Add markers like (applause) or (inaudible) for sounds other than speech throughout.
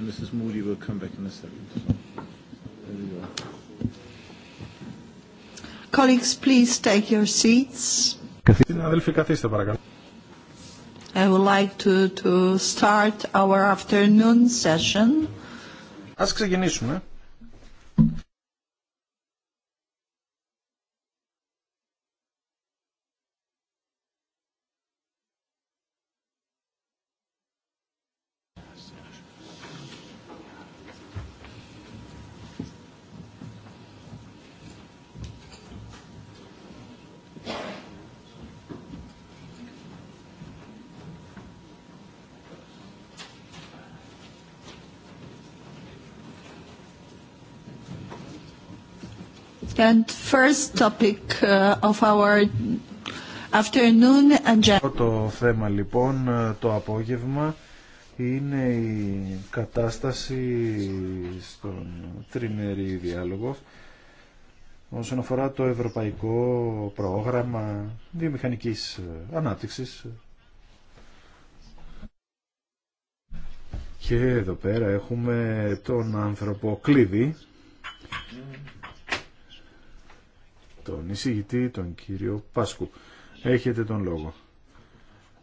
Mrs. Moody will come back in a second. There we go. Colleagues, please take your seats. καθίστε παρακαλώ. I would like to, to start our afternoon session. Ας ξεκινήσουμε. And first uh, Το θέμα λοιπόν ε, το απόγευμα είναι η κατάσταση στον τριμερή διάλογο όσον αφορά το ευρωπαϊκό πρόγραμμα βιομηχανικής ε, ανάπτυξης. Και εδώ πέρα έχουμε τον άνθρωπο κλειδί τον εισηγητή, τον κύριο Πάσκου. Έχετε τον λόγο.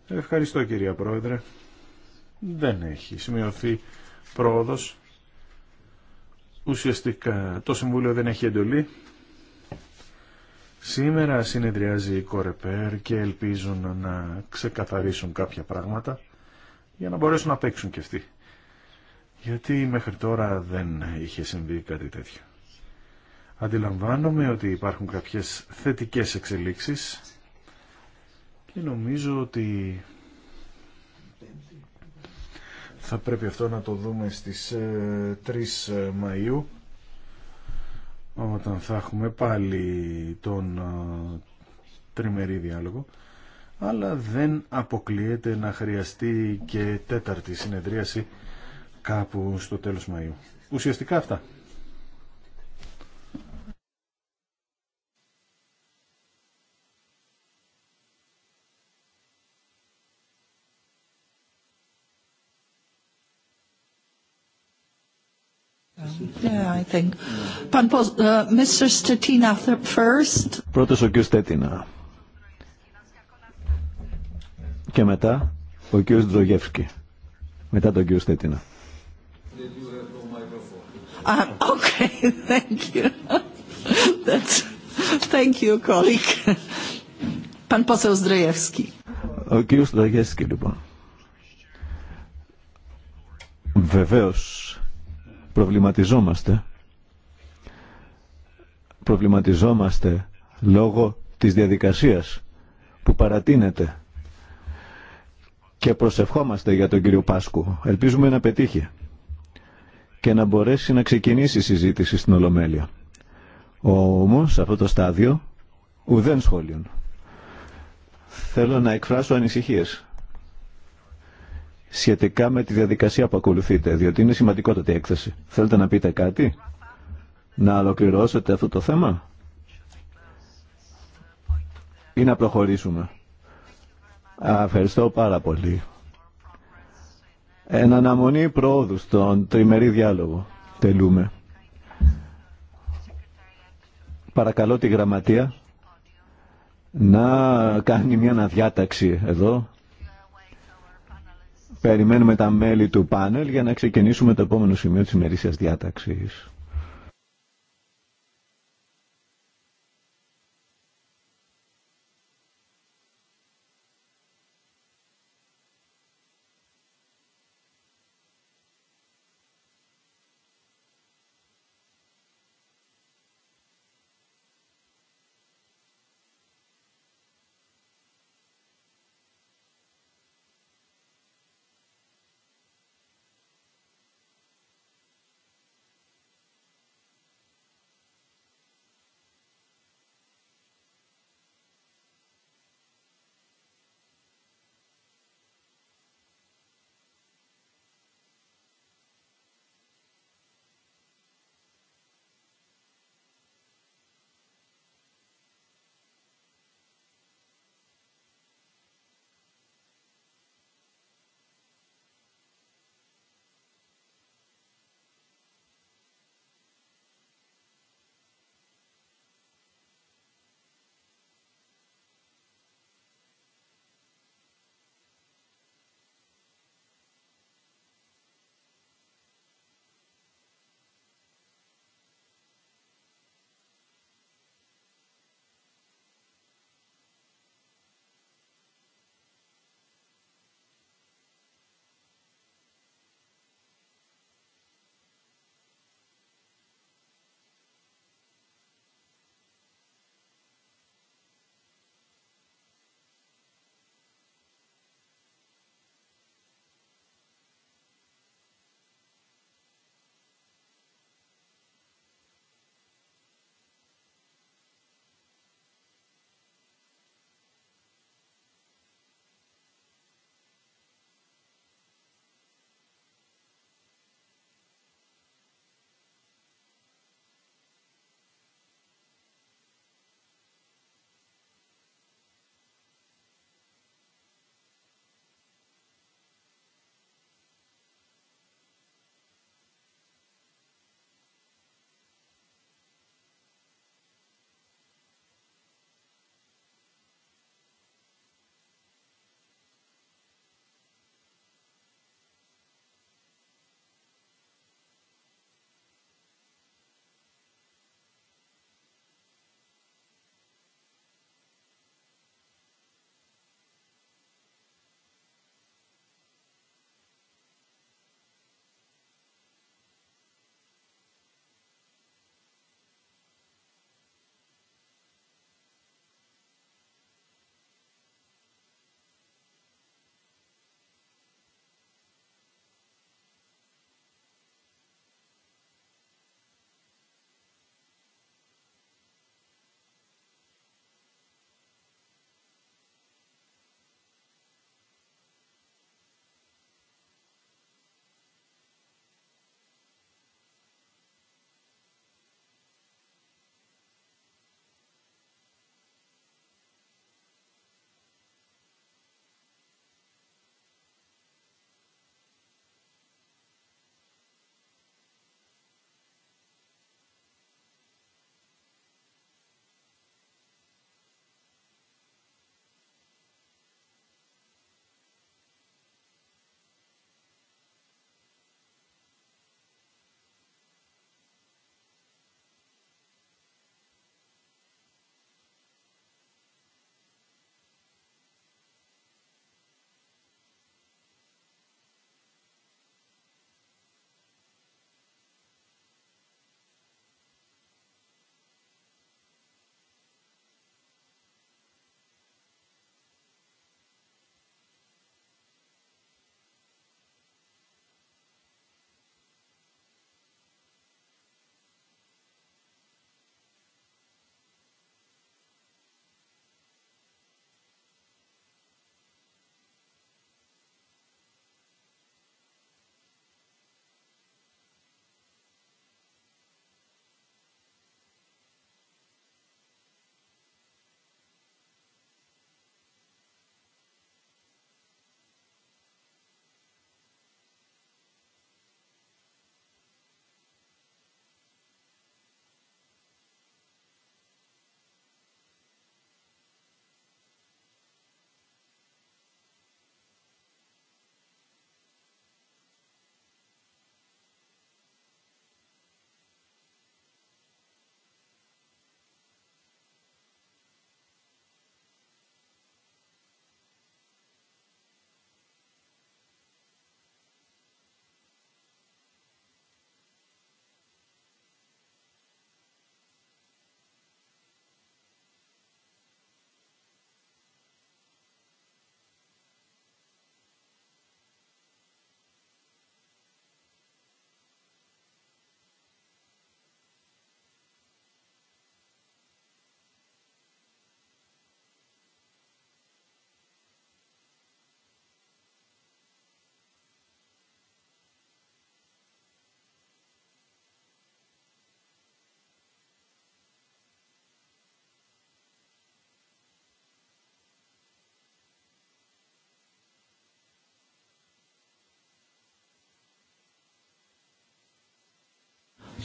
Ευχαριστώ κυρία Πρόεδρε. Δεν έχει σημειωθεί πρόοδος. Ουσιαστικά το Συμβούλιο δεν έχει εντολή. Σήμερα συνεδριάζει η Κορεπέρ και ελπίζουν να ξεκαθαρίσουν κάποια πράγματα για να μπορέσουν να παίξουν κι αυτοί. Γιατί μέχρι τώρα δεν είχε συμβεί κάτι τέτοιο. Αντιλαμβάνομαι ότι υπάρχουν κάποιες θετικές εξελίξεις και νομίζω ότι θα πρέπει αυτό να το δούμε στις 3 ε, ε, Μαΐου όταν θα έχουμε πάλι τον ε, τριμερή διάλογο αλλά δεν αποκλείεται να χρειαστεί και τέταρτη συνεδρίαση κάπου στο τέλος Μαΐου. Ουσιαστικά αυτά. think. Uh, Mr. Stetina first. Πρώτος ο κύριος Στέτινα. Και μετά ο κύριος Δρογεύσκη. Μετά τον κύριο Στέτινα. Uh, okay, (laughs) thank you. That's, thank you, colleague. Pan poseł Zdrojewski. Ο κύριος Δρογεύσκη, λοιπόν. Βεβαίως, προβληματιζόμαστε προβληματιζόμαστε λόγω της διαδικασίας που παρατείνεται και προσευχόμαστε για τον κύριο Πάσκου. Ελπίζουμε να πετύχει και να μπορέσει να ξεκινήσει η συζήτηση στην Ολομέλεια. Όμως, σε αυτό το στάδιο, ουδέν σχόλιον. Θέλω να εκφράσω ανησυχίες σχετικά με τη διαδικασία που ακολουθείτε, διότι είναι σημαντικότατη έκθεση. Θέλετε να πείτε κάτι? να ολοκληρώσετε αυτό το θέμα ή να προχωρήσουμε. Ευχαριστώ πάρα πολύ. Εν αναμονή πρόοδου στον τριμερή διάλογο τελούμε. Παρακαλώ τη γραμματεία να κάνει μια αναδιάταξη εδώ. Περιμένουμε τα μέλη του πάνελ για να ξεκινήσουμε το επόμενο σημείο της ημερήσιας διάταξης.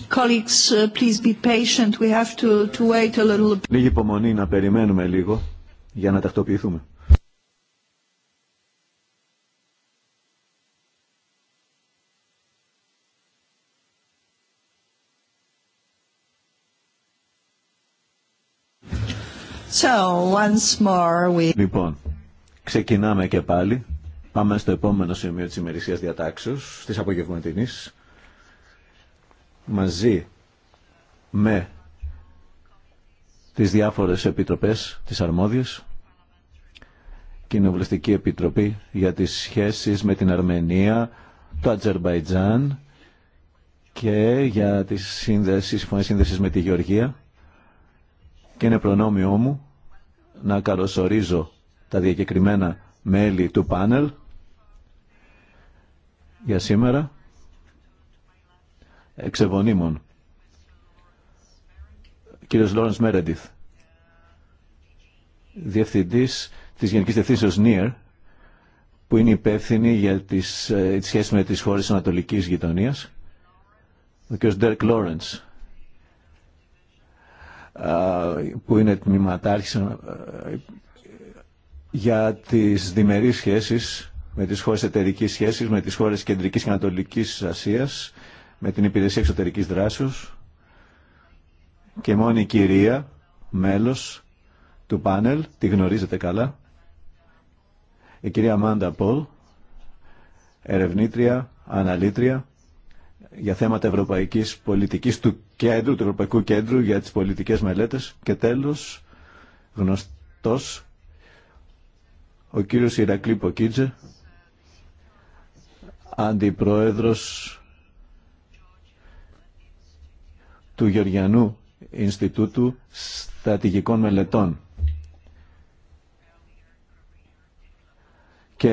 Colleagues, uh, please be patient. We have to, to wait a little Λίγη υπομονή να περιμένουμε λίγο για να τακτοποιηθούμε. So, once more we... Λοιπόν, ξεκινάμε και πάλι. Πάμε στο επόμενο σημείο της ημερησίας διατάξεως, της απογευματινής μαζί με τις διάφορες επιτροπές, τις αρμόδιες, Κοινοβουλευτική Επιτροπή για τις σχέσεις με την Αρμενία, το Ατζερμπαϊτζάν και για τις σύνδεσεις, συμφωνίες σύνδεσης με τη Γεωργία και είναι προνόμιό μου να καλωσορίζω τα διακεκριμένα μέλη του πάνελ για σήμερα εξεβονίμων. Κύριος Λόρενς Μέρεντιθ, διευθυντής της Γενικής Διευθύνσεως ΝΙΕΡ, που είναι υπεύθυνη για τις, ε, σχέσεις με τις χώρες ανατολικής γειτονίας. Ο κ. Ντέρκ Λόρενς, που είναι τμήματάρχης ε, για τις διμερείς σχέσεις με τις χώρες εταιρικής σχέσης, με τις χώρες κεντρικής και ανατολικής Ασίας με την Υπηρεσία Εξωτερικής Δράσεως και μόνη η κυρία, μέλος του πάνελ, τη γνωρίζετε καλά, η κυρία Μάντα Πολ, ερευνήτρια, αναλήτρια για θέματα ευρωπαϊκής πολιτικής του κέντρου, του Ευρωπαϊκού Κέντρου για τις πολιτικές μελέτες και τέλος γνωστός ο κύριος Ηρακλή Ποκίτζε, αντιπρόεδρος του Γεωργιανού Ινστιτούτου Στατηγικών Μελετών. Και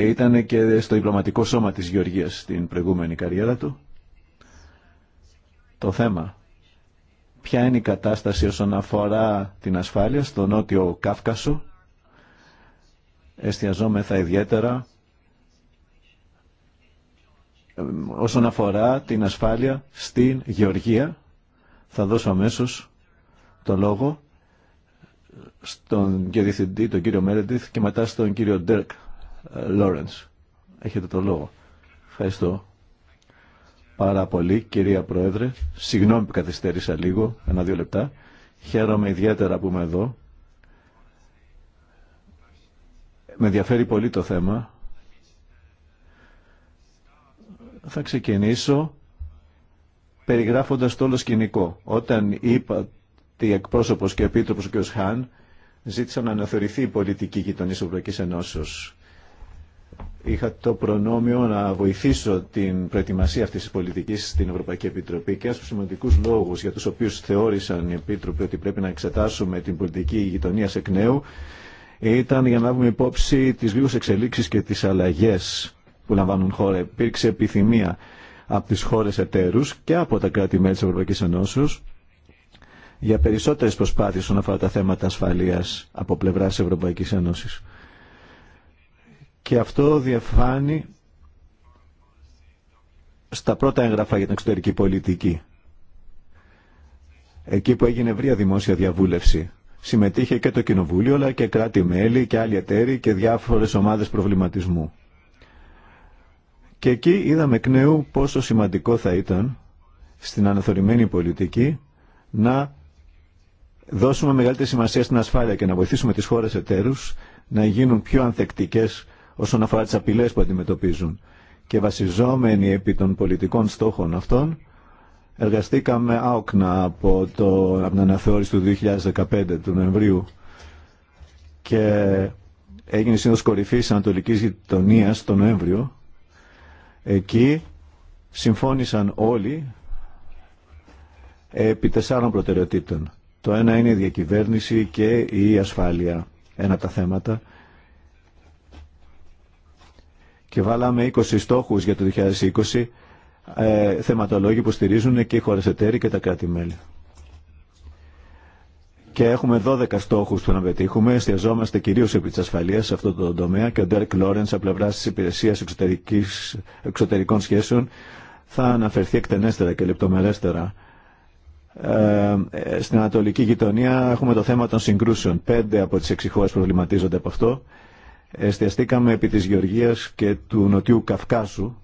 ήταν και στο διπλωματικό σώμα της Γεωργίας στην προηγούμενη καριέρα του. Το θέμα. Ποια είναι η κατάσταση όσον αφορά την ασφάλεια στο Νότιο Κάφκασο. Εστιαζόμεθα ιδιαίτερα ε, όσον αφορά την ασφάλεια στην Γεωργία θα δώσω αμέσω το λόγο στον κύριο Διευθυντή, τον κύριο Μέρεντιθ και μετά στον κύριο Ντέρκ Λόρενς. Έχετε το λόγο. Ευχαριστώ πάρα πολύ κυρία Πρόεδρε. Συγγνώμη που καθυστέρησα λίγο, ένα-δύο λεπτά. Χαίρομαι ιδιαίτερα που είμαι εδώ. Με ενδιαφέρει πολύ το θέμα. Θα ξεκινήσω περιγράφοντας το όλο σκηνικό. Όταν είπα ότι εκπρόσωπος και επίτροπος ο κ. Χάν ζήτησαν να αναθεωρηθεί η πολιτική τη Ευρωπαϊκή Ενώσεω. Είχα το προνόμιο να βοηθήσω την προετοιμασία αυτή τη πολιτική στην Ευρωπαϊκή Επιτροπή και ένας από σημαντικούς λόγους για του οποίου θεώρησαν οι Επίτροποι ότι πρέπει να εξετάσουμε την πολιτική γειτονία εκ νέου ήταν για να λάβουμε υπόψη τι λίγε εξελίξει και τι αλλαγέ που λαμβάνουν χώρα. Υπήρξε επιθυμία από τις χώρες εταίρους και από τα κράτη-μέλη της Ευρωπαϊκής Ενώσεως για περισσότερες προσπάθειες όσον αφορά τα θέματα ασφαλείας από πλευράς της Ευρωπαϊκής Ενώσης. Και αυτό διαφάνει στα πρώτα έγγραφα για την εξωτερική πολιτική. Εκεί που έγινε ευρεία δημόσια διαβούλευση. Συμμετείχε και το Κοινοβούλιο, αλλά και κράτη-μέλη και άλλοι εταίροι και διάφορες ομάδες προβληματισμού. Και εκεί είδαμε εκ νέου πόσο σημαντικό θα ήταν στην αναθεωρημένη πολιτική να δώσουμε μεγαλύτερη σημασία στην ασφάλεια και να βοηθήσουμε τις χώρες εταίρους να γίνουν πιο ανθεκτικές όσον αφορά τις απειλές που αντιμετωπίζουν. Και βασιζόμενοι επί των πολιτικών στόχων αυτών, εργαστήκαμε άοκνα από, το, από την αναθεώρηση του 2015 του Νοεμβρίου και έγινε κορυφής Ανατολικής Γειτονίας το Νοέμβριο Εκεί συμφώνησαν όλοι επί τεσσάρων προτεραιοτήτων. Το ένα είναι η διακυβέρνηση και η ασφάλεια. Ένα από τα θέματα. Και βάλαμε 20 στόχους για το 2020, ε, θεματολόγοι που στηρίζουν και οι χώρες εταίροι και τα κράτη-μέλη και έχουμε 12 στόχου που να πετύχουμε. Εστιαζόμαστε κυρίως επί τη ασφαλεία σε αυτό το τομέα και ο Ντέρκ Λόρεν από πλευρά τη Υπηρεσία εξωτερικών σχέσεων θα αναφερθεί εκτενέστερα και λεπτομερέστερα. Ε, στην Ανατολική Γειτονία έχουμε το θέμα των συγκρούσεων. Πέντε από τι έξι χώρε προβληματίζονται από αυτό. Εστιαστήκαμε επί τη Γεωργία και του Νοτιού Καυκάσου.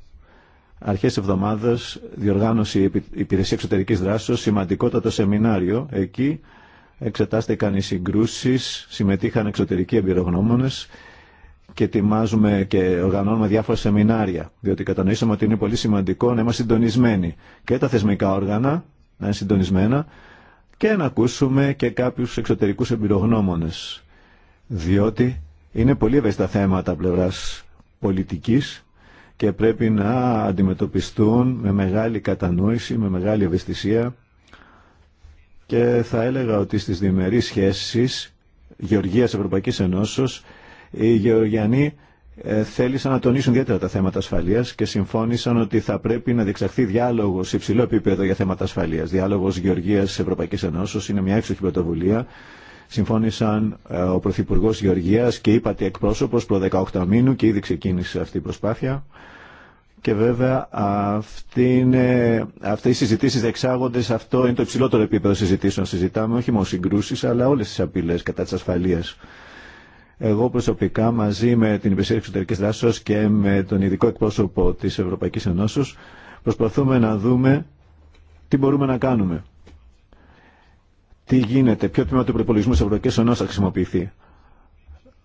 Αρχές εβδομάδας διοργάνωση υπηρεσία Εξωτερική Δράσεω, σημαντικότατο σεμινάριο εκεί εξετάστηκαν οι συγκρούσεις, συμμετείχαν εξωτερικοί εμπειρογνώμονες και ετοιμάζουμε και οργανώνουμε διάφορα σεμινάρια, διότι κατανοήσαμε ότι είναι πολύ σημαντικό να είμαστε συντονισμένοι και τα θεσμικά όργανα να είναι συντονισμένα και να ακούσουμε και κάποιους εξωτερικούς εμπειρογνώμονες, διότι είναι πολύ ευαίσθητα θέματα πλευράς πολιτικής και πρέπει να αντιμετωπιστούν με μεγάλη κατανόηση, με μεγάλη ευαισθησία και θα έλεγα ότι στις διμερείς σχέσεις Γεωργίας Ευρωπαϊκής Ενώσεως οι Γεωργιανοί ε, θέλησαν να τονίσουν ιδιαίτερα τα θέματα ασφαλείας και συμφώνησαν ότι θα πρέπει να διεξαχθεί διάλογος σε υψηλό επίπεδο για θέματα ασφαλείας. Διάλογος Γεωργίας Ευρωπαϊκής Ενώσεως είναι μια έξοχη πρωτοβουλία. Συμφώνησαν ε, ο Πρωθυπουργό Γεωργίας και είπατε εκπρόσωπος προ 18 μήνου και ήδη ξεκίνησε αυτή η προσπάθεια και βέβαια αυτή είναι, αυτές οι συζητήσεις εξάγονται σε αυτό, είναι το υψηλότερο επίπεδο συζητήσεων. Συζητάμε όχι μόνο συγκρούσεις αλλά όλες τις απειλές κατά της ασφαλείας. Εγώ προσωπικά μαζί με την Υπηρεσία Εξωτερική Δράσεω και με τον ειδικό εκπρόσωπο τη Ευρωπαϊκή Ενώσεω προσπαθούμε να δούμε τι μπορούμε να κάνουμε. Τι γίνεται, ποιο τμήμα του προπολογισμού τη Ευρωπαϊκή Ενώσεω θα χρησιμοποιηθεί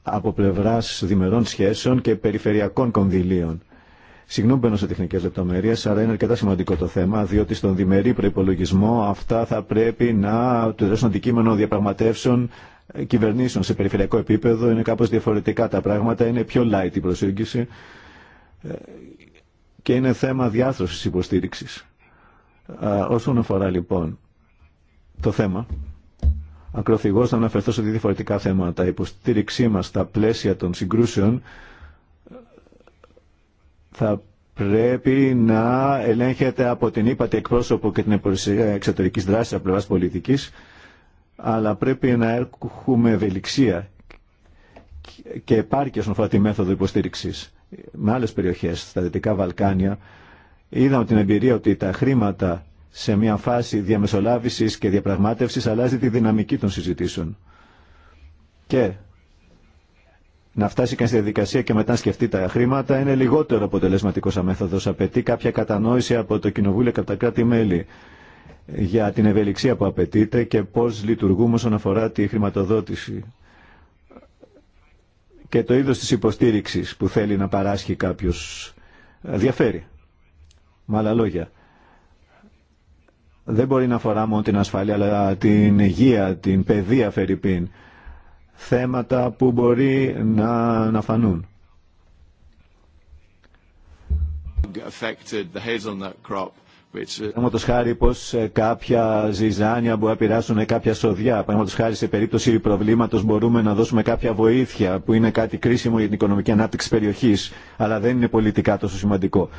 από πλευρά διμερών σχέσεων και περιφερειακών κονδυλίων Συγγνώμη μπαίνω σε τεχνικέ λεπτομέρειε, αλλά είναι αρκετά σημαντικό το θέμα, διότι στον διμερή προπολογισμό αυτά θα πρέπει να του δώσουν αντικείμενο διαπραγματεύσεων ε, κυβερνήσεων σε περιφερειακό επίπεδο. Είναι κάπω διαφορετικά τα πράγματα, είναι πιο light η προσέγγιση ε, και είναι θέμα διάθρωση υποστήριξη. Όσον αφορά λοιπόν το θέμα, ακροθυγώ να αναφερθώ σε δύο διαφορετικά θέματα. Υποστήριξή μα στα πλαίσια των συγκρούσεων θα πρέπει να ελέγχεται από την ύπατη εκπρόσωπο και την εξωτερική δράση δράσης από πλευρά πολιτικής, αλλά πρέπει να έχουμε ευελιξία και επάρκεια στον αφορά τη μέθοδο υποστήριξης με άλλε περιοχές, στα Δυτικά Βαλκάνια. Είδαμε την εμπειρία ότι τα χρήματα σε μια φάση διαμεσολάβησης και διαπραγματεύση αλλάζει τη δυναμική των συζητήσεων. Και να φτάσει καν στη διαδικασία και μετά να σκεφτεί τα χρήματα είναι λιγότερο αποτελεσματικό σαν μέθοδο. Απαιτεί κάποια κατανόηση από το Κοινοβούλιο και από τα κράτη-μέλη για την ευελιξία που απαιτείται και πώ λειτουργούμε όσον αφορά τη χρηματοδότηση και το είδο τη υποστήριξη που θέλει να παράσχει κάποιο, διαφέρει. Με άλλα λόγια, δεν μπορεί να αφορά μόνο την ασφάλεια, αλλά την υγεία, την παιδεία, πίν θέματα που μπορεί να, να φανούν. Uh, Παραδείγματο χάρη πω ε, κάποια ζυζάνια μπορεί να πειράσουν κάποια σοδιά. Παραδείγματο χάρη σε περίπτωση προβλήματο μπορούμε να δώσουμε κάποια βοήθεια που είναι κάτι κρίσιμο για την οικονομική ανάπτυξη περιοχή, αλλά δεν είναι πολιτικά τόσο σημαντικό.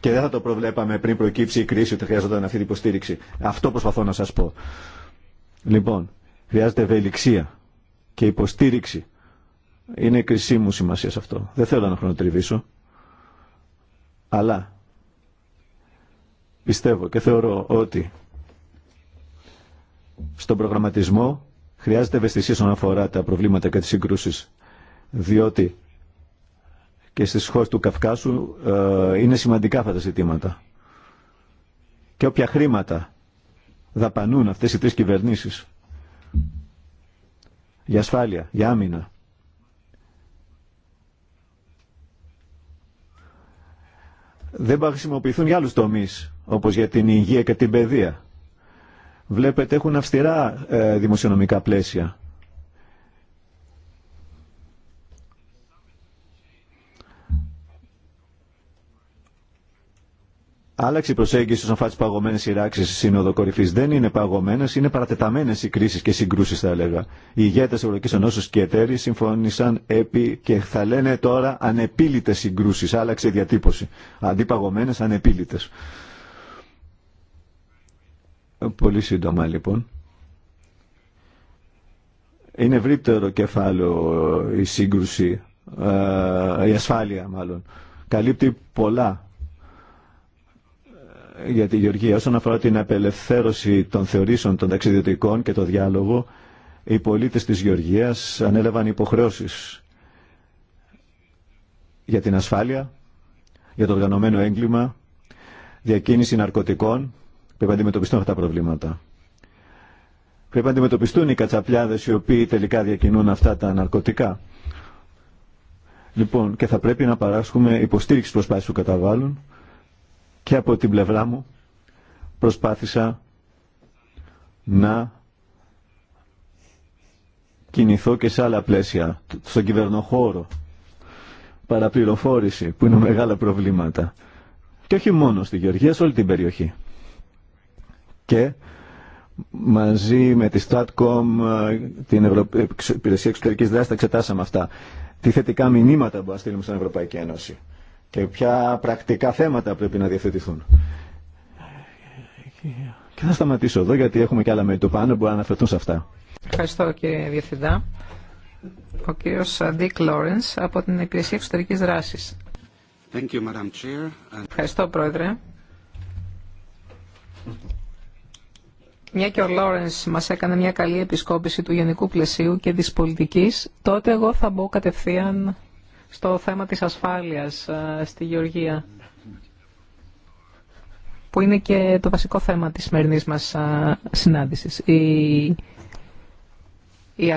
Και δεν θα το προβλέπαμε πριν προκύψει η κρίση ότι χρειαζόταν αυτή την υποστήριξη. Αυτό προσπαθώ να σα πω. Λοιπόν, χρειάζεται ευελιξία και υποστήριξη. Είναι μου σημασία σε αυτό. Δεν θέλω να χρονοτριβήσω. Αλλά πιστεύω και θεωρώ ότι στον προγραμματισμό χρειάζεται ευαισθησία όσον αφορά τα προβλήματα και τις συγκρούσεις. Διότι και στις χώρες του Καυκάσου ε, είναι σημαντικά αυτά τα ζητήματα. Και όποια χρήματα δαπανούν αυτές οι τρεις κυβερνήσεις για ασφάλεια, για άμυνα. Δεν θα χρησιμοποιηθούν για άλλους τομείς, όπως για την υγεία και την παιδεία. Βλέπετε έχουν αυστηρά ε, δημοσιονομικά πλαίσια. Άλλαξε η προσέγγιση όσον αφορά τι παγωμένε σειράξει στη Σύνοδο Κορυφή. Δεν είναι παγωμένε, είναι παρατεταμένε οι κρίσει και συγκρούσει, θα έλεγα. Οι ηγέτε Ευρωπαϊκή Ενώσεω και εταίροι συμφώνησαν επί και θα λένε τώρα ανεπίλητε συγκρούσει. Άλλαξε η διατύπωση. Αντί παγωμένε, ανεπίλητε. Πολύ σύντομα λοιπόν. Είναι ευρύτερο κεφάλαιο η σύγκρουση, ε, η ασφάλεια μάλλον. Καλύπτει πολλά για τη Γεωργία. Όσον αφορά την απελευθέρωση των θεωρήσεων των ταξιδιωτικών και το διάλογο, οι πολίτες της Γεωργίας ανέλαβαν υποχρεώσεις για την ασφάλεια, για το οργανωμένο έγκλημα, διακίνηση ναρκωτικών. Πρέπει να αντιμετωπιστούν αυτά τα προβλήματα. Πρέπει να αντιμετωπιστούν οι κατσαπλιάδες οι οποίοι τελικά διακινούν αυτά τα ναρκωτικά. Λοιπόν, και θα πρέπει να παράσχουμε υποστήριξη προσπάθειας που καταβάλουν και από την πλευρά μου προσπάθησα να κινηθώ και σε άλλα πλαίσια, στον κυβερνοχώρο, παραπληροφόρηση που είναι μεγάλα προβλήματα. Και όχι μόνο στη Γεωργία, σε όλη την περιοχή. Και μαζί με τη Stratcom, την Ευρωπαϊκή Υπηρεσία Εξωτερικής Δράσης, τα εξετάσαμε αυτά. Τι θετικά μηνύματα που να στην Ευρωπαϊκή Ένωση και ποια πρακτικά θέματα πρέπει να διαθετηθούν. Και θα σταματήσω εδώ γιατί έχουμε και άλλα μέρη του πάνω που αναφερθούν σε αυτά. Ευχαριστώ κύριε Διευθυντά. Ο κύριος Ντίκ Λόρενς από την Υπηρεσία Εξωτερικής Δράσης. Thank Ευχαριστώ Πρόεδρε. Μια και ο Λόρενς μας έκανε μια καλή επισκόπηση του γενικού πλαισίου και της πολιτικής, τότε εγώ θα μπω κατευθείαν στο θέμα της ασφάλειας ε, στη Γεωργία, που είναι και το βασικό θέμα της σημερινής μας ε, συνάντησης. Η, η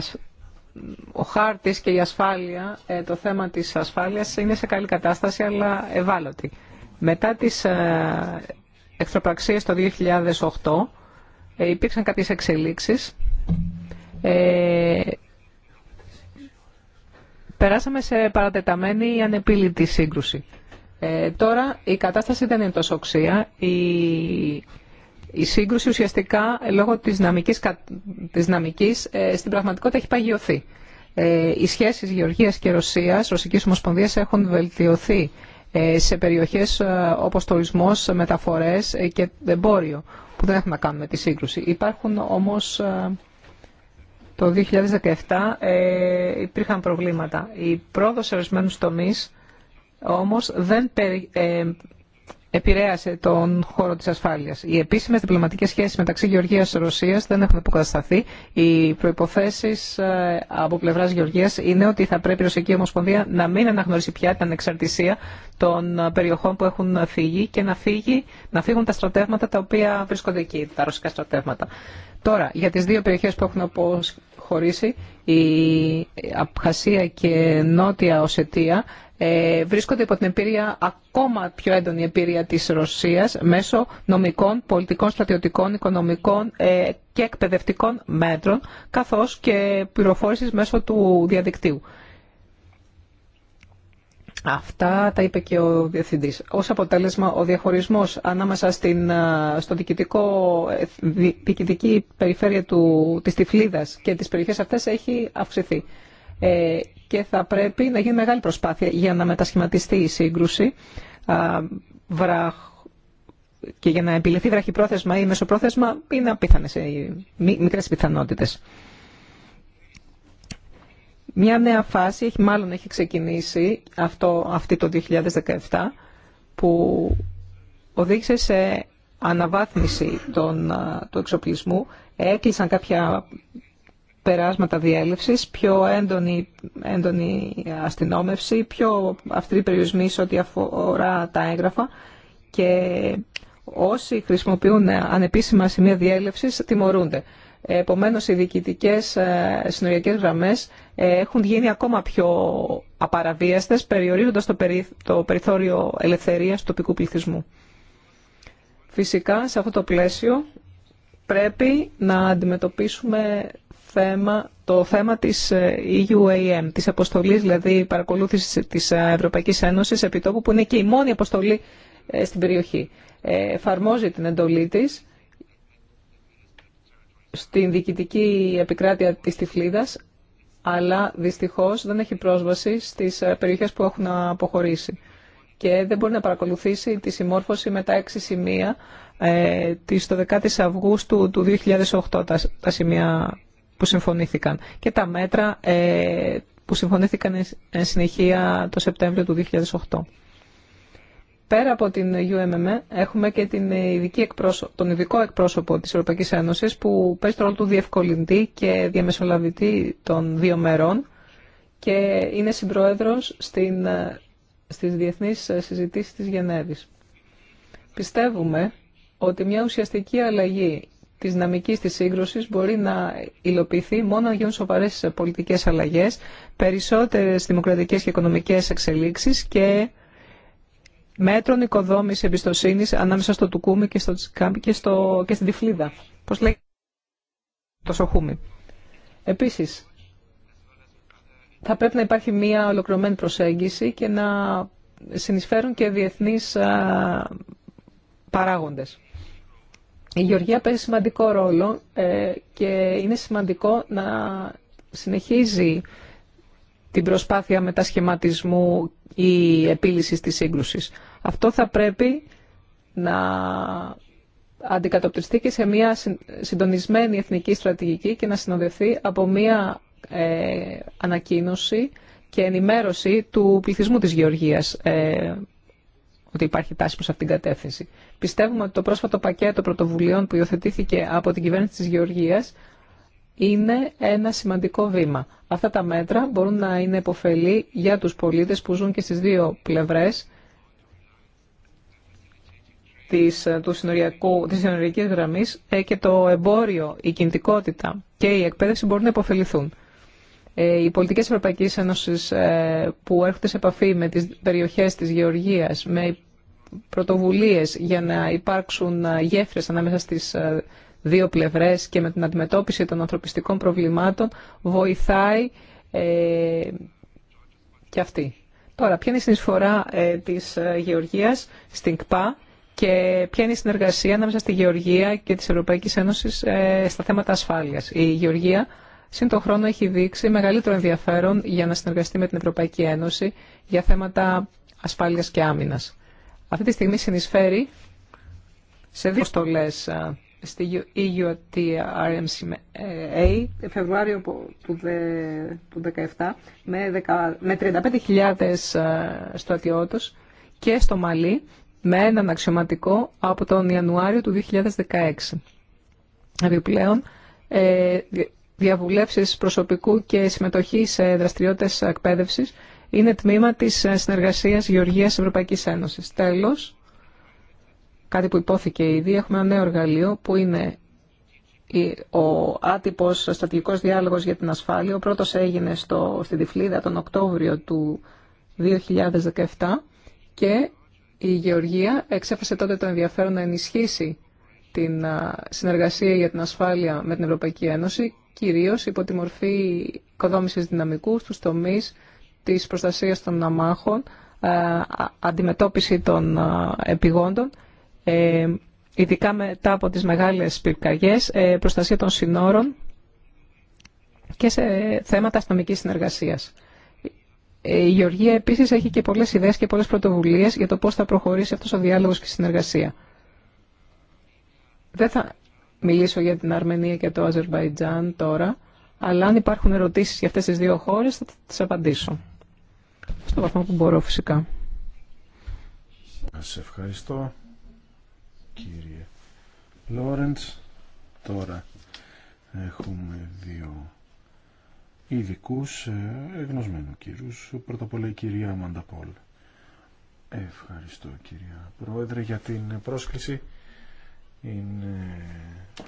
Ο χάρτης και η ασφάλεια, ε, το θέμα της ασφάλειας είναι σε καλή κατάσταση αλλά ευάλωτη. Μετά τις εχθροπραξίες το 2008 υπήρξαν κάποιες εξελίξεις περάσαμε σε παρατεταμένη ή ανεπίλητη σύγκρουση. Ε, τώρα η κατάσταση δεν είναι τόσο οξία. Η, σύγκρουση ουσιαστικά λόγω της δυναμικής, της δυναμικής ε, στην πραγματικότητα έχει παγιωθεί. Ε, οι σχέσεις Γεωργίας και Ρωσίας, Ρωσικής Ομοσπονδίας έχουν βελτιωθεί ε, σε περιοχές ε, όπως τουρισμός, μεταφορές και εμπόριο που δεν έχουν να κάνουν με τη σύγκρουση. Υπάρχουν όμως το 2017 ε, υπήρχαν προβλήματα. Η πρόοδος σε ορισμένους τομείς όμως δεν ε, επηρέασε τον χώρο της ασφάλειας. Οι επίσημες διπλωματικές σχέσεις μεταξύ Γεωργίας και Ρωσίας δεν έχουν αποκατασταθεί. Οι προϋποθέσεις ε, από πλευράς Γεωργίας είναι ότι θα πρέπει η Ρωσική Ομοσπονδία να μην αναγνωρίσει πια την ανεξαρτησία των περιοχών που έχουν φύγει και να, φύγει, να φύγουν τα στρατεύματα τα οποία βρίσκονται εκεί, τα ρωσικά στρατεύματα. Τώρα, για τις δύο περιοχές που έχουν προχωρήσει, η Απχασία και Νότια Οσετία ε, βρίσκονται υπό την εμπειρία, ακόμα πιο έντονη εμπειρία της Ρωσίας μέσω νομικών, πολιτικών, στρατιωτικών, οικονομικών ε, και εκπαιδευτικών μέτρων καθώς και πληροφόρησης μέσω του διαδικτύου. Αυτά τα είπε και ο Διευθυντή. Ω αποτέλεσμα, ο διαχωρισμό ανάμεσα στην, στο διοικητικό, ε, διοικητική περιφέρεια του, της Τυφλίδας και τις περιοχές αυτές έχει αυξηθεί. Ε, και θα πρέπει να γίνει μεγάλη προσπάθεια για να μετασχηματιστεί η σύγκρουση α, βραχ, και για να επιληθεί βραχυπρόθεσμα ή μεσοπρόθεσμα είναι οι μικρές πιθανότητες. Μια νέα φάση, έχει, μάλλον έχει ξεκινήσει αυτό, αυτή το 2017, που οδήγησε σε αναβάθμιση των, του εξοπλισμού. Έκλεισαν κάποια περάσματα διέλευσης, πιο έντονη, έντονη αστυνόμευση, πιο αυτή περιορισμοί σε ό,τι αφορά τα έγγραφα και όσοι χρησιμοποιούν ανεπίσημα σημεία διέλευσης τιμωρούνται. Επομένως, οι διοικητικές ε, συνοριακές γραμμές ε, έχουν γίνει ακόμα πιο απαραβίαστες, περιορίζοντας το, περι... το περιθώριο ελευθερίας του τοπικού πληθυσμού. Φυσικά, σε αυτό το πλαίσιο πρέπει να αντιμετωπίσουμε θέμα, το θέμα της ε, EUAM, της αποστολής δηλαδή παρακολούθησης της Ευρωπαϊκής Ένωσης επιτόπου που είναι και η μόνη αποστολή στην περιοχή. Εφαρμόζει την εντολή της στην διοικητική επικράτεια της Τυφλίδας, αλλά δυστυχώς δεν έχει πρόσβαση στις ε, περιοχές που έχουν αποχωρήσει και δεν μπορεί να παρακολουθήσει τη συμμόρφωση με τα έξι σημεία ε, της η Αυγούστου του 2008, τα, σημεία που συμφωνήθηκαν και τα μέτρα ε, που συμφωνήθηκαν εν συνεχεία το Σεπτέμβριο του 2008. Πέρα από την UMM έχουμε και την τον ειδικό εκπρόσωπο της Ευρωπαϊκής Ένωσης που παίζει το ρόλο του διευκολυντή και διαμεσολαβητή των δύο μερών και είναι συμπρόεδρος στην, ε, στις διεθνείς συζητήσεις της Γενέβης. Πιστεύουμε ότι μια ουσιαστική αλλαγή τη δυναμική τη σύγκρουση μπορεί να υλοποιηθεί μόνο για γίνουν σοβαρέ πολιτικέ αλλαγέ, περισσότερε δημοκρατικέ και οικονομικέ εξελίξει και μέτρων οικοδόμηση εμπιστοσύνη ανάμεσα στο Τουκούμι και, στο Τσικάμπι και, στο, και στην Τυφλίδα. λέει το Σοχούμι. Επίση, θα πρέπει να υπάρχει μία ολοκληρωμένη προσέγγιση και να συνεισφέρουν και διεθνεί παράγοντε. Η Γεωργία παίζει σημαντικό ρόλο ε, και είναι σημαντικό να συνεχίζει την προσπάθεια μετασχηματισμού ή επίλυση της σύγκρουσης. Αυτό θα πρέπει να αντικατοπτριστεί και σε μια συντονισμένη εθνική στρατηγική και να συνοδευτεί από μια ε, ανακοίνωση και ενημέρωση του πληθυσμού της Γεωργίας ε, ότι υπάρχει τάση προς αυτήν την κατεύθυνση. Πιστεύουμε ότι το πρόσφατο πακέτο πρωτοβουλειών που υιοθετήθηκε από την κυβέρνηση της Γεωργίας είναι ένα σημαντικό βήμα. Αυτά τα μέτρα μπορούν να είναι υποφελή για τους πολίτες που ζουν και στις δύο πλευρές της, ε, του συνοριακού, της συνοριακής γραμμής ε, και το εμπόριο, η κινητικότητα και η εκπαίδευση μπορούν να υποφεληθούν. Ε, οι πολιτικές Ευρωπαϊκής Ένωσης που έρχονται σε επαφή με τις περιοχές της Γεωργίας, με πρωτοβουλίες για να υπάρξουν γέφυρες ανάμεσα στις δύο πλευρές και με την αντιμετώπιση των ανθρωπιστικών προβλημάτων βοηθάει ε, και αυτή. Τώρα, ποια είναι η συνεισφορά ε, της ε, Γεωργίας στην ΚΠΑ και ποια είναι η συνεργασία ανάμεσα στη Γεωργία και της Ευρωπαϊκής Ένωσης ε, στα θέματα ασφάλειας. Η Γεωργία σύν τον χρόνο έχει δείξει μεγαλύτερο ενδιαφέρον για να συνεργαστεί με την Ευρωπαϊκή Ένωση για θέματα ασφάλειας και άμυνας. Αυτή τη στιγμή συνεισφέρει σε δύο στολές ε, στη EUTRMCA ε, Φεβρουάριο του 2017 με 35.000 ε, στρατιώτες και στο Μαλί με έναν αξιωματικό από τον Ιανουάριο του 2016. Επιπλέον, ε, διαβουλεύσεις προσωπικού και συμμετοχή σε δραστηριότητες εκπαίδευσης είναι τμήμα της συνεργασίας Γεωργίας Ευρωπαϊκής Ένωσης. Τέλος, κάτι που υπόθηκε ήδη, έχουμε ένα νέο εργαλείο που είναι ο άτυπο στρατηγικό διάλογος για την ασφάλεια. Ο πρώτος έγινε στο, στη τον Οκτώβριο του 2017 και η Γεωργία εξέφρασε τότε το ενδιαφέρον να ενισχύσει την συνεργασία για την ασφάλεια με την Ευρωπαϊκή Ένωση, κυρίως υπό τη μορφή οικοδόμηση δυναμικού στους τομεί τη προστασία των αμάχων, αντιμετώπιση των επιγόντων ε, ειδικά μετά από τις μεγάλες πυρκαγιές, ε, προστασία των συνόρων και σε θέματα αστυνομικής συνεργασίας. Ε, η Γεωργία επίσης έχει και πολλές ιδέες και πολλές πρωτοβουλίες για το πώς θα προχωρήσει αυτός ο διάλογος και η συνεργασία. Δεν θα μιλήσω για την Αρμενία και το Αζερβαϊτζάν τώρα, αλλά αν υπάρχουν ερωτήσεις για αυτές τις δύο χώρες θα τις απαντήσω. Στο βαθμό που μπορώ φυσικά. Σας ευχαριστώ κύριε Λόρεντς. Τώρα έχουμε δύο ειδικού ε, εγνωσμένου κύριους. Πρώτα απ' όλα η κυρία Μανταπόλ. Ευχαριστώ κυρία Πρόεδρε για την πρόσκληση. Είναι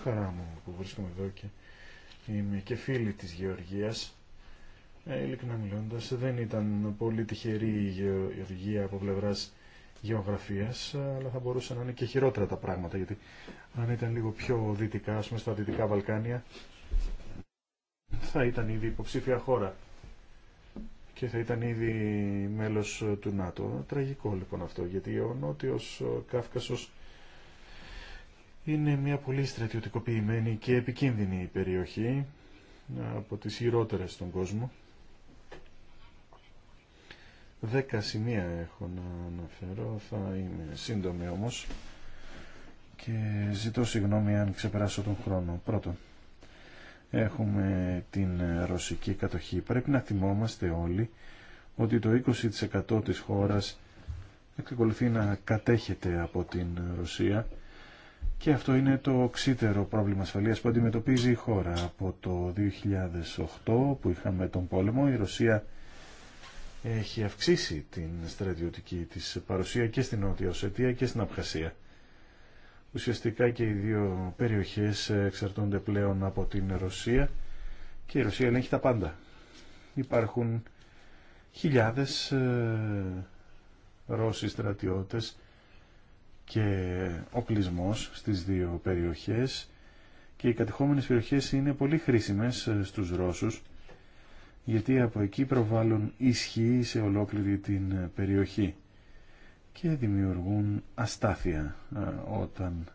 χαρά μου που βρίσκομαι εδώ και είμαι και φίλη της Γεωργίας. Ε, ειλικρινά μιλώντας, δεν ήταν πολύ τυχερή η Γεωργία από πλευράς γεωγραφίας, αλλά θα μπορούσαν να είναι και χειρότερα τα πράγματα, γιατί αν ήταν λίγο πιο δυτικά, ας πούμε στα Δυτικά Βαλκάνια, θα ήταν ήδη υποψήφια χώρα και θα ήταν ήδη μέλος του ΝΑΤΟ. Τραγικό λοιπόν αυτό, γιατί ο Νότιος Κάφκασος είναι μια πολύ στρατιωτικοποιημένη και επικίνδυνη περιοχή από τις χειρότερες στον κόσμο Δέκα σημεία έχω να αναφέρω, θα είμαι σύντομη όμως και ζητώ συγγνώμη αν ξεπεράσω τον χρόνο. Πρώτον, έχουμε την ρωσική κατοχή. Πρέπει να θυμόμαστε όλοι ότι το 20% της χώρας εξακολουθεί να κατέχεται από την Ρωσία και αυτό είναι το οξύτερο πρόβλημα ασφαλείας που αντιμετωπίζει η χώρα. Από το 2008 που είχαμε τον πόλεμο η Ρωσία έχει αυξήσει την στρατιωτική της παρουσία και στην Νότια Οσετία και στην Απχασία. Ουσιαστικά και οι δύο περιοχές εξαρτώνται πλέον από την Ρωσία και η Ρωσία ελέγχει τα πάντα. Υπάρχουν χιλιάδες ε, Ρώσοι στρατιώτες και οπλισμός στις δύο περιοχές και οι κατεχόμενες περιοχές είναι πολύ χρήσιμες ε, στους Ρώσους γιατί από εκεί προβάλλουν ισχύ σε ολόκληρη την ε, περιοχή και δημιουργούν αστάθεια ε, όταν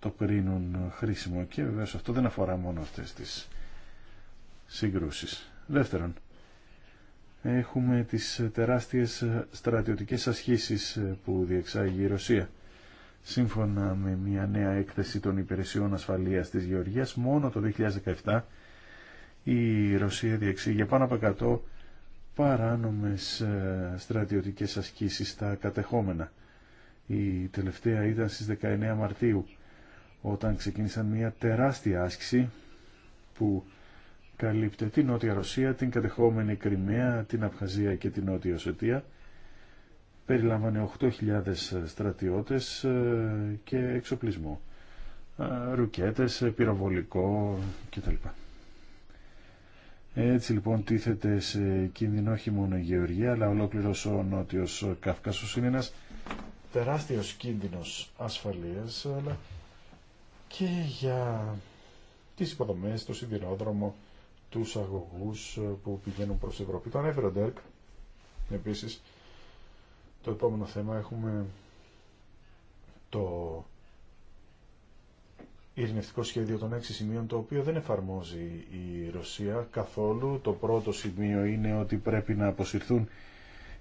το κρίνουν ε, χρήσιμο και βεβαίως αυτό δεν αφορά μόνο αυτές τις συγκρούσεις. Δεύτερον, έχουμε τις τεράστιες στρατιωτικές ασχήσεις που διεξάγει η Ρωσία. Σύμφωνα με μια νέα έκθεση των υπηρεσιών ασφαλείας της Γεωργίας, μόνο το 2017 η Ρωσία διεξήγει πάνω από 100 παράνομες ε, στρατιωτικές ασκήσεις στα κατεχόμενα. Η τελευταία ήταν στις 19 Μαρτίου, όταν ξεκίνησαν μια τεράστια άσκηση που καλύπτει την Νότια Ρωσία, την κατεχόμενη Κρυμαία, την Αυχαζία και την Νότια Οσετία. Περιλάμβανε 8.000 στρατιώτες ε, και εξοπλισμό. Ε, ρουκέτες, πυροβολικό κτλ. Έτσι λοιπόν τίθεται σε κίνδυνο όχι μόνο η Γεωργία αλλά ολόκληρος ο Νότιος Καύκασος είναι ένας τεράστιος κίνδυνος ασφαλείας αλλά και για τις υποδομές, το σιδηρόδρομο, τους αγωγούς που πηγαίνουν προς την Ευρώπη. Το ανέφερε. ο Επίσης, το επόμενο θέμα έχουμε το ειρηνευτικό σχέδιο των έξι σημείων, το οποίο δεν εφαρμόζει η Ρωσία καθόλου. Το πρώτο σημείο είναι ότι πρέπει να αποσυρθούν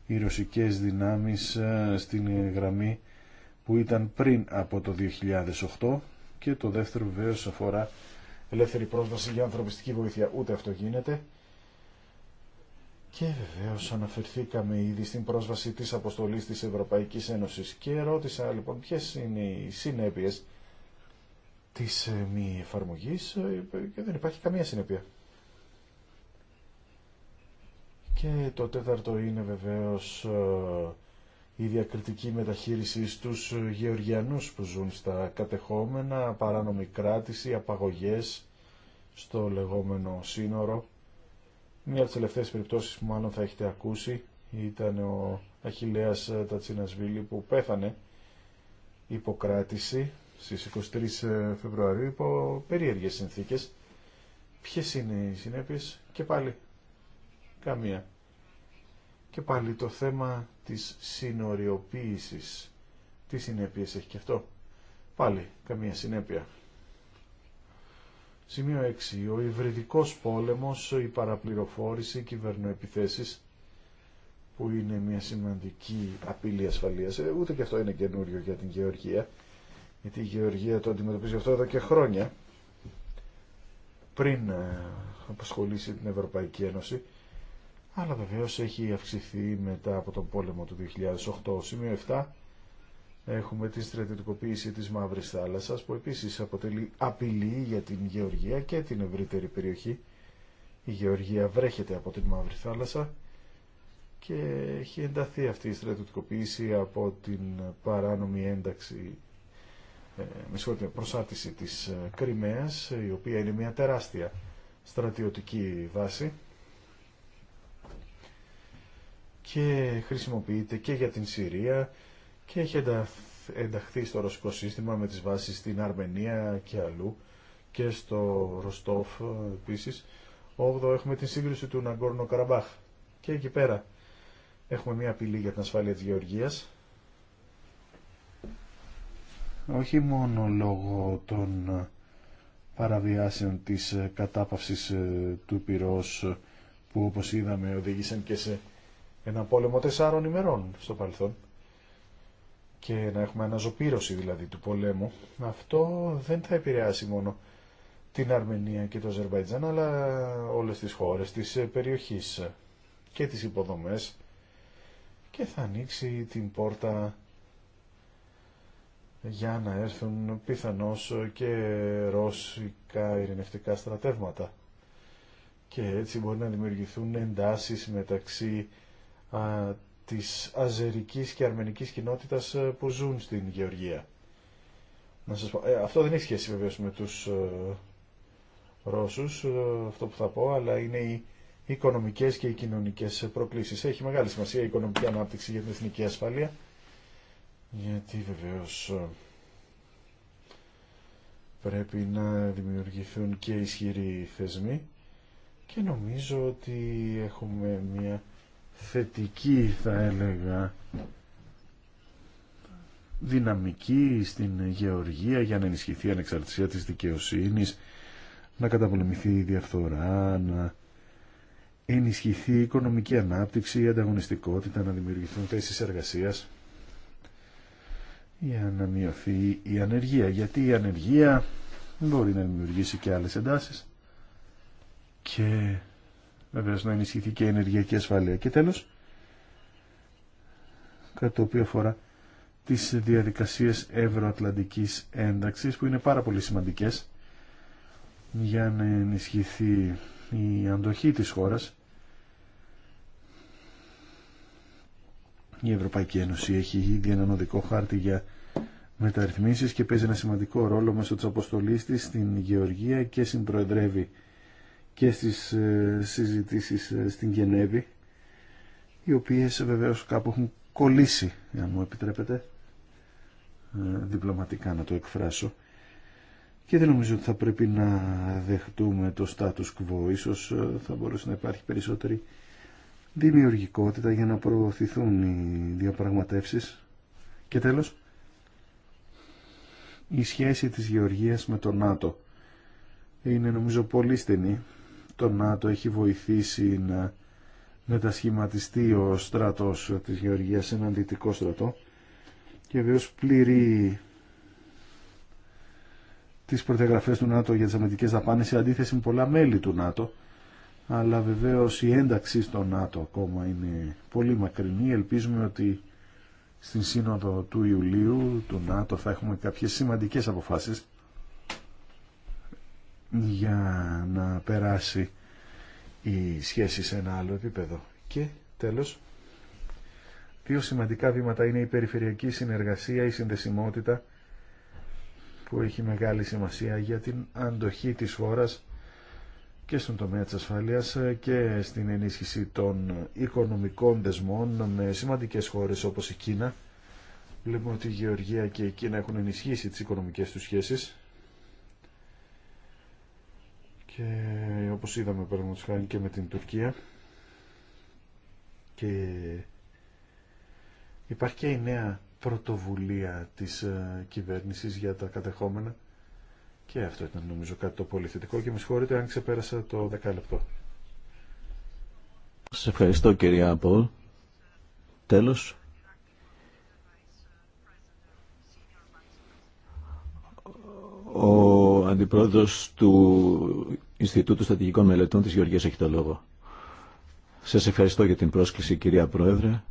οι ρωσικές δυνάμεις ε, στην γραμμή που ήταν πριν από το 2008 και το δεύτερο βεβαίω αφορά ελεύθερη πρόσβαση για ανθρωπιστική βοήθεια. Ούτε αυτό γίνεται. Και βεβαίω αναφερθήκαμε ήδη στην πρόσβαση της αποστολής της Ευρωπαϊκής Ένωσης και ρώτησα λοιπόν ποιες είναι οι συνέπειες της ε, μη εφαρμογής ε, και δεν υπάρχει καμία συνέπεια. Και το τέταρτο είναι βεβαίως ε, η διακριτική μεταχείριση στους γεωργιανούς που ζουν στα κατεχόμενα, παράνομη κράτηση, απαγωγές στο λεγόμενο σύνορο. Μία από τις τελευταίες περιπτώσεις που μάλλον θα έχετε ακούσει ήταν ο Αχιλέας τα Βίλη που πέθανε υποκράτηση στις 23 ε, Φεβρουαρίου υπό περίεργες συνθήκες. Ποιες είναι οι συνέπειες και πάλι καμία. Και πάλι το θέμα της συνοριοποίησης. Τι συνέπειες έχει και αυτό. Πάλι καμία συνέπεια. Σημείο 6. Ο υβριδικός πόλεμος, η παραπληροφόρηση, οι κυβερνοεπιθέσεις που είναι μια σημαντική απειλή ασφαλείας. Ε, ούτε και αυτό είναι καινούριο για την Γεωργία γιατί η Γεωργία το αντιμετωπίζει αυτό εδώ και χρόνια πριν ε, απασχολήσει την Ευρωπαϊκή Ένωση αλλά βεβαίως έχει αυξηθεί μετά από τον πόλεμο του 2008 σημείο 7 Έχουμε τη στρατιωτικοποίηση της Μαύρης Θάλασσας που επίσης αποτελεί απειλή για την Γεωργία και την ευρύτερη περιοχή. Η Γεωργία βρέχεται από την Μαύρη Θάλασσα και έχει ενταθεί αυτή η στρατιωτικοποίηση από την παράνομη ένταξη ε, με συγχωρείτε, προσάρτηση της ε, Κρυμαίας, ε, η οποία είναι μια τεράστια στρατιωτική βάση και χρησιμοποιείται και για την Συρία και έχει ενταχθεί στο ρωσικό σύστημα με τις βάσεις στην Αρμενία και αλλού και στο Ροστόφ επίσης. Όγδο έχουμε την σύγκριση του Ναγκόρνο Καραμπάχ και εκεί πέρα έχουμε μια απειλή για την ασφάλεια της Γεωργίας όχι μόνο λόγω των ε, παραβιάσεων της ε, κατάπαυσης ε, του πυρός που όπως είδαμε οδήγησαν και σε ένα πόλεμο τεσσάρων ημερών στο παρελθόν και να έχουμε αναζωπήρωση δηλαδή του πολέμου αυτό δεν θα επηρεάσει μόνο την Αρμενία και το Αζερβαϊτζάν αλλά όλες τις χώρες της περιοχής και τις υποδομές και θα ανοίξει την πόρτα για να έρθουν πιθανώς και ρώσικα ειρηνευτικά στρατεύματα. Και έτσι μπορεί να δημιουργηθούν εντάσεις μεταξύ α, της αζερικής και αρμενικής κοινότητας ε, που ζουν στην Γεωργία. Να σας ε, αυτό δεν έχει σχέση βεβαίως με τους ε, Ρώσους, αυτό που θα πω, αλλά είναι οι οικονομικές και οι κοινωνικές προκλήσεις. Έχει μεγάλη σημασία η οικονομική ανάπτυξη για την εθνική ασφάλεια γιατί βεβαίως ε, πρέπει να δημιουργηθούν και ισχυροί θεσμοί και νομίζω ότι έχουμε μια θετική θα έλεγα δυναμική στην γεωργία για να ενισχυθεί η ανεξαρτησία της δικαιοσύνης να καταπολεμηθεί η διαφθορά να ενισχυθεί η οικονομική ανάπτυξη η ανταγωνιστικότητα να δημιουργηθούν θέσεις εργασίας για να μειωθεί η ανεργία. Γιατί η ανεργία μπορεί να δημιουργήσει και άλλες εντάσεις και βεβαίως να ενισχυθεί και η ενεργειακή ασφάλεια. Και τέλος, κάτι το οποίο αφορά τις διαδικασίες ευρωατλαντικής ένταξης που είναι πάρα πολύ σημαντικές για να ενισχυθεί η αντοχή της χώρας Η Ευρωπαϊκή Ένωση έχει ήδη έναν οδικό χάρτη για μεταρρυθμίσεις και παίζει ένα σημαντικό ρόλο μέσω της αποστολής της στην Γεωργία και συμπροεδρεύει και στις ε, συζητήσεις ε, στην Γενέβη οι οποίες βεβαίως κάπου έχουν κολλήσει, αν μου επιτρέπετε, ε, διπλωματικά να το εκφράσω. Και δεν νομίζω ότι θα πρέπει να δεχτούμε το status quo. Ίσως θα μπορούσε να υπάρχει περισσότερη δημιουργικότητα για να προωθηθούν οι διαπραγματεύσεις. Και τέλος, η σχέση της Γεωργίας με το ΝΑΤΟ. Είναι νομίζω πολύ στενή. Το ΝΑΤΟ έχει βοηθήσει να μετασχηματιστεί ο στρατός της Γεωργίας σε έναν δυτικό στρατό και βεβαίως πληρεί τις προτεγραφές του ΝΑΤΟ για τις αμυντικές δαπάνες σε αντίθεση με πολλά μέλη του ΝΑΤΟ αλλά βεβαίως η ένταξη στο ΝΑΤΟ ακόμα είναι πολύ μακρινή. Ελπίζουμε ότι στην σύνοδο του Ιουλίου του ΝΑΤΟ θα έχουμε κάποιες σημαντικές αποφάσεις για να περάσει η σχέση σε ένα άλλο επίπεδο. Και τέλος, δύο σημαντικά βήματα είναι η περιφερειακή συνεργασία, η συνδεσιμότητα που έχει μεγάλη σημασία για την αντοχή της χώρας και στον τομέα της ασφαλείας και στην ενίσχυση των οικονομικών δεσμών με σημαντικές χώρες όπως η Κίνα. Βλέπουμε ότι η Γεωργία και η Κίνα έχουν ενισχύσει τις οικονομικές τους σχέσεις και όπως είδαμε παραδείγματος χάρη και με την Τουρκία και υπάρχει και η νέα πρωτοβουλία της ε, κυβέρνησης για τα κατεχόμενα και αυτό ήταν νομίζω κάτι το πολύ θετικό και με συγχωρείτε αν ξεπέρασα το δεκάλεπτο. λεπτό. Σας ευχαριστώ κυρία Απόλ. Τέλος. Ο αντιπρόεδρος του Ινστιτούτου Στατηγικών Μελετών της Γεωργίας έχει το λόγο. Σας ευχαριστώ για την πρόσκληση κυρία Πρόεδρε.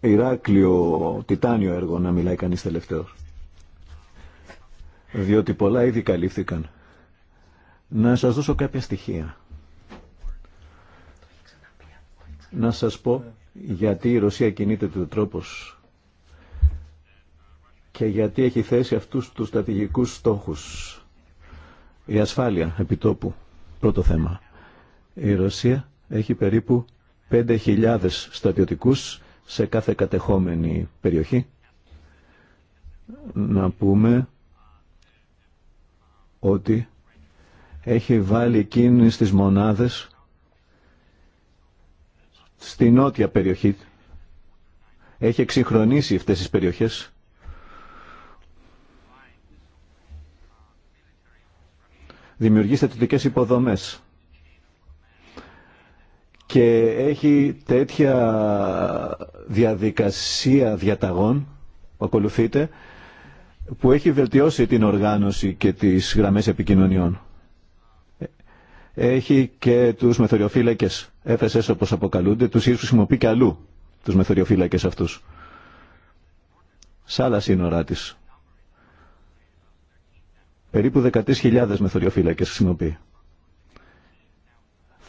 Ηράκλειο, τιτάνιο έργο να μιλάει κανείς τελευταίος διότι πολλά ήδη καλύφθηκαν. Να σας δώσω κάποια στοιχεία. Να σας πω γιατί η Ρωσία κινείται του τρόπος και γιατί έχει θέσει αυτούς τους στρατηγικούς στόχους. Η ασφάλεια επιτόπου, πρώτο θέμα. Η Ρωσία έχει περίπου 5.000 στρατιωτικούς σε κάθε κατεχόμενη περιοχή. Να πούμε ότι έχει βάλει κίνηση στις μονάδες στη νότια περιοχή. Έχει εξυγχρονίσει αυτές τις περιοχές. Δημιουργεί στατιωτικές υποδομές. Και έχει τέτοια διαδικασία διαταγών που ακολουθείται που έχει βελτιώσει την οργάνωση και τις γραμμές επικοινωνιών. Έχει και τους μεθοριοφύλακες, FSS όπως αποκαλούνται, τους ίδιους χρησιμοποιεί και αλλού τους μεθοριοφύλακες αυτούς. Σ' άλλα σύνορά τη. Περίπου 13.000 μεθοριοφύλακες χρησιμοποιεί.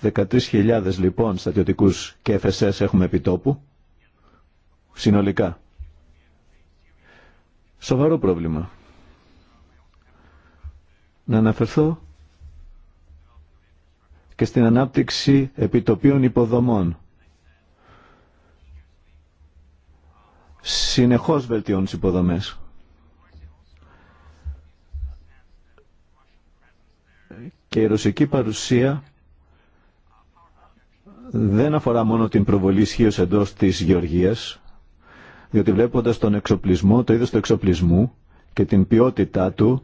13.000 λοιπόν στατιωτικούς και FSS έχουμε επιτόπου, συνολικά. Σοβαρό πρόβλημα. Να αναφερθώ και στην ανάπτυξη επιτοπίων υποδομών. Συνεχώς βελτιώνουν τις υποδομές. Και η ρωσική παρουσία δεν αφορά μόνο την προβολή ισχύω εντός της Γεωργίας, διότι βλέποντας τον εξοπλισμό, το είδος του εξοπλισμού και την ποιότητά του,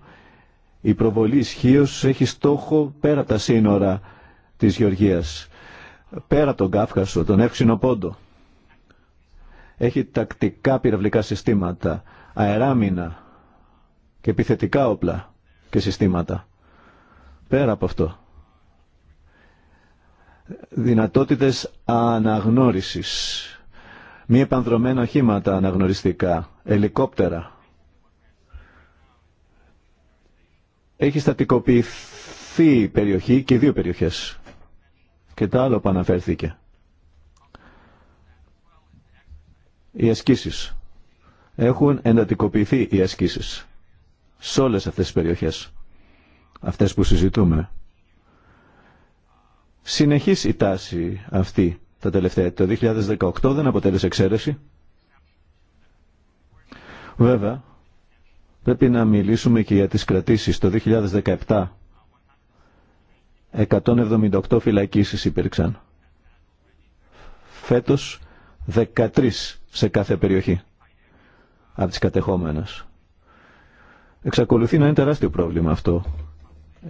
η προβολή ισχύω έχει στόχο πέρα από τα σύνορα της Γεωργίας, πέρα τον Κάφκασο, τον Εύξηνο Πόντο. Έχει τακτικά πυραυλικά συστήματα, αεράμινα και επιθετικά όπλα και συστήματα. Πέρα από αυτό. Δυνατότητες αναγνώρισης μη επανδρομένα οχήματα αναγνωριστικά, ελικόπτερα. Έχει στατικοποιηθεί η περιοχή και οι δύο περιοχές. Και τα άλλο που αναφέρθηκε. Οι ασκήσεις. Έχουν εντατικοποιηθεί οι ασκήσεις. Σε όλες αυτές τις περιοχές. Αυτές που συζητούμε. Συνεχής η τάση αυτή τα τελευταία. Το 2018 δεν αποτέλεσε εξαίρεση. Βέβαια, πρέπει να μιλήσουμε και για τις κρατήσεις. Το 2017, 178 φυλακίσεις υπήρξαν. Φέτος, 13 σε κάθε περιοχή από τις κατεχόμενες. Εξακολουθεί να είναι τεράστιο πρόβλημα αυτό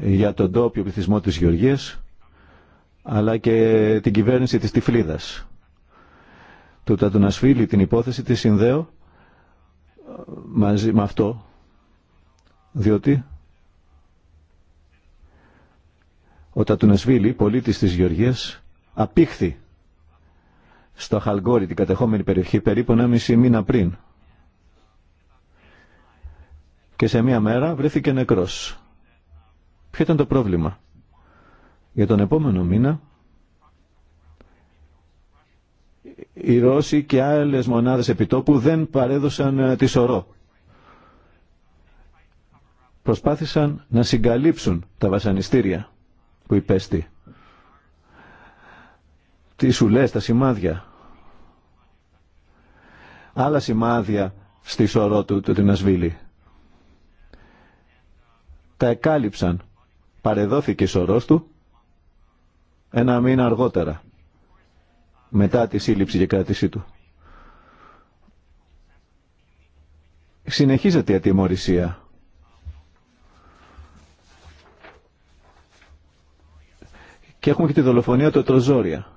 για τον τόπιο πληθυσμό της Γεωργίας αλλά και την κυβέρνηση της Τυφλίδας. Του Τατουνασφίλη την υπόθεση τη συνδέω ε, μαζί με αυτό, διότι ο Τατουνασβίλη, πολίτης της Γεωργίας, απήχθη στο Χαλγκόρι, την κατεχόμενη περιοχή, περίπου 1,5 μήνα πριν. Και σε μία μέρα βρέθηκε νεκρός. Ποιο ήταν το πρόβλημα. Για τον επόμενο μήνα οι Ρώσοι και άλλες μονάδες επιτόπου δεν παρέδωσαν ε, τη σωρό. Προσπάθησαν να συγκαλύψουν τα βασανιστήρια που υπέστη. Τι σουλές, τα σημάδια. Άλλα σημάδια στη σωρό του, του ασβίλη. Τα εκάλυψαν. Παρεδόθηκε η σωρός του ένα μήνα αργότερα μετά τη σύλληψη και κράτησή του. Συνεχίζεται η ατιμορρησία. Και έχουμε και τη δολοφονία του Τροζόρια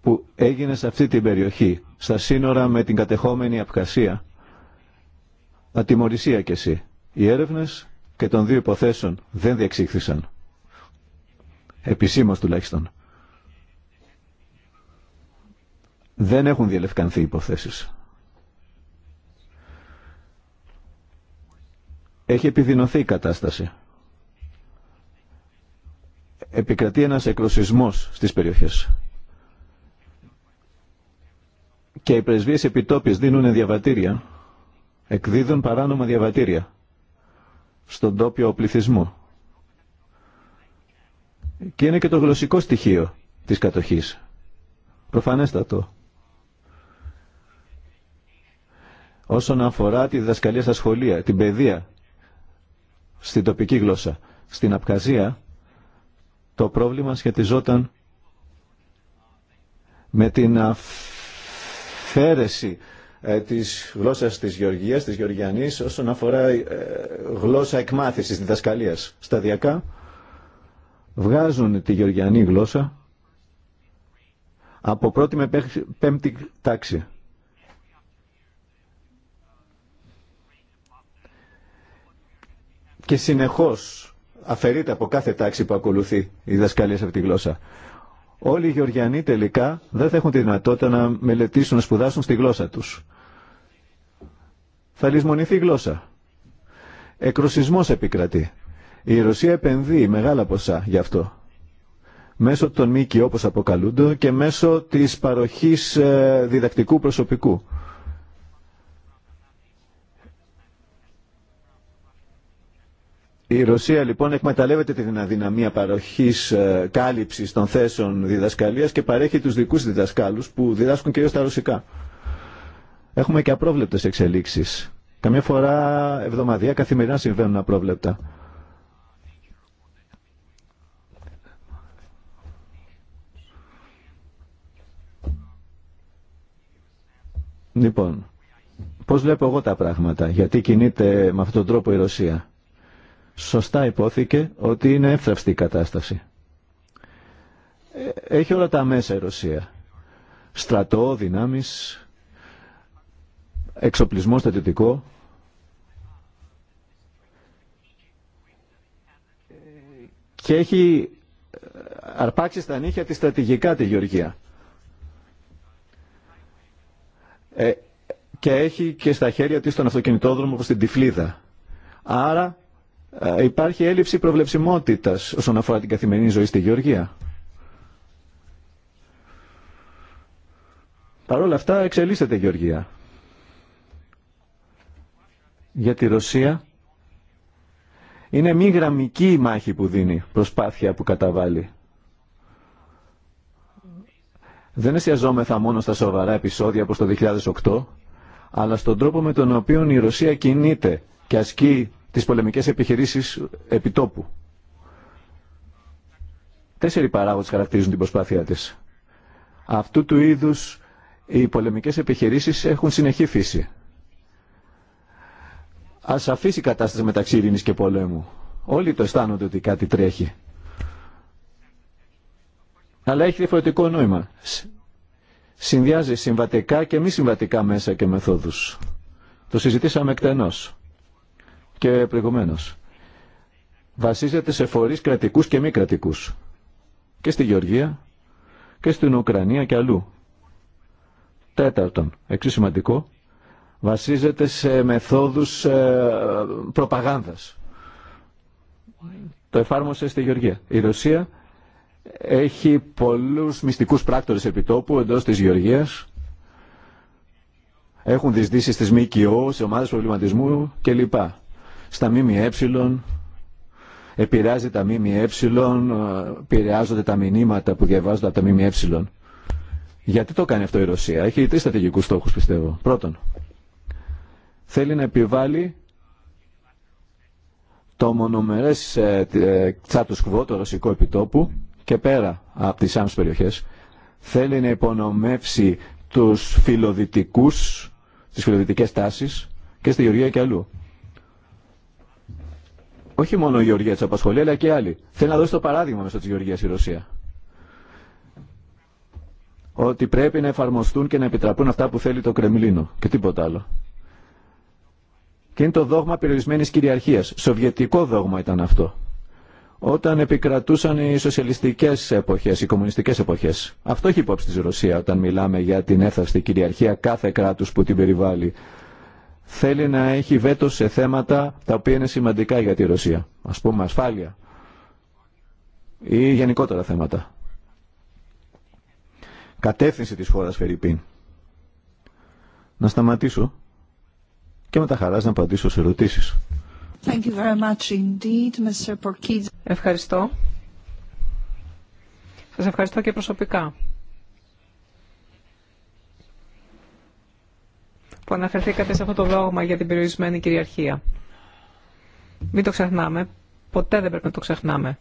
που έγινε σε αυτή την περιοχή, στα σύνορα με την κατεχόμενη Απκασία. Ατιμορρησία και εσύ. Οι έρευνες και των δύο υποθέσεων δεν διεξήχθησαν επισήμως τουλάχιστον. Δεν έχουν διαλευκανθεί υποθέσεις. Έχει επιδεινωθεί η κατάσταση. Επικρατεί ένας εκροσισμός στις περιοχές. Και οι πρεσβείες επιτόπιες δίνουν διαβατήρια, εκδίδουν παράνομα διαβατήρια στον τόπιο πληθυσμό και είναι και το γλωσσικό στοιχείο της κατοχής. Προφανέστατο. Όσον αφορά τη διδασκαλία στα σχολεία, την παιδεία, στην τοπική γλώσσα, στην Απκαζία, το πρόβλημα σχετιζόταν με την αφαίρεση ε, της γλώσσας της Γεωργίας, της Γεωργιανής, όσον αφορά ε, γλώσσα εκμάθησης διδασκαλίας. Σταδιακά, βγάζουν τη γεωργιανή γλώσσα από πρώτη με πέμπτη τάξη. Και συνεχώς αφαιρείται από κάθε τάξη που ακολουθεί η δασκαλία σε αυτή τη γλώσσα. Όλοι οι Γεωργιανοί τελικά δεν θα έχουν τη δυνατότητα να μελετήσουν, να σπουδάσουν στη γλώσσα τους. Θα λησμονηθεί η γλώσσα. Εκροσισμός επικρατεί. Η Ρωσία επενδύει μεγάλα ποσά γι' αυτό. Μέσω των ΜΚΙ όπως αποκαλούνται και μέσω της παροχής ε, διδακτικού προσωπικού. Η Ρωσία λοιπόν εκμεταλλεύεται την αδυναμία παροχής ε, κάλυψης των θέσεων διδασκαλίας και παρέχει τους δικούς διδασκάλους που διδάσκουν κυρίως τα ρωσικά. Έχουμε και απρόβλεπτες εξελίξεις. Καμιά φορά εβδομαδιαία καθημερινά συμβαίνουν απρόβλεπτα. Λοιπόν, πώς βλέπω εγώ τα πράγματα, γιατί κινείται με αυτόν τον τρόπο η Ρωσία. Σωστά υπόθηκε ότι είναι εύθραυστη η κατάσταση. Ε, έχει όλα τα μέσα η Ρωσία. Στρατό, δυνάμεις, εξοπλισμό στατιωτικό. Και έχει αρπάξει στα νύχια τη στρατηγικά τη Γεωργία. Ε, και έχει και στα χέρια της τον αυτοκινητόδρομο προς την Τυφλίδα. Άρα ε, υπάρχει έλλειψη προβλεψιμότητας όσον αφορά την καθημερινή ζωή στη Γεωργία. Παρ' όλα αυτά εξελίσσεται η Γεωργία. Για τη Ρωσία είναι μη γραμμική η μάχη που δίνει, προσπάθεια που καταβάλει. Δεν εστιαζόμεθα μόνο στα σοβαρά επεισόδια από το 2008, αλλά στον τρόπο με τον οποίο η Ρωσία κινείται και ασκεί τις πολεμικές επιχειρήσεις επιτόπου. Τέσσερι παράγοντες χαρακτηρίζουν την προσπάθειά της. Αυτού του είδους οι πολεμικές επιχειρήσεις έχουν συνεχή φύση. Ας αφήσει η κατάσταση μεταξύ ειρήνης και πολέμου. Όλοι το αισθάνονται ότι κάτι τρέχει αλλά έχει διαφορετικό νόημα. Συνδυάζει συμβατικά και μη συμβατικά μέσα και μεθόδους. Το συζητήσαμε εκτενώς και προηγουμένως. Βασίζεται σε φορείς κρατικούς και μη κρατικούς. Και στη Γεωργία και στην Ουκρανία και αλλού. Τέταρτον, εξίσου σημαντικό, βασίζεται σε μεθόδους ε, προπαγάνδας. Το εφάρμοσε στη Γεωργία. Η Ρωσία έχει πολλούς μυστικούς πράκτορες επιτόπου εντός της Γεωργίας. Έχουν δυσδύσεις στις ΜΚΟ, σε ομάδες προβληματισμού κλπ. Στα ΜΜΕ επηρεάζει τα ΜΜΕ, επηρεάζονται τα μηνύματα που διαβάζονται από τα ΜΜΕ. Γιατί το κάνει αυτό η Ρωσία. Έχει τρεις στρατηγικούς στόχους πιστεύω. Πρώτον, θέλει να επιβάλλει το μονομερές ε, τσάτος κουβό, ε, το ρωσικό επιτόπου, και πέρα από τις άμεσες περιοχές θέλει να υπονομεύσει τους φιλοδυτικούς, τις φιλοδυτικές τάσεις και στη Γεωργία και αλλού. Όχι μόνο η Γεωργία της απασχολεί, αλλά και άλλοι. Θέλει να δώσει το παράδειγμα μέσα της Γεωργίας η Ρωσία. Ότι πρέπει να εφαρμοστούν και να επιτραπούν αυτά που θέλει το Κρεμλίνο και τίποτα άλλο. Και είναι το δόγμα περιορισμένης κυριαρχίας. Σοβιετικό δόγμα ήταν αυτό όταν επικρατούσαν οι σοσιαλιστικέ εποχές, οι κομμουνιστικές εποχές. Αυτό έχει υπόψη τη Ρωσία όταν μιλάμε για την έφταστη κυριαρχία κάθε κράτους που την περιβάλλει. Θέλει να έχει βέτο σε θέματα τα οποία είναι σημαντικά για τη Ρωσία. α πούμε ασφάλεια ή γενικότερα θέματα. Κατεύθυνση της χώρας Φερρυπίν. Να σταματήσω και με τα χαράς να απαντήσω σε ερωτήσεις. Ευχαριστώ. Σας ευχαριστώ και προσωπικά. που αναφερθήκατε σε αυτό το δόγμα για την περιορισμένη κυριαρχία. Μην το ξεχνάμε. Ποτέ δεν πρέπει να το ξεχνάμε.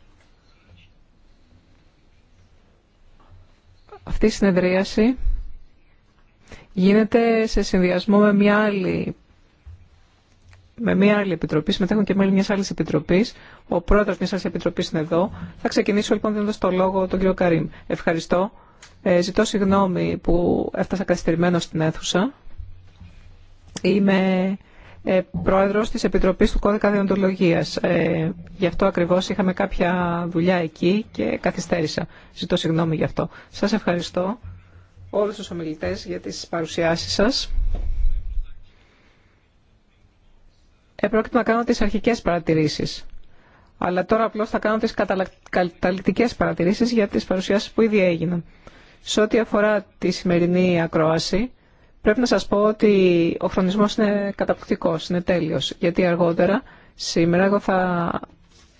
Αυτή η συνεδρίαση γίνεται σε συνδυασμό με μια άλλη με μια άλλη επιτροπή, συμμετέχουν και μέλη μια άλλη επιτροπή. Ο πρόεδρο μια άλλη επιτροπή είναι εδώ. Θα ξεκινήσω λοιπόν δίνοντα το λόγο τον κύριο Καρύμ. Ευχαριστώ. Ε, ζητώ συγγνώμη που έφτασα καθυστερημένο στην αίθουσα. Είμαι ε, πρόεδρο τη Επιτροπή του Κώδικα Διοντολογία. Ε, γι' αυτό ακριβώ είχαμε κάποια δουλειά εκεί και καθυστέρησα. Ζητώ συγγνώμη γι' αυτό. Σα ευχαριστώ όλους τους ομιλητές για τις παρουσιάσει σα. Επρόκειτο να κάνω τις αρχικές παρατηρήσεις. Αλλά τώρα απλώς θα κάνω τις καταληκτικές παρατηρήσεις για τις παρουσιάσεις που ήδη έγιναν. Σε ό,τι αφορά τη σημερινή ακρόαση, πρέπει να σας πω ότι ο χρονισμός είναι καταπληκτικός, είναι τέλειος. Γιατί αργότερα, σήμερα, εγώ θα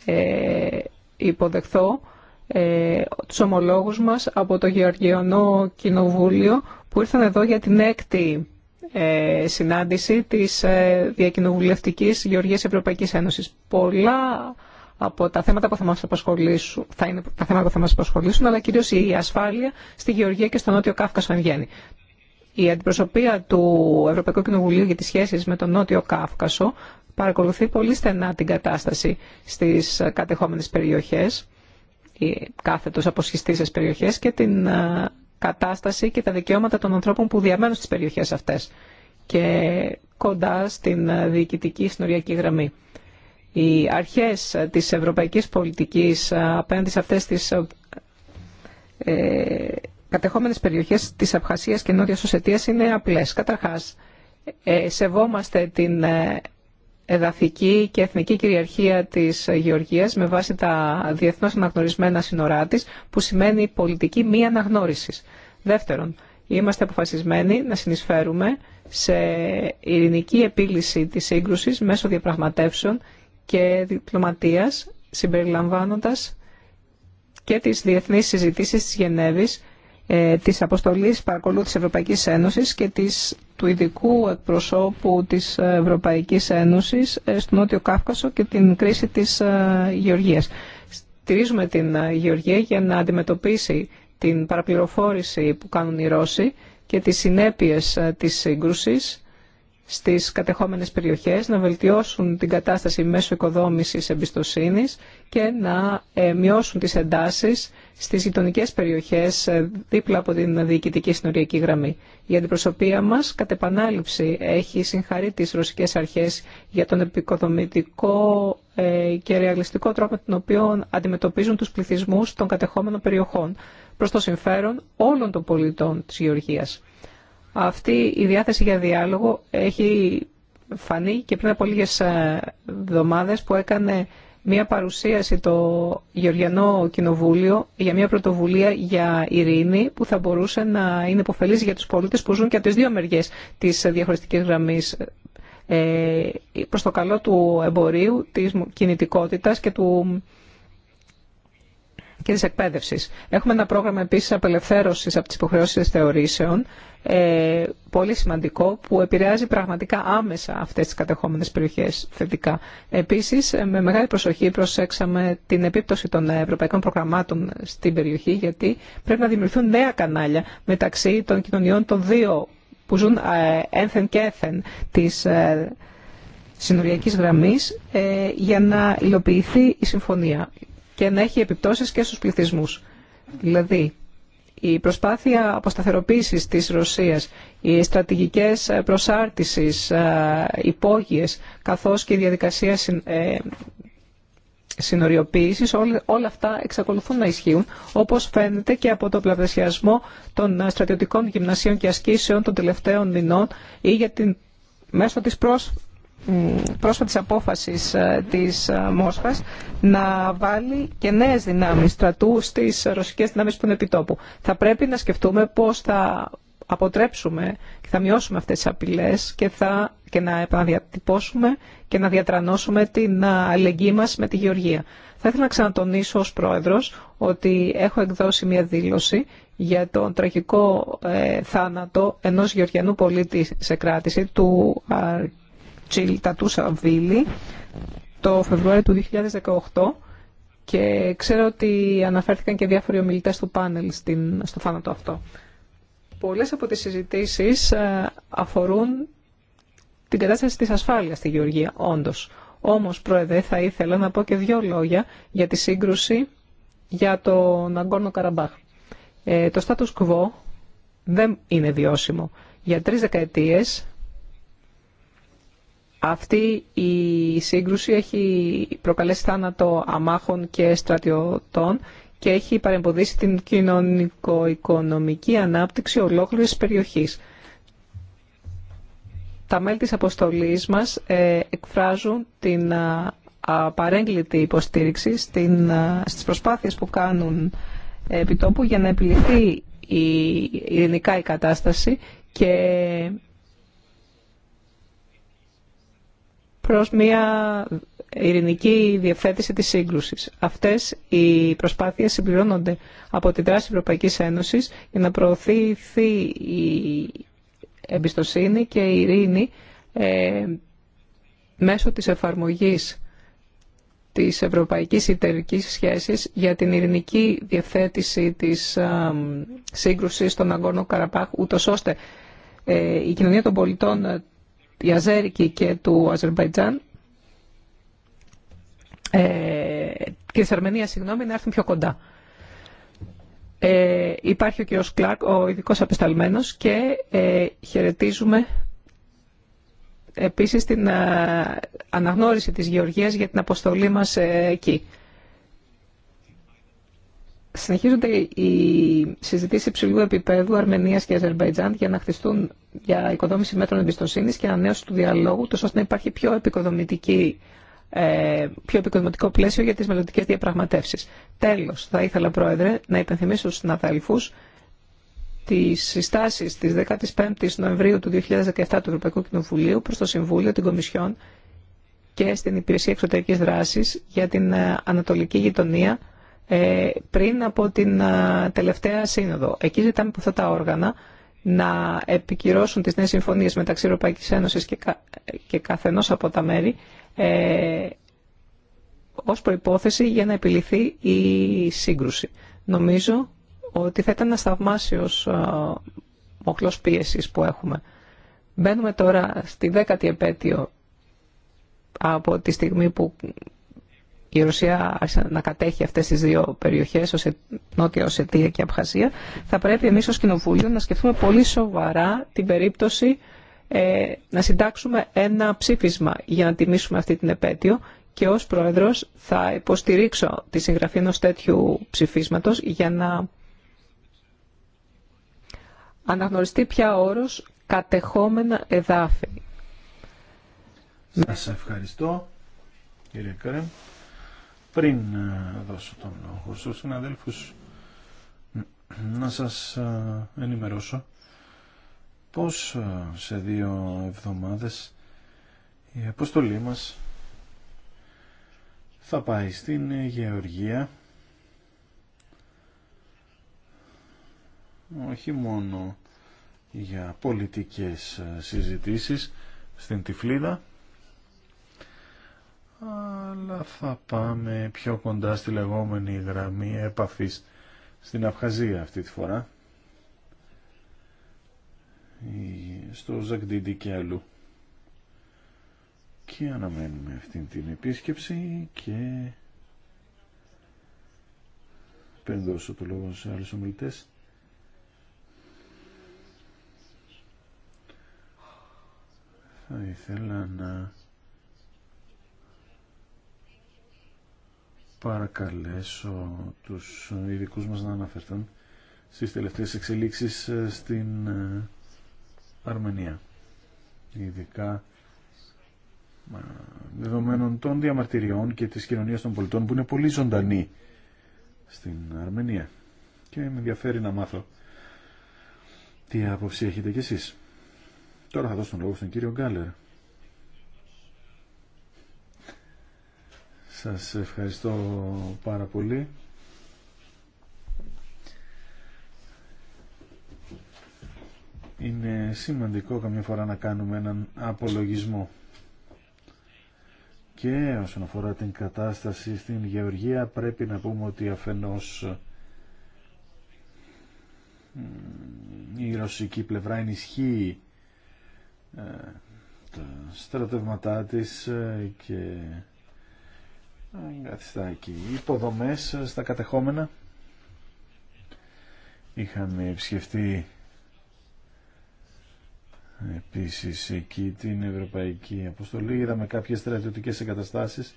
ε, υποδεχθώ ε, τους ομολόγους μας από το Γεωργιανό Κοινοβούλιο που ήρθαν εδώ για την έκτη ε, συνάντηση της ε, Διακοινοβουλευτικής Γεωργίας Ευρωπαϊκής Ένωσης. Πολλά από τα θέματα που θα μας απασχολήσουν, θα είναι τα θέματα που θα μας απασχολήσουν, αλλά κυρίως η ασφάλεια στη Γεωργία και στο Νότιο Κάφκασο εν γέννη. Η αντιπροσωπεία του Ευρωπαϊκού Κοινοβουλίου για τις σχέσεις με τον Νότιο Κάφκασο παρακολουθεί πολύ στενά την κατάσταση στις κατεχόμενες περιοχές, οι κάθετος αποσχιστήσεις περιοχές και την ε, κατάσταση και τα δικαιώματα των ανθρώπων που διαμένουν στις περιοχές αυτές και κοντά στην διοικητική συνοριακή γραμμή. Οι αρχές της ευρωπαϊκής πολιτικής απέναντι σε αυτές τις ε, κατεχόμενες περιοχές της Απχασίας και Νότιας Οσετίας είναι απλές. Καταρχάς, ε, σεβόμαστε την ε, εδαφική και εθνική κυριαρχία της Γεωργίας με βάση τα διεθνώς αναγνωρισμένα σύνορά τη, που σημαίνει πολιτική μη αναγνώρισης. Δεύτερον, είμαστε αποφασισμένοι να συνεισφέρουμε σε ειρηνική επίλυση της σύγκρουση μέσω διαπραγματεύσεων και διπλωματίας, συμπεριλαμβάνοντας και τις διεθνείς συζητήσεις της Γενέβης ε, της αποστολής παρακολούθησης Ευρωπαϊκής Ένωσης και της, του ειδικού εκπροσώπου της Ευρωπαϊκής Ένωσης ε, στο Νότιο Κάφκασο και την κρίση της ε, Γεωργίας. Στηρίζουμε την ε, Γεωργία για να αντιμετωπίσει την παραπληροφόρηση που κάνουν οι Ρώσοι και τις συνέπειες της σύγκρουσης στις κατεχόμενες περιοχές, να βελτιώσουν την κατάσταση μέσω οικοδόμησης εμπιστοσύνης και να ε, μειώσουν τις εντάσεις στις γειτονικέ περιοχές ε, δίπλα από την διοικητική συνοριακή γραμμή. Η αντιπροσωπεία μας κατ' επανάληψη έχει συγχαρεί τις ρωσικές αρχές για τον επικοδομητικό ε, και ρεαλιστικό τρόπο τον οποίο αντιμετωπίζουν τους πληθυσμούς των κατεχόμενων περιοχών προς το συμφέρον όλων των πολιτών της Γεωργίας. Αυτή η διάθεση για διάλογο έχει φανεί και πριν από λίγες ε, εβδομάδες που έκανε μια παρουσίαση το Γεωργιανό Κοινοβούλιο για μια πρωτοβουλία για ειρήνη που θα μπορούσε να είναι υποφελής για τους πολίτες που ζουν και από τις δύο μεριές της διαχωριστικής γραμμής ε, προς το καλό του εμπορίου, της κινητικότητας και του και τη εκπαίδευση. Έχουμε ένα πρόγραμμα επίση απελευθέρωση από τις υποχρεώσει θεωρήσεων, ε, πολύ σημαντικό, που επηρεάζει πραγματικά άμεσα αυτές τις κατεχόμενες περιοχές θετικά. Επίσης, ε, με μεγάλη προσοχή προσέξαμε την επίπτωση των ευρωπαϊκών προγραμμάτων στην περιοχή, γιατί πρέπει να δημιουργηθούν νέα κανάλια μεταξύ των κοινωνιών των δύο που ζουν ε, ένθεν και έθεν της ε, συνοριακής γραμμής για να υλοποιηθεί η συμφωνία και να έχει επιπτώσεις και στους πληθυσμούς. Δηλαδή, η προσπάθεια αποσταθεροποίησης της Ρωσίας, οι στρατηγικές προσάρτησης ε, υπόγειες, καθώς και η διαδικασία ε, συνοριοποίησης, όλα αυτά εξακολουθούν να ισχύουν, όπως φαίνεται και από το πλαδεσιασμό των στρατιωτικών γυμνασίων και ασκήσεων των τελευταίων μηνών ή για την, μέσω της προσ, πρόσφατης απόφασης ε, της ε, Μόσχας να βάλει και νέες δυνάμεις στρατού στις ρωσικές δυνάμεις που είναι επιτόπου. Θα πρέπει να σκεφτούμε πώς θα αποτρέψουμε και θα μειώσουμε αυτές τις απειλές και, θα, και να επαναδιατυπώσουμε και να διατρανώσουμε την ε, αλληλεγγύη μας με τη Γεωργία. Θα ήθελα να ξανατονίσω ως Πρόεδρος ότι έχω εκδώσει μια δήλωση για τον τραγικό ε, θάνατο ενός γεωργιανού πολίτη σε κράτηση του Τατούσα Βίλη το Φεβρουάριο του 2018 και ξέρω ότι αναφέρθηκαν και διάφοροι ομιλητές του πάνελ στην, στο θάνατο αυτό. Πολλές από τις συζητήσεις ε, αφορούν την κατάσταση της ασφάλειας στη Γεωργία, όντως. Όμως, Πρόεδρε, θα ήθελα να πω και δύο λόγια για τη σύγκρουση για τον Αγκόρνο Καραμπάχ. Ε, το status quo δεν είναι βιώσιμο. Για τρεις δεκαετίες αυτή η σύγκρουση έχει προκαλέσει θάνατο αμάχων και στρατιωτών και έχει παρεμποδίσει την κοινωνικο-οικονομική ανάπτυξη ολόκληρης περιοχής. Τα μέλη της αποστολής μας ε, εκφράζουν την παρέγκλητη υποστήριξη στις προσπάθειες που κάνουν ε, επιτόπου για να επιληθεί η ειρηνικά η κατάσταση και προς μια ειρηνική διευθέτηση της σύγκρουσης. Αυτές οι προσπάθειες συμπληρώνονται από τη δράση Ευρωπαϊκής Ένωσης για να προωθηθεί η εμπιστοσύνη και η ειρήνη ε, μέσω της εφαρμογής της ευρωπαϊκής ιτερικής σχέσης για την ειρηνική διευθέτηση της α, ε, σύγκρουσης στον Αγκόνο Καραπάχ, ούτως ώστε ε, η κοινωνία των πολιτών η Αζέρικη και του Αζερμπαϊτζάν και ε, της Αρμενίας, συγγνώμη, να έρθουν πιο κοντά. Ε, υπάρχει ο κύριος Κλάρκ, ο ειδικός απεσταλμένος και ε, χαιρετίζουμε επίσης την ε, αναγνώριση της Γεωργίας για την αποστολή μας εκεί. Συνεχίζονται οι συζητήσει υψηλού επίπεδου Αρμενία και Αζερβαϊτζάν για να χτιστούν για οικοδόμηση μέτρων εμπιστοσύνη και ανανέωση του διαλόγου, τόσο ώστε να υπάρχει πιο επικοδομητική ε, πιο επικοδομητικό πλαίσιο για τις μελλοντικέ διαπραγματεύσεις. Τέλος, θα ήθελα, Πρόεδρε, να υπενθυμίσω στους συναδέλφους τις συστάσεις της 15ης Νοεμβρίου του 2017 του Ευρωπαϊκού Κοινοβουλίου προς το Συμβούλιο, την Κομισιόν και στην Υπηρεσία εξωτερική δράση για την ε, Ανατολική Γειτονία ε, πριν από την ε, τελευταία σύνοδο. Εκεί ζητάμε από αυτά τα όργανα να επικυρώσουν τις νέες συμφωνίες μεταξύ Ευρωπαϊκής Ένωσης και, κα, καθενός από τα μέρη ε, ως προϋπόθεση για να επιληθεί η σύγκρουση. Νομίζω ότι θα ήταν ένας θαυμάσιος ε, μοχλός πίεσης που έχουμε. Μπαίνουμε τώρα στη δέκατη επέτειο από τη στιγμή που η Ρωσία άρχισε να κατέχει αυτές τις δύο περιοχές, νότιο Νότια Οσετία και Απχασία, θα πρέπει εμείς ως Κοινοβούλιο να σκεφτούμε πολύ σοβαρά την περίπτωση ε, να συντάξουμε ένα ψήφισμα για να τιμήσουμε αυτή την επέτειο και ως Πρόεδρος θα υποστηρίξω τη συγγραφή ενός τέτοιου ψηφίσματος για να αναγνωριστεί πια όρος κατεχόμενα εδάφη. Σας ευχαριστώ κύριε πριν ε, δώσω τον λόγο στους συναδέλφους, να σας ε, ενημερώσω πως ε, σε δύο εβδομάδες η αποστολή μας θα πάει στην Γεωργία όχι μόνο για πολιτικές συζητήσεις στην Τυφλίδα αλλά θα πάμε πιο κοντά στη λεγόμενη γραμμή επαφής στην Αφχαζία αυτή τη φορά στο Ζαγντίντι και αλλού και αναμένουμε αυτή την επίσκεψη και πέντε το λόγο σε άλλους ομιλητές θα ήθελα να παρακαλέσω τους ειδικούς μας να αναφερθούν στις τελευταίες εξελίξεις ε, στην ε, Αρμενία. Ειδικά ε, δεδομένων των διαμαρτυριών και της κοινωνίας των πολιτών που είναι πολύ ζωντανή στην Αρμενία. Και με ενδιαφέρει να μάθω τι άποψη έχετε κι εσείς. Τώρα θα δώσω τον λόγο στον κύριο Γκάλερ. Σας ευχαριστώ πάρα πολύ. Είναι σημαντικό καμιά φορά να κάνουμε έναν απολογισμό. Και όσον αφορά την κατάσταση στην Γεωργία πρέπει να πούμε ότι αφενός η ρωσική πλευρά ενισχύει ε, τα στρατεύματά της ε, και ναι. Καθιστά εκεί. Υποδομές ε, στα κατεχόμενα. Είχαμε επισκεφτεί επίση εκεί την Ευρωπαϊκή Αποστολή. Είδαμε κάποιες στρατιωτικέ εγκαταστάσεις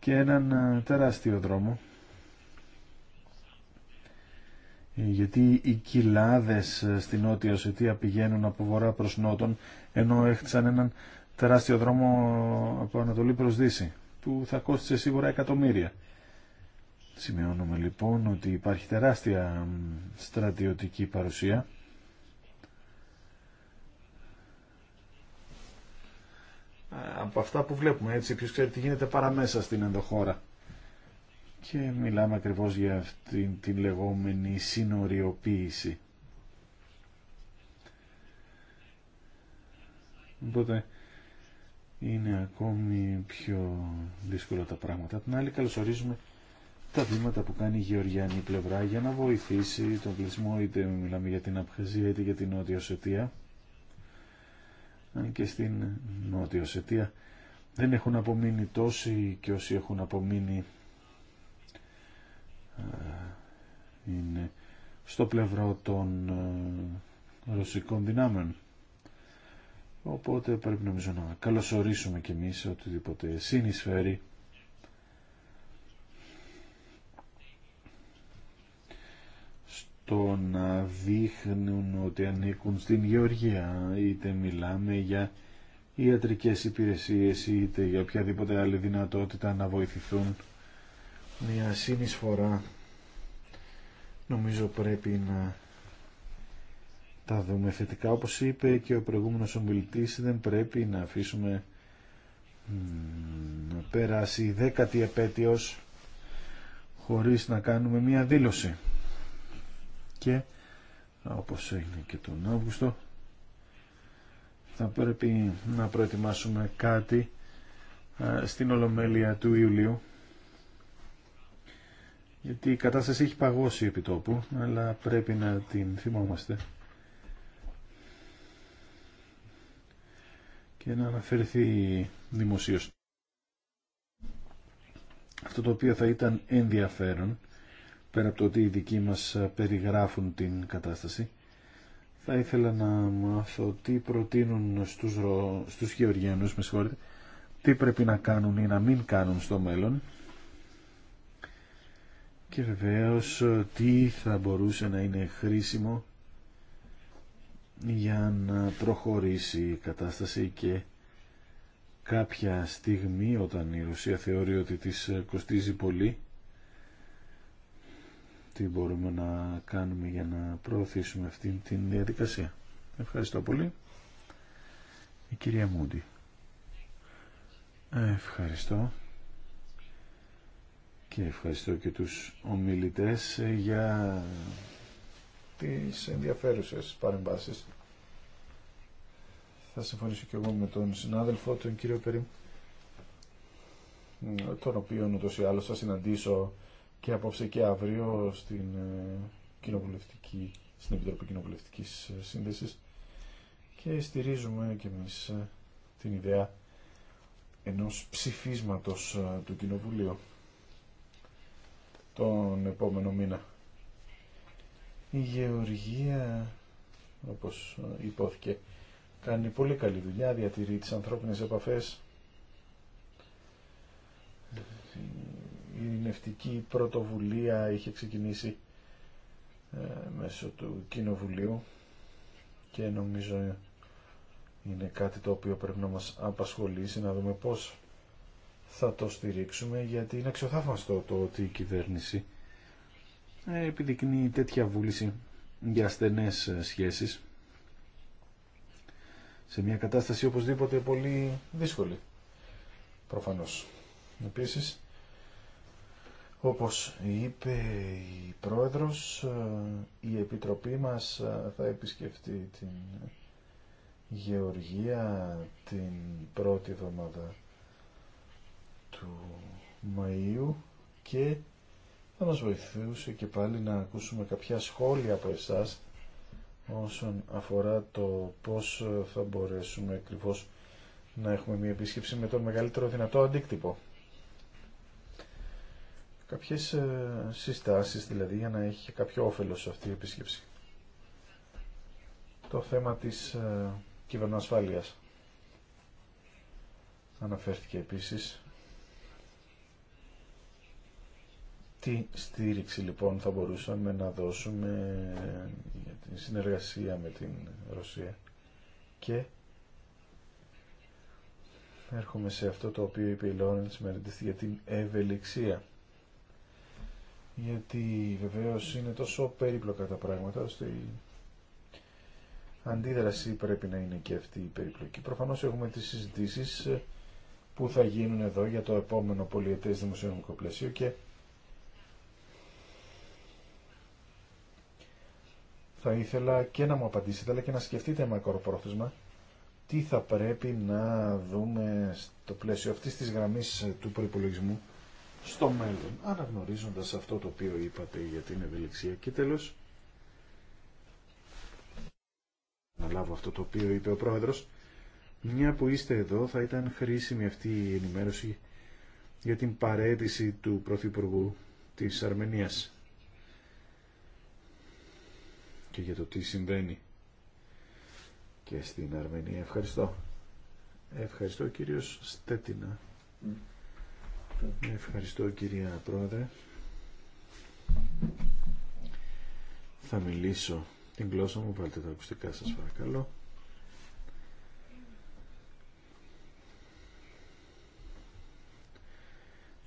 και έναν ε, τεράστιο δρόμο. Ε, γιατί οι κοιλάδες στην Νότια Οσετία πηγαίνουν από βορρά προς νότον, ενώ έχτισαν έναν τεράστιο δρόμο από Ανατολή προς Δύση που θα κόστησε σίγουρα εκατομμύρια. Σημειώνουμε λοιπόν ότι υπάρχει τεράστια στρατιωτική παρουσία ε, από αυτά που βλέπουμε έτσι ποιος ξέρει τι γίνεται παραμέσα στην ενδοχώρα και μιλάμε ακριβώς για αυτήν την λεγόμενη συνοριοποίηση οπότε είναι ακόμη πιο δύσκολα τα πράγματα. Την άλλη καλωσορίζουμε τα βήματα που κάνει η Γεωργιανή πλευρά για να βοηθήσει τον κλεισμό είτε μιλάμε για την Απχαζία είτε για την Νότια Σετία αν και στην Νότια Σετία δεν έχουν απομείνει τόσοι και όσοι έχουν απομείνει είναι στο πλευρό των ε, ρωσικών δυνάμεων Οπότε πρέπει νομίζω να καλωσορίσουμε κι εμείς οτιδήποτε συνεισφέρει στο να δείχνουν ότι ανήκουν στην Γεωργία είτε μιλάμε για ιατρικές υπηρεσίες είτε για οποιαδήποτε άλλη δυνατότητα να βοηθηθούν μια συνεισφορά νομίζω πρέπει να τα δούμε θετικά. Όπως είπε και ο προηγούμενος ομιλητής, δεν πρέπει να αφήσουμε να περάσει η δέκατη επέτειος χωρίς να κάνουμε μία δήλωση. Και όπως έγινε και τον Αύγουστο, θα πρέπει να προετοιμάσουμε κάτι στην Ολομέλεια του Ιουλίου γιατί η κατάσταση έχει παγώσει επί τόπου αλλά πρέπει να την θυμόμαστε και να αναφερθεί δημοσίως. Αυτό το οποίο θα ήταν ενδιαφέρον, πέρα από το ότι οι δικοί μας περιγράφουν την κατάσταση, θα ήθελα να μάθω τι προτείνουν στους, ρο... στους με συγχωρείτε, τι πρέπει να κάνουν ή να μην κάνουν στο μέλλον και βεβαίως τι θα μπορούσε να είναι χρήσιμο για να προχωρήσει η κατάσταση και κάποια στιγμή όταν η Ρωσία θεωρεί ότι της κοστίζει πολύ τι μπορούμε να κάνουμε για να προωθήσουμε αυτή την διαδικασία. Ευχαριστώ πολύ. Η κυρία Μούντι. Ευχαριστώ. Και ευχαριστώ και τους ομιλητές για τις ενδιαφέρουσες παρεμβάσεις. Θα συμφωνήσω και εγώ με τον συνάδελφο, τον κύριο Περίμ, τον οποίο ούτως ή άλλως θα συναντήσω και απόψε και αύριο στην, ε, κοινοβουλευτική, στην Επιτροπή Κοινοβουλευτικής Σύνδεσης και στηρίζουμε και εμείς ε, την ιδέα ενός ψηφίσματος ε, του Κοινοβουλίου τον επόμενο μήνα. Η γεωργία, όπως υπόθηκε, κάνει πολύ καλή δουλειά, διατηρεί τις ανθρώπινες επαφές. Η νευτική πρωτοβουλία είχε ξεκινήσει ε, μέσω του Κοινοβουλίου και νομίζω είναι κάτι το οποίο πρέπει να μας απασχολήσει, να δούμε πώς θα το στηρίξουμε, γιατί είναι αξιοθαύμαστο το ότι η κυβέρνηση ε, επιδεικνύει τέτοια βούληση για στενές ε, σχέσεις σε μια κατάσταση οπωσδήποτε πολύ δύσκολη προφανώς. Επίσης, όπως είπε η Πρόεδρος, ε, η Επιτροπή μας θα επισκεφτεί την Γεωργία την πρώτη εβδομάδα του Μαΐου και θα μας βοηθούσε και πάλι να ακούσουμε κάποια σχόλια από εσάς όσον αφορά το πώς θα μπορέσουμε ακριβώ να έχουμε μια επίσκεψη με τον μεγαλύτερο δυνατό αντίκτυπο. Κάποιες ε, συστάσεις δηλαδή για να έχει κάποιο όφελος αυτή η επίσκεψη. Το θέμα της ε, κυβερνοασφάλειας αναφέρθηκε επίσης Τι στήριξη λοιπόν θα μπορούσαμε να δώσουμε για την συνεργασία με την Ρωσία και έρχομαι σε αυτό το οποίο είπε η Λόρενς Μερντιστ για την ευελιξία γιατί βεβαίως είναι τόσο περίπλοκα τα πράγματα ώστε η αντίδραση πρέπει να είναι και αυτή η περίπλοκη. Προφανώς έχουμε τις συζητήσεις που θα γίνουν εδώ για το επόμενο πολιετές δημοσιονομικό πλαίσιο και θα ήθελα και να μου απαντήσετε, αλλά και να σκεφτείτε μακροπρόθεσμα τι θα πρέπει να δούμε στο πλαίσιο αυτής της γραμμής του προπολογισμού στο μέλλον, αναγνωρίζοντας αυτό το οποίο είπατε για την ευελιξία. Και τέλος, να λάβω αυτό το οποίο είπε ο Πρόεδρος, μια που είστε εδώ θα ήταν χρήσιμη αυτή η ενημέρωση για την παρέτηση του Πρωθυπουργού της Αρμενίας και για το τι συμβαίνει και στην Αρμενία. Ευχαριστώ. Ευχαριστώ κύριος Στέτινα. Ευχαριστώ κυρία Πρόεδρε. Θα μιλήσω την γλώσσα μου, βάλτε τα ακουστικά σας παρακαλώ.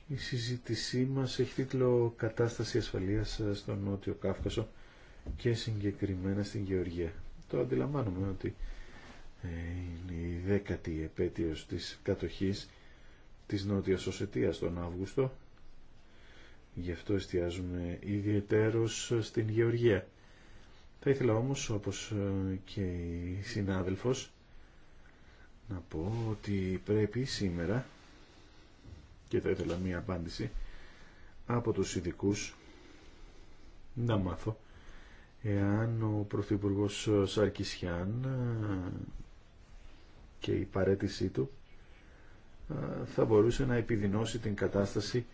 Η συζήτησή μας έχει τίτλο «Κατάσταση ασφαλείας στον Νότιο Κάφκασο» και συγκεκριμένα στην Γεωργία. Το αντιλαμβάνομαι ότι ε, είναι η δέκατη επέτειος της κατοχής της Νότιας Οσετίας τον Αύγουστο. Γι' αυτό εστιάζουμε ιδιαιτέρως στην Γεωργία. Θα ήθελα όμως, όπως ε, και η συνάδελφος, να πω ότι πρέπει σήμερα, και θα ήθελα μία απάντηση, από τους ειδικού να μάθω εάν ο Πρωθυπουργό Σαρκισιάν ε, και η παρέτησή του ε, θα μπορούσε να επιδεινώσει την κατάσταση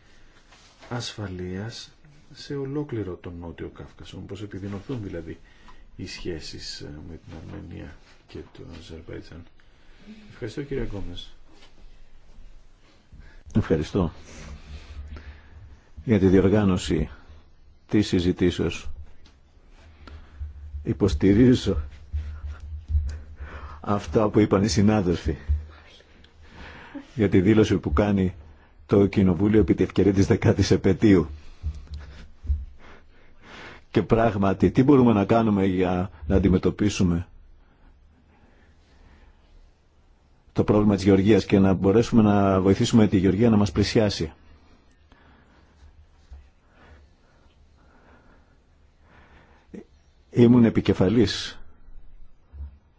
ασφαλείας σε ολόκληρο τον Νότιο Κάφκασο, όπως επιδεινωθούν δηλαδή οι σχέσεις ε, με την Αρμενία και το Αζερβαϊτζάν. Ευχαριστώ κύριε Κόμες. Ευχαριστώ για τη διοργάνωση της συζητήσεως Υποστηρίζω αυτά που είπαν οι συνάδελφοι για τη δήλωση που κάνει το Κοινοβούλιο επί τη ευκαιρία της δεκάτης επαιτίου. Και πράγματι, τι μπορούμε να κάνουμε για να αντιμετωπίσουμε το πρόβλημα της Γεωργίας και να μπορέσουμε να βοηθήσουμε τη Γεωργία να μας πλησιάσει. Ήμουν επικεφαλής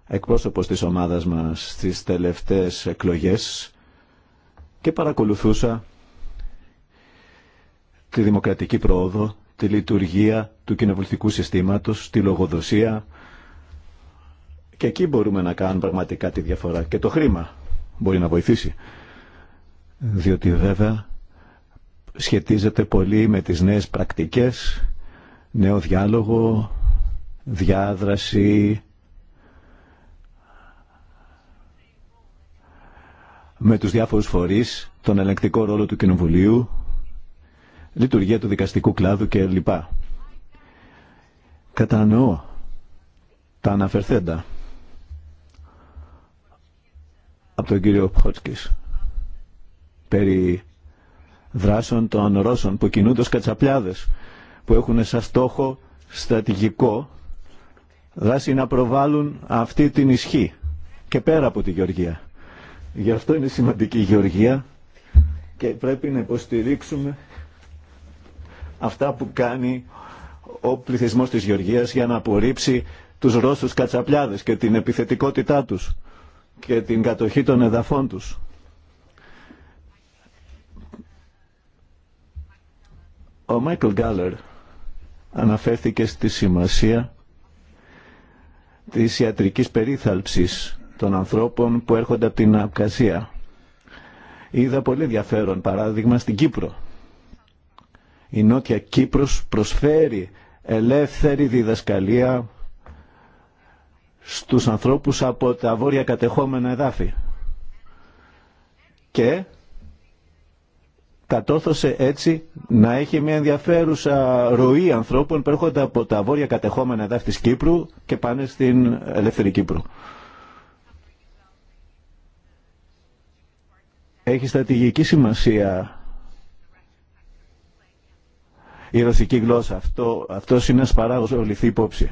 εκπρόσωπος της ομάδας μας στις τελευταίες εκλογές και παρακολουθούσα τη δημοκρατική πρόοδο, τη λειτουργία του κοινοβουλευτικού συστήματος, τη λογοδοσία και εκεί μπορούμε να κάνουμε πραγματικά τη διαφορά και το χρήμα μπορεί να βοηθήσει διότι βέβαια σχετίζεται πολύ με τις νέες πρακτικές, νέο διάλογο, διάδραση με τους διάφορους φορείς, τον ελεγκτικό ρόλο του Κοινοβουλίου, λειτουργία του δικαστικού κλάδου κλπ. Κατανοώ τα αναφερθέντα από τον κύριο Πχότσκης περί δράσεων των Ρώσων που κινούνται ως κατσαπλιάδες που έχουν σαν στόχο στρατηγικό δάση να προβάλλουν αυτή την ισχύ και πέρα από τη Γεωργία. Γι' αυτό είναι σημαντική η Γεωργία και πρέπει να υποστηρίξουμε αυτά που κάνει ο πληθυσμός της Γεωργίας για να απορρίψει τους Ρώσους κατσαπλιάδες και την επιθετικότητά τους και την κατοχή των εδαφών τους. Ο Μάικλ Γκάλερ αναφέρθηκε στη σημασία της ιατρικής περίθαλψης των ανθρώπων που έρχονται από την Απκασία. Είδα πολύ ενδιαφέρον παράδειγμα στην Κύπρο. Η Νότια Κύπρος προσφέρει ελεύθερη διδασκαλία στους ανθρώπους από τα βόρεια κατεχόμενα εδάφη. Και κατόρθωσε έτσι να έχει μια ενδιαφέρουσα ροή ανθρώπων που έρχονται από τα βόρεια κατεχόμενα εδάφη της Κύπρου και πάνε στην Ελεύθερη Κύπρου. Έχει στρατηγική σημασία η ρωσική γλώσσα. Αυτό, αυτός είναι ένας παράγος που υπόψη.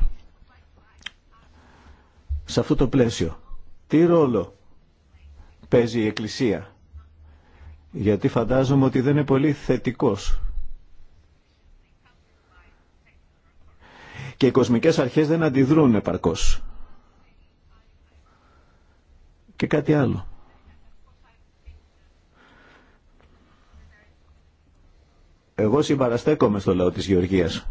Σε αυτό το πλαίσιο, τι ρόλο παίζει η Εκκλησία γιατί φαντάζομαι ότι δεν είναι πολύ θετικός. Και οι κοσμικές αρχές δεν αντιδρούν επαρκώς. Και κάτι άλλο. Εγώ συμπαραστέκομαι στο λαό της Γεωργίας.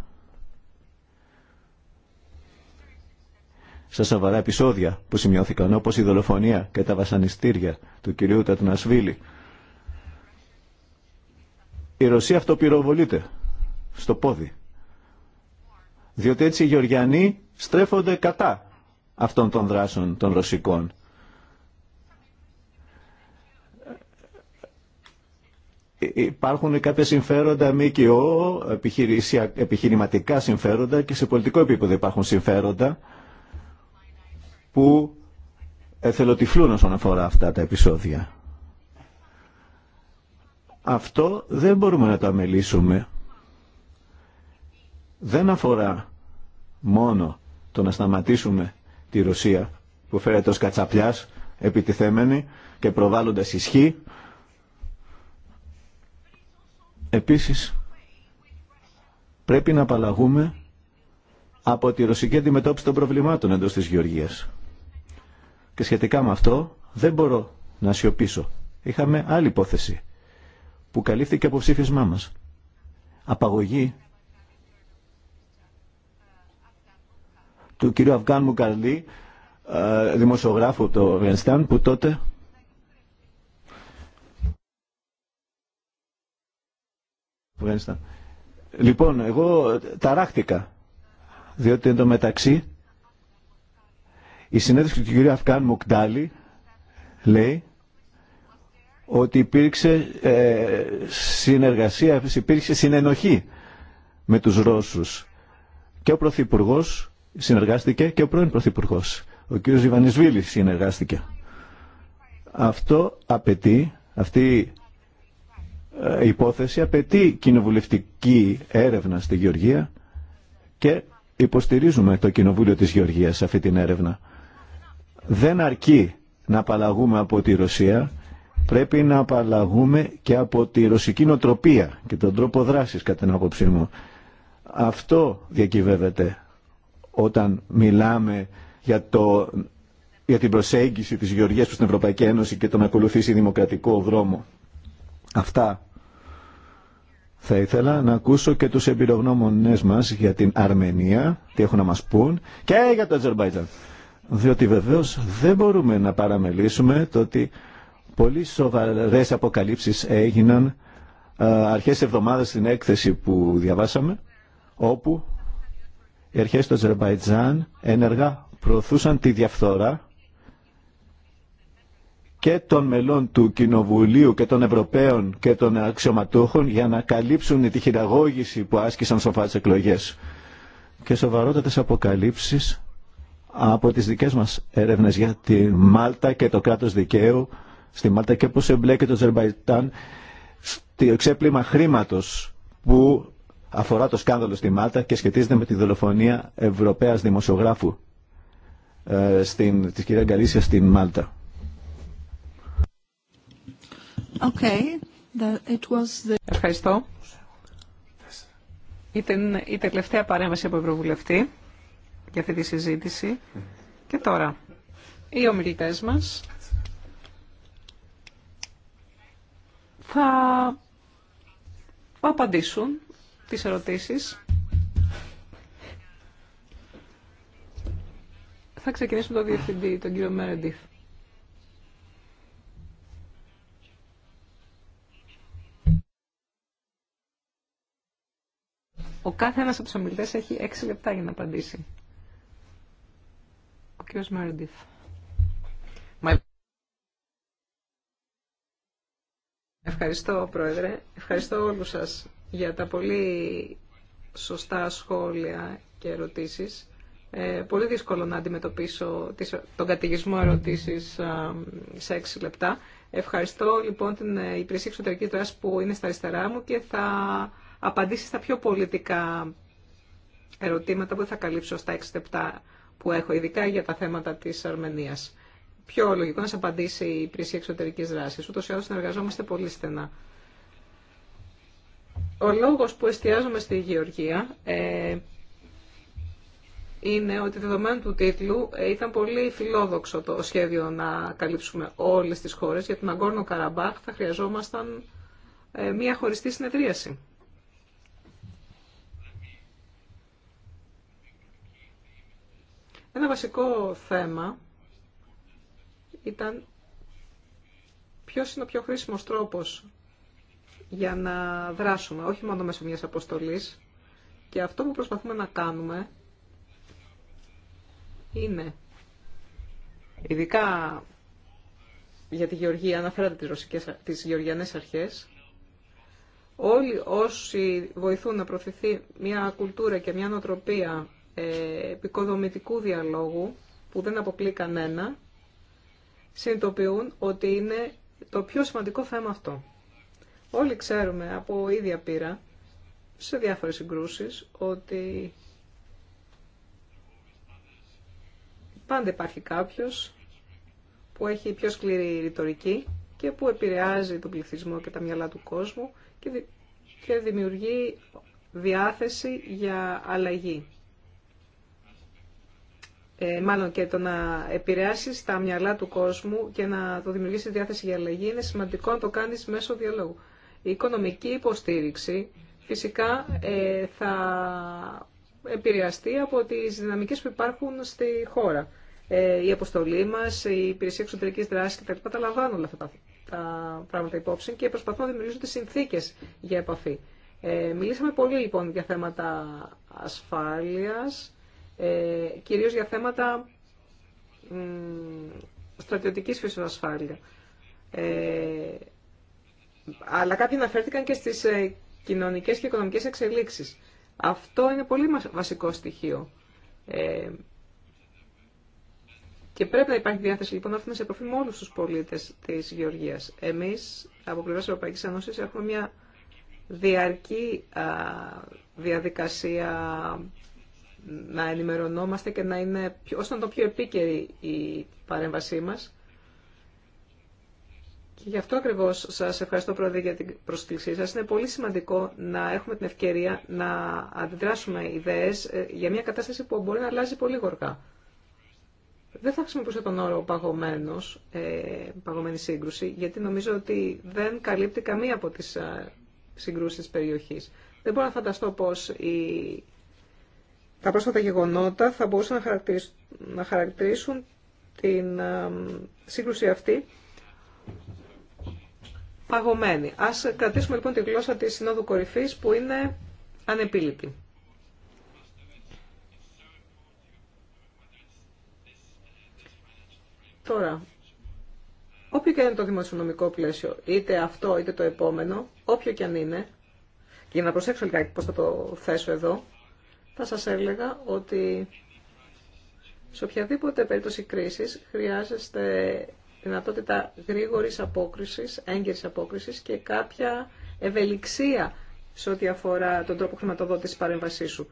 Στα σοβαρά επεισόδια που σημειώθηκαν, όπως η δολοφονία και τα βασανιστήρια του κυρίου Τατνασβίλη, η Ρωσία αυτοπυροβολείται στο πόδι. Διότι έτσι οι Γεωργιανοί στρέφονται κατά αυτών των δράσεων των Ρωσικών. Υπάρχουν κάποια συμφέροντα ΜΚΟ, επιχειρηματικά συμφέροντα και σε πολιτικό επίπεδο υπάρχουν συμφέροντα που εθελοτυφλούν όσον αφορά αυτά τα επεισόδια. Αυτό δεν μπορούμε να το αμελήσουμε. Δεν αφορά μόνο το να σταματήσουμε τη Ρωσία που φέρεται ως κατσαπλιάς επιτιθέμενη και προβάλλοντας ισχύ. Επίσης, πρέπει να απαλλαγούμε από τη ρωσική αντιμετώπιση των προβλημάτων εντός της Γεωργίας. Και σχετικά με αυτό δεν μπορώ να σιωπήσω. Είχαμε άλλη υπόθεση που καλύφθηκε από ψήφισμά μας. Απαγωγή του κυρίου Αφγάν Μουκαλή, ε, δημοσιογράφου του Αφγανιστάν, που τότε Λοιπόν, εγώ ταράχτηκα, διότι εντωμεταξύ η συνέντευξη του κυρίου Αφκάν Μουκτάλη λέει ότι υπήρξε ε, συνεργασία, υπήρξε συνενοχή με τους Ρώσους. Και ο Πρωθυπουργό συνεργάστηκε και ο πρώην Πρωθυπουργό. Ο κ. Ιβανισβίλης συνεργάστηκε. Αυτό απαιτεί, αυτή η ε, υπόθεση απαιτεί κοινοβουλευτική έρευνα στη Γεωργία και υποστηρίζουμε το Κοινοβούλιο της Γεωργίας σε αυτή την έρευνα. Δεν αρκεί να απαλλαγούμε από τη Ρωσία πρέπει να απαλλαγούμε και από τη ρωσική νοτροπία και τον τρόπο δράσης κατά την άποψή μου. Αυτό διακυβεύεται όταν μιλάμε για, το, για την προσέγγιση της Γεωργίας προς την Ευρωπαϊκή Ένωση και τον ακολουθήσει δημοκρατικό δρόμο. Αυτά θα ήθελα να ακούσω και τους εμπειρογνώμονές μας για την Αρμενία, τι έχουν να μας πούν, και για το Αζερμπαϊτζάν. Διότι βεβαίως δεν μπορούμε να παραμελήσουμε το ότι Πολύ σοβαρές αποκαλύψεις έγιναν ε, αρχές εβδομάδας στην έκθεση που διαβάσαμε, όπου οι αρχές του Αζερμπαϊτζάν ένεργα προωθούσαν τη διαφθορά και των μελών του Κοινοβουλίου και των Ευρωπαίων και των αξιωματούχων για να καλύψουν τη χειραγώγηση που άσκησαν σοφά τις εκλογές. Και σοβαρότατες αποκαλύψεις από τις δικές μας έρευνες για τη Μάλτα και το κράτος δικαίου στη Μάλτα και πώς εμπλέκεται το Αζερβαϊτάν στο ξέπλυμα χρήματος που αφορά το σκάνδαλο στη Μάλτα και σχετίζεται με τη δολοφονία Ευρωπαίας δημοσιογράφου ε, στην, της κυρία Γκαλίσια στην Μάλτα. Okay. It was the... Ευχαριστώ. Ήταν η τελευταία παρέμβαση από Ευρωβουλευτή για αυτή τη συζήτηση. Και τώρα, οι ομιλητές μας θα απαντήσουν τις ερωτήσεις. Θα ξεκινήσουμε το διευθυντή, τον κύριο Μέρεντιφ. Ο κάθε ένας από τους ομιλητές έχει έξι λεπτά για να απαντήσει. Ο κύριος Μέρεντιφ. Ευχαριστώ, Πρόεδρε. Ευχαριστώ όλους σας για τα πολύ σωστά σχόλια και ερωτήσεις. Ε, πολύ δύσκολο να αντιμετωπίσω τον κατηγισμό ερωτήσεις σε έξι λεπτά. Ευχαριστώ λοιπόν την ε, Υπηρεσία Εξωτερική Δράση που είναι στα αριστερά μου και θα απαντήσει στα πιο πολιτικά ερωτήματα που θα καλύψω στα εξι λεπτά που έχω, ειδικά για τα θέματα της Αρμενίας πιο λογικό να σε απαντήσει η υπηρεσία εξωτερική δράση. Ούτω ή άλλω συνεργαζόμαστε πολύ στενά. Ο λόγο που εστιάζουμε στη Γεωργία ε, είναι ότι δεδομένου του τίτλου ε, ήταν πολύ φιλόδοξο το σχέδιο να καλύψουμε όλε τι χώρε. Για την Αγκόρνο Καραμπάχ θα χρειαζόμασταν ε, μία χωριστή συνεδρίαση. Ένα βασικό θέμα ήταν ποιος είναι ο πιο χρήσιμος τρόπος για να δράσουμε, όχι μόνο μέσω μιας αποστολής. Και αυτό που προσπαθούμε να κάνουμε είναι, ειδικά για τη Γεωργία, αναφέρατε τις, ρωσικές, τις γεωργιανές αρχές, όλοι όσοι βοηθούν να προωθηθεί μια κουλτούρα και μια νοοτροπία ε, επικοδομητικού διαλόγου, που δεν αποκλεί κανένα, συνειδητοποιούν ότι είναι το πιο σημαντικό θέμα αυτό. Όλοι ξέρουμε από ίδια πείρα σε διάφορες συγκρούσεις ότι πάντα υπάρχει κάποιος που έχει πιο σκληρή ρητορική και που επηρεάζει τον πληθυσμό και τα μυαλά του κόσμου και δημιουργεί διάθεση για αλλαγή ε, μάλλον και το να επηρεάσει τα μυαλά του κόσμου και να το δημιουργήσει διάθεση για αλλαγή, είναι σημαντικό να το κάνει μέσω διαλόγου. Η οικονομική υποστήριξη φυσικά ε, θα επηρεαστεί από τις δυναμικές που υπάρχουν στη χώρα. Ε, η αποστολή μας, η υπηρεσία εξωτερικής δράσης κτλ. Τα λαμβάνουν όλα αυτά τα, πράγματα υπόψη και προσπαθούν να δημιουργήσουν τις συνθήκες για επαφή. Ε, μιλήσαμε πολύ λοιπόν για θέματα ασφάλειας, ε, κυρίως για θέματα στρατιωτικής φύσης ασφάλεια. Ε, αλλά κάποιοι αναφέρθηκαν και στις ε, κοινωνικές και οικονομικές εξελίξεις. Αυτό είναι πολύ βασικό στοιχείο. Και πρέπει να υπάρχει διάθεση λοιπόν να έρθουμε σε επαφή με όλου του πολίτε τη Γεωργίας. Εμεί από πλευράς Ευρωπαϊκή Ανώσης έχουμε μια διαρκή διαδικασία να ενημερωνόμαστε και να είναι όσο το πιο επίκαιρη η παρέμβασή μας. Και γι' αυτό ακριβώς σας ευχαριστώ Πρόεδρε για την προσκλησία σας. Είναι πολύ σημαντικό να έχουμε την ευκαιρία να αντιδράσουμε ιδέες ε, για μια κατάσταση που μπορεί να αλλάζει πολύ γοργά. Δεν θα χρησιμοποιήσω τον όρο παγωμένος, ε, παγωμένη σύγκρουση, γιατί νομίζω ότι δεν καλύπτει καμία από τις ε, συγκρούσεις της περιοχής. Δεν μπορώ να φανταστώ πώς η τα πρόσφατα γεγονότα θα μπορούσαν να χαρακτηρίσουν την σύγκρουση αυτή παγωμένη. Ας κρατήσουμε λοιπόν τη γλώσσα της Συνόδου Κορυφής που είναι ανεπίλητη. Τώρα, όποιο και αν είναι το δημοσιονομικό πλαίσιο, είτε αυτό είτε το επόμενο, όποιο και αν είναι, και για να προσέξω λιγάκι πώς θα το θέσω εδώ, θα σας έλεγα ότι σε οποιαδήποτε περίπτωση κρίσης χρειάζεστε δυνατότητα γρήγορης απόκρισης, έγκαιρης απόκρισης και κάποια ευελιξία σε ό,τι αφορά τον τρόπο χρηματοδότησης παρέμβασή σου.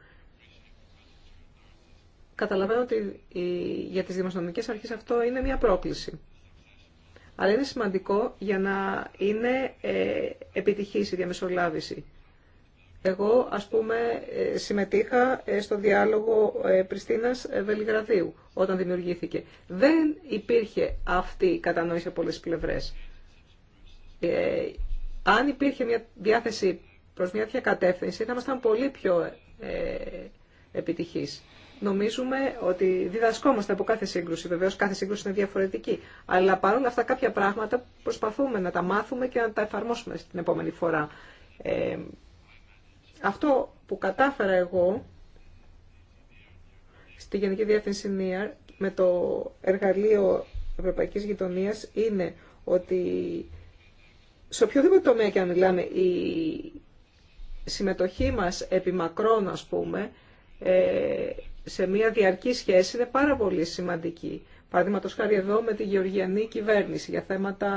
Καταλαβαίνω ότι για τις δημοσιονομικές αρχές αυτό είναι μια πρόκληση. Αλλά είναι σημαντικό για να είναι ε, επιτυχής η διαμεσολάβηση εγώ, ας πούμε, ε, συμμετείχα ε, στο διάλογο ε, Πριστίνας Βελιγραδίου όταν δημιουργήθηκε. Δεν υπήρχε αυτή η κατανόηση από πολλές πλευρές. Ε, αν υπήρχε μια διάθεση προς μια τέτοια κατεύθυνση, θα ήμασταν πολύ πιο ε, επιτυχείς. Νομίζουμε ότι διδασκόμαστε από κάθε σύγκρουση. Βεβαίως κάθε σύγκρουση είναι διαφορετική. Αλλά παρόλα αυτά κάποια πράγματα προσπαθούμε να τα μάθουμε και να τα εφαρμόσουμε στην επόμενη φορά. Αυτό που κατάφερα εγώ στη Γενική Διεύθυνση ΝΙΑΡ με το εργαλείο Ευρωπαϊκής Γειτονίας είναι ότι σε οποιοδήποτε τομέα και αν μιλάμε η συμμετοχή μας επί μακρόν, ας πούμε, ε, σε μια διαρκή σχέση είναι πάρα πολύ σημαντική. Παραδείγματος χάρη εδώ με τη γεωργιανή κυβέρνηση για θέματα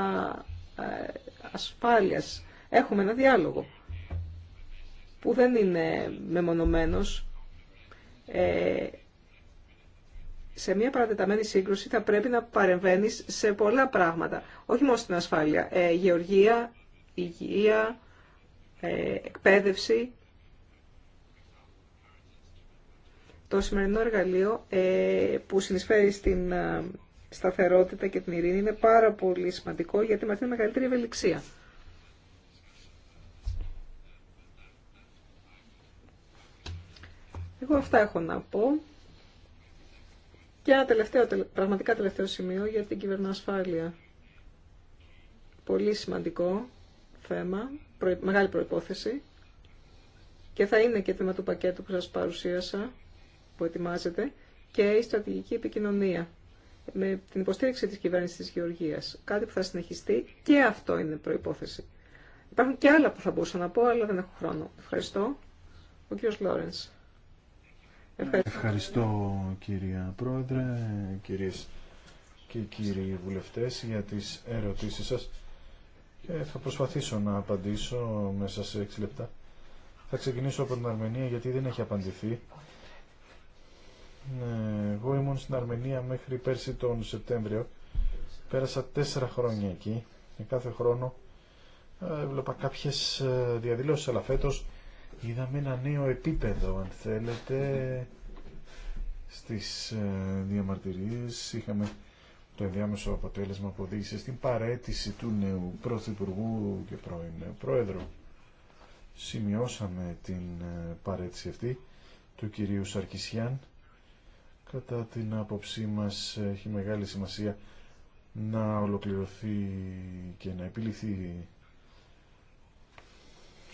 ε, ασφάλειας. Έχουμε ένα διάλογο που δεν είναι μεμονωμένος, ε, σε μια παρατεταμένη σύγκρουση θα πρέπει να παρεμβαίνεις σε πολλά πράγματα. Όχι μόνο στην ασφάλεια. Ε, γεωργία, υγεία, ε, εκπαίδευση. Το σημερινό εργαλείο που συνεισφέρει στην σταθερότητα και την ειρήνη είναι πάρα πολύ σημαντικό γιατί μαθαίνει μεγαλύτερη ευελιξία. Εγώ αυτά έχω να πω. Και ένα τελευταίο, πραγματικά τελευταίο σημείο για την κυβερνοασφάλεια. Πολύ σημαντικό θέμα, μεγάλη προϋπόθεση και θα είναι και θέμα του πακέτου που σας παρουσίασα, που ετοιμάζεται, και η στρατηγική επικοινωνία με την υποστήριξη της κυβέρνησης της Γεωργίας. Κάτι που θα συνεχιστεί και αυτό είναι προϋπόθεση. Υπάρχουν και άλλα που θα μπορούσα να πω, αλλά δεν έχω χρόνο. Ευχαριστώ. Ο κύριος Λόρενς. Ευχαριστώ. κυρία Πρόεδρε, κυρίες και κύριοι βουλευτές για τις ερωτήσεις σας και ε, θα προσπαθήσω να απαντήσω μέσα σε έξι λεπτά. Θα ξεκινήσω από την Αρμενία γιατί δεν έχει απαντηθεί. Ε, εγώ ήμουν στην Αρμενία μέχρι πέρσι τον Σεπτέμβριο. Πέρασα τέσσερα χρόνια εκεί και κάθε χρόνο ε, έβλεπα κάποιες διαδηλώσεις αλλά φέτος είδαμε ένα νέο επίπεδο αν θέλετε στις ε, διαμαρτυρίες είχαμε το ενδιάμεσο αποτέλεσμα που οδήγησε στην παρέτηση του νέου πρωθυπουργού και πρώην πρόεδρου. Σημειώσαμε την ε, παρέτηση αυτή του κυρίου Σαρκισιάν. Κατά την άποψή μας έχει μεγάλη σημασία να ολοκληρωθεί και να επιληθεί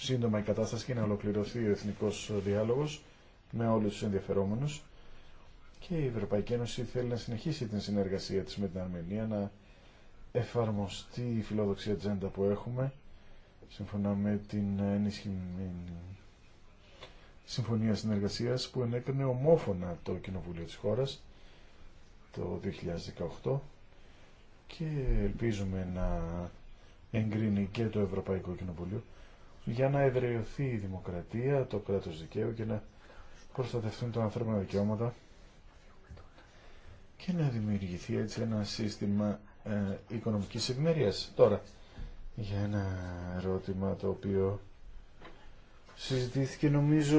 σύντομα η κατάσταση και να ολοκληρωθεί ο εθνικός διάλογος με όλους τους ενδιαφερόμενους και η Ευρωπαϊκή Ένωση θέλει να συνεχίσει την συνεργασία της με την Αρμενία να εφαρμοστεί η φιλοδοξία ατζέντα που έχουμε σύμφωνα με την ενισχυμένη Συμφωνία Συνεργασίας που ενέκρινε ομόφωνα το Κοινοβούλιο της χώρας το 2018 και ελπίζουμε να εγκρίνει και το Ευρωπαϊκό Κοινοβούλιο για να εδραιωθεί η δημοκρατία, το κράτος δικαίου και να προστατευτούν τα ανθρώπινα δικαιώματα και να δημιουργηθεί έτσι ένα σύστημα ε, οικονομικής ευημερίας. Τώρα, για ένα ερώτημα το οποίο συζητήθηκε νομίζω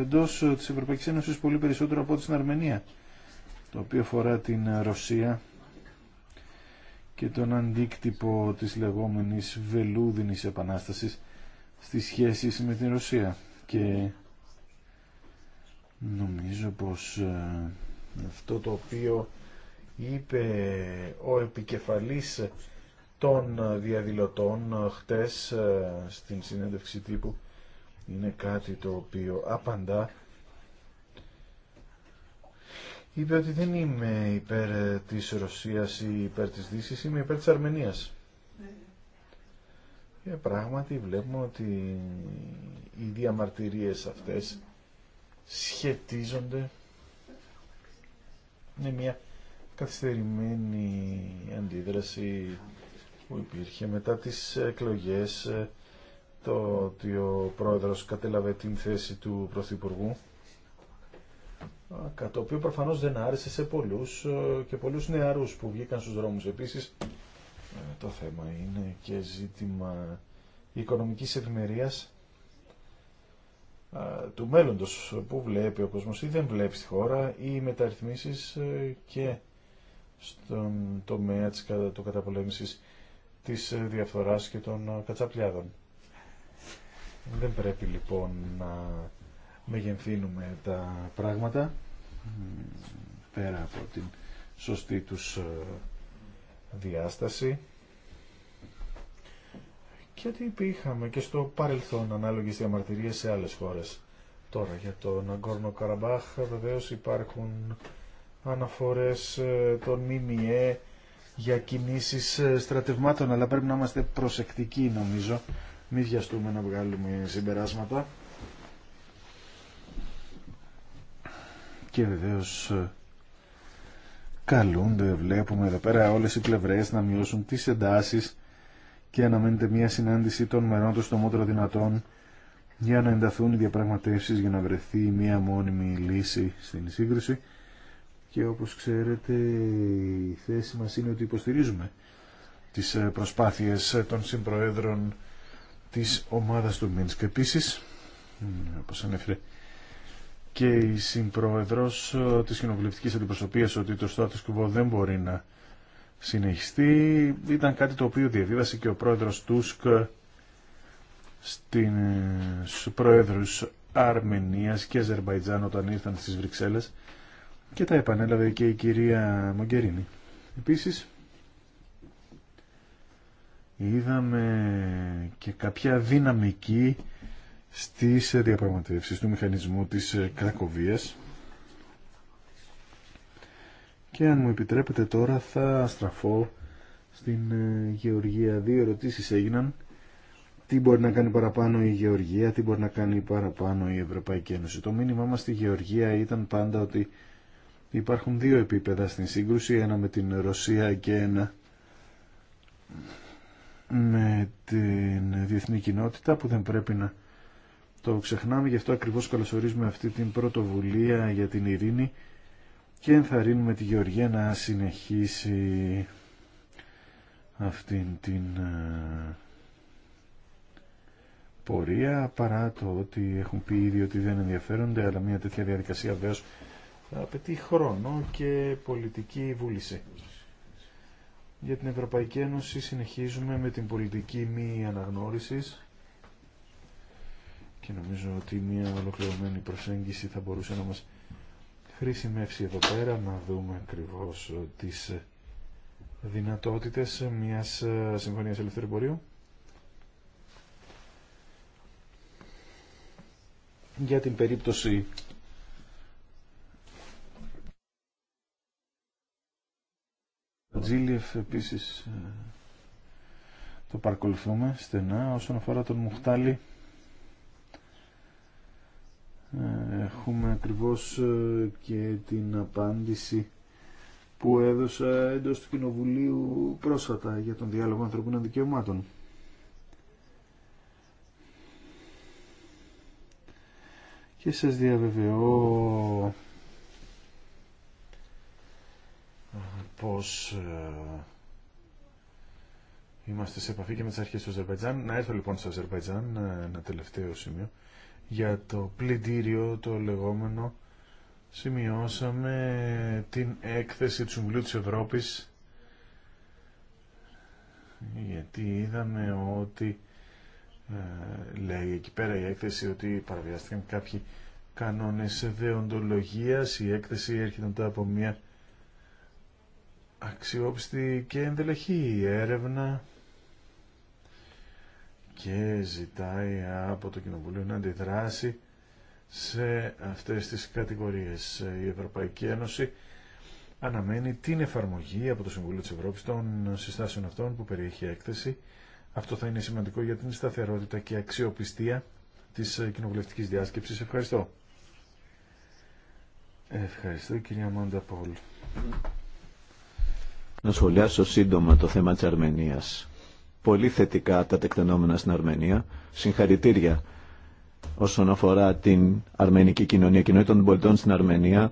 εντός της Ευρωπαϊκής Ένωσης πολύ περισσότερο από ό,τι στην Αρμενία, το οποίο αφορά την Ρωσία και τον αντίκτυπο της λεγόμενης βελούδινης επανάστασης στις σχέση με την Ρωσία και νομίζω πως ε, αυτό το οποίο είπε ο επικεφαλής των διαδηλωτών χτες ε, στην συνέντευξη τύπου είναι κάτι το οποίο απαντά είπε ότι δεν είμαι υπέρ της Ρωσίας ή υπέρ της Δύσης είμαι υπέρ της Αρμενίας και ε, πράγματι βλέπουμε ότι οι διαμαρτυρίες αυτές σχετίζονται με μια καθυστερημένη αντίδραση που υπήρχε μετά τις εκλογές ε, το ότι ο πρόεδρος κατέλαβε την θέση του Πρωθυπουργού ε, κατά το οποίο προφανώς δεν άρεσε σε πολλούς και πολλούς νεαρούς που βγήκαν στους δρόμους επίσης ε, το θέμα είναι και ζήτημα οικονομικής ευημερίας ε, του μέλλοντος που βλέπει ο κόσμος ή δεν βλέπει στη χώρα ή μεταρρυθμίσεις ε, και στον τομέα της του καταπολέμησης της διαφθοράς και των κατσαπλιάδων. Δεν πρέπει λοιπόν να μεγενθύνουμε τα πράγματα πέρα από την σωστή τους διάσταση ότι υπήρχαμε και στο παρελθόν ανάλογες διαμαρτυρίες σε άλλες χώρες. Τώρα για τον Αγκόρνο Καραμπάχ βεβαίω υπάρχουν αναφορές ε, των ΜΜΕ για κινήσεις ε, στρατευμάτων, αλλά πρέπει να είμαστε προσεκτικοί νομίζω. μη βιαστούμε να βγάλουμε συμπεράσματα. Και βεβαίως ε, καλούνται, βλέπουμε εδώ πέρα όλες οι πλευρές να μειώσουν τις εντάσεις και αναμένεται μια συνάντηση των μερών των στομότερο δυνατών για να ενταθούν οι διαπραγματεύσεις για να βρεθεί μια μόνιμη λύση στην σύγκριση. και όπως ξέρετε η θέση μας είναι ότι υποστηρίζουμε τις προσπάθειες των συμπροέδρων της ομάδας του Μίνσκ. Επίσης, όπως ανέφερε και η συμπρόεδρος ε, της κοινοβουλευτικής αντιπροσωπείας ότι το status κουβό δεν μπορεί να συνεχιστεί. Ήταν κάτι το οποίο διαβίβασε και ο πρόεδρος Τούσκ ε, ε, στους πρόεδρους Αρμενίας και Αζερβαϊτζάν όταν ήρθαν στις Βρυξέλλες και τα επανέλαβε και η κυρία Μογκερίνη. Επίσης, είδαμε και κάποια δυναμική στις διαπραγματεύσεις του μηχανισμού της ε, Κρακοβίας και αν μου επιτρέπετε τώρα θα στραφώ στην ε, Γεωργία. Δύο ερωτήσεις έγιναν. Τι μπορεί να κάνει παραπάνω η Γεωργία, τι μπορεί να κάνει παραπάνω η Ευρωπαϊκή Ένωση. Το μήνυμά μας στη Γεωργία ήταν πάντα ότι υπάρχουν δύο επίπεδα στην σύγκρουση, ένα με την Ρωσία και ένα με την διεθνή κοινότητα που δεν πρέπει να το ξεχνάμε, γι' αυτό ακριβώς καλωσορίζουμε αυτή την πρωτοβουλία για την ειρήνη και ενθαρρύνουμε τη Γεωργία να συνεχίσει αυτήν την ε, πορεία παρά το ότι έχουν πει ήδη ότι δεν ενδιαφέρονται αλλά μια τέτοια διαδικασία βέβαια απαιτεί χρόνο και πολιτική βούληση. Για την Ευρωπαϊκή Ένωση συνεχίζουμε με την πολιτική μη αναγνώρισης και νομίζω ότι μια ολοκληρωμένη προσέγγιση θα μπορούσε να μας χρησιμεύσει εδώ πέρα να δούμε ακριβώ ε, τις ε, δυνατότητες μιας ε, συμφωνίας ελευθερού για την περίπτωση Τζίλιεφ επίσης το παρακολουθούμε στενά όσον αφορά τον Μουχτάλη ε, έχουμε ακριβώς ε, και την απάντηση που έδωσα εντός του Κοινοβουλίου πρόσφατα για τον διάλογο ανθρωπίνων δικαιωμάτων. Και σας διαβεβαιώ ε, πως είμαστε σε επαφή και με τις αρχές του Αζερβαϊτζάν. Να έρθω λοιπόν στο Αζερβαϊτζάν, ένα τελευταίο σημείο για το πλυντήριο το λεγόμενο σημειώσαμε την έκθεση του Συμβουλίου της Ευρώπης γιατί είδαμε ότι ε, λέει εκεί πέρα η έκθεση ότι παραβιάστηκαν κάποιοι κανόνες δεοντολογίας η έκθεση έρχεται μετά από μια αξιόπιστη και ενδελεχή έρευνα και ζητάει από το Κοινοβουλίο να αντιδράσει σε αυτές τις κατηγορίες. Η Ευρωπαϊκή Ένωση αναμένει την εφαρμογή από το Συμβούλιο της Ευρώπης των συστάσεων αυτών που περιέχει έκθεση. Αυτό θα είναι σημαντικό για την σταθερότητα και αξιοπιστία της κοινοβουλευτικής διάσκεψης. Ευχαριστώ. Ευχαριστώ κυρία Μάντα Πολ. Να σχολιάσω σύντομα το θέμα της Αρμενίας πολύ θετικά τα τεκτενόμενα στην Αρμενία. Συγχαρητήρια όσον αφορά την αρμενική κοινωνία, κοινωνία των πολιτών στην Αρμενία,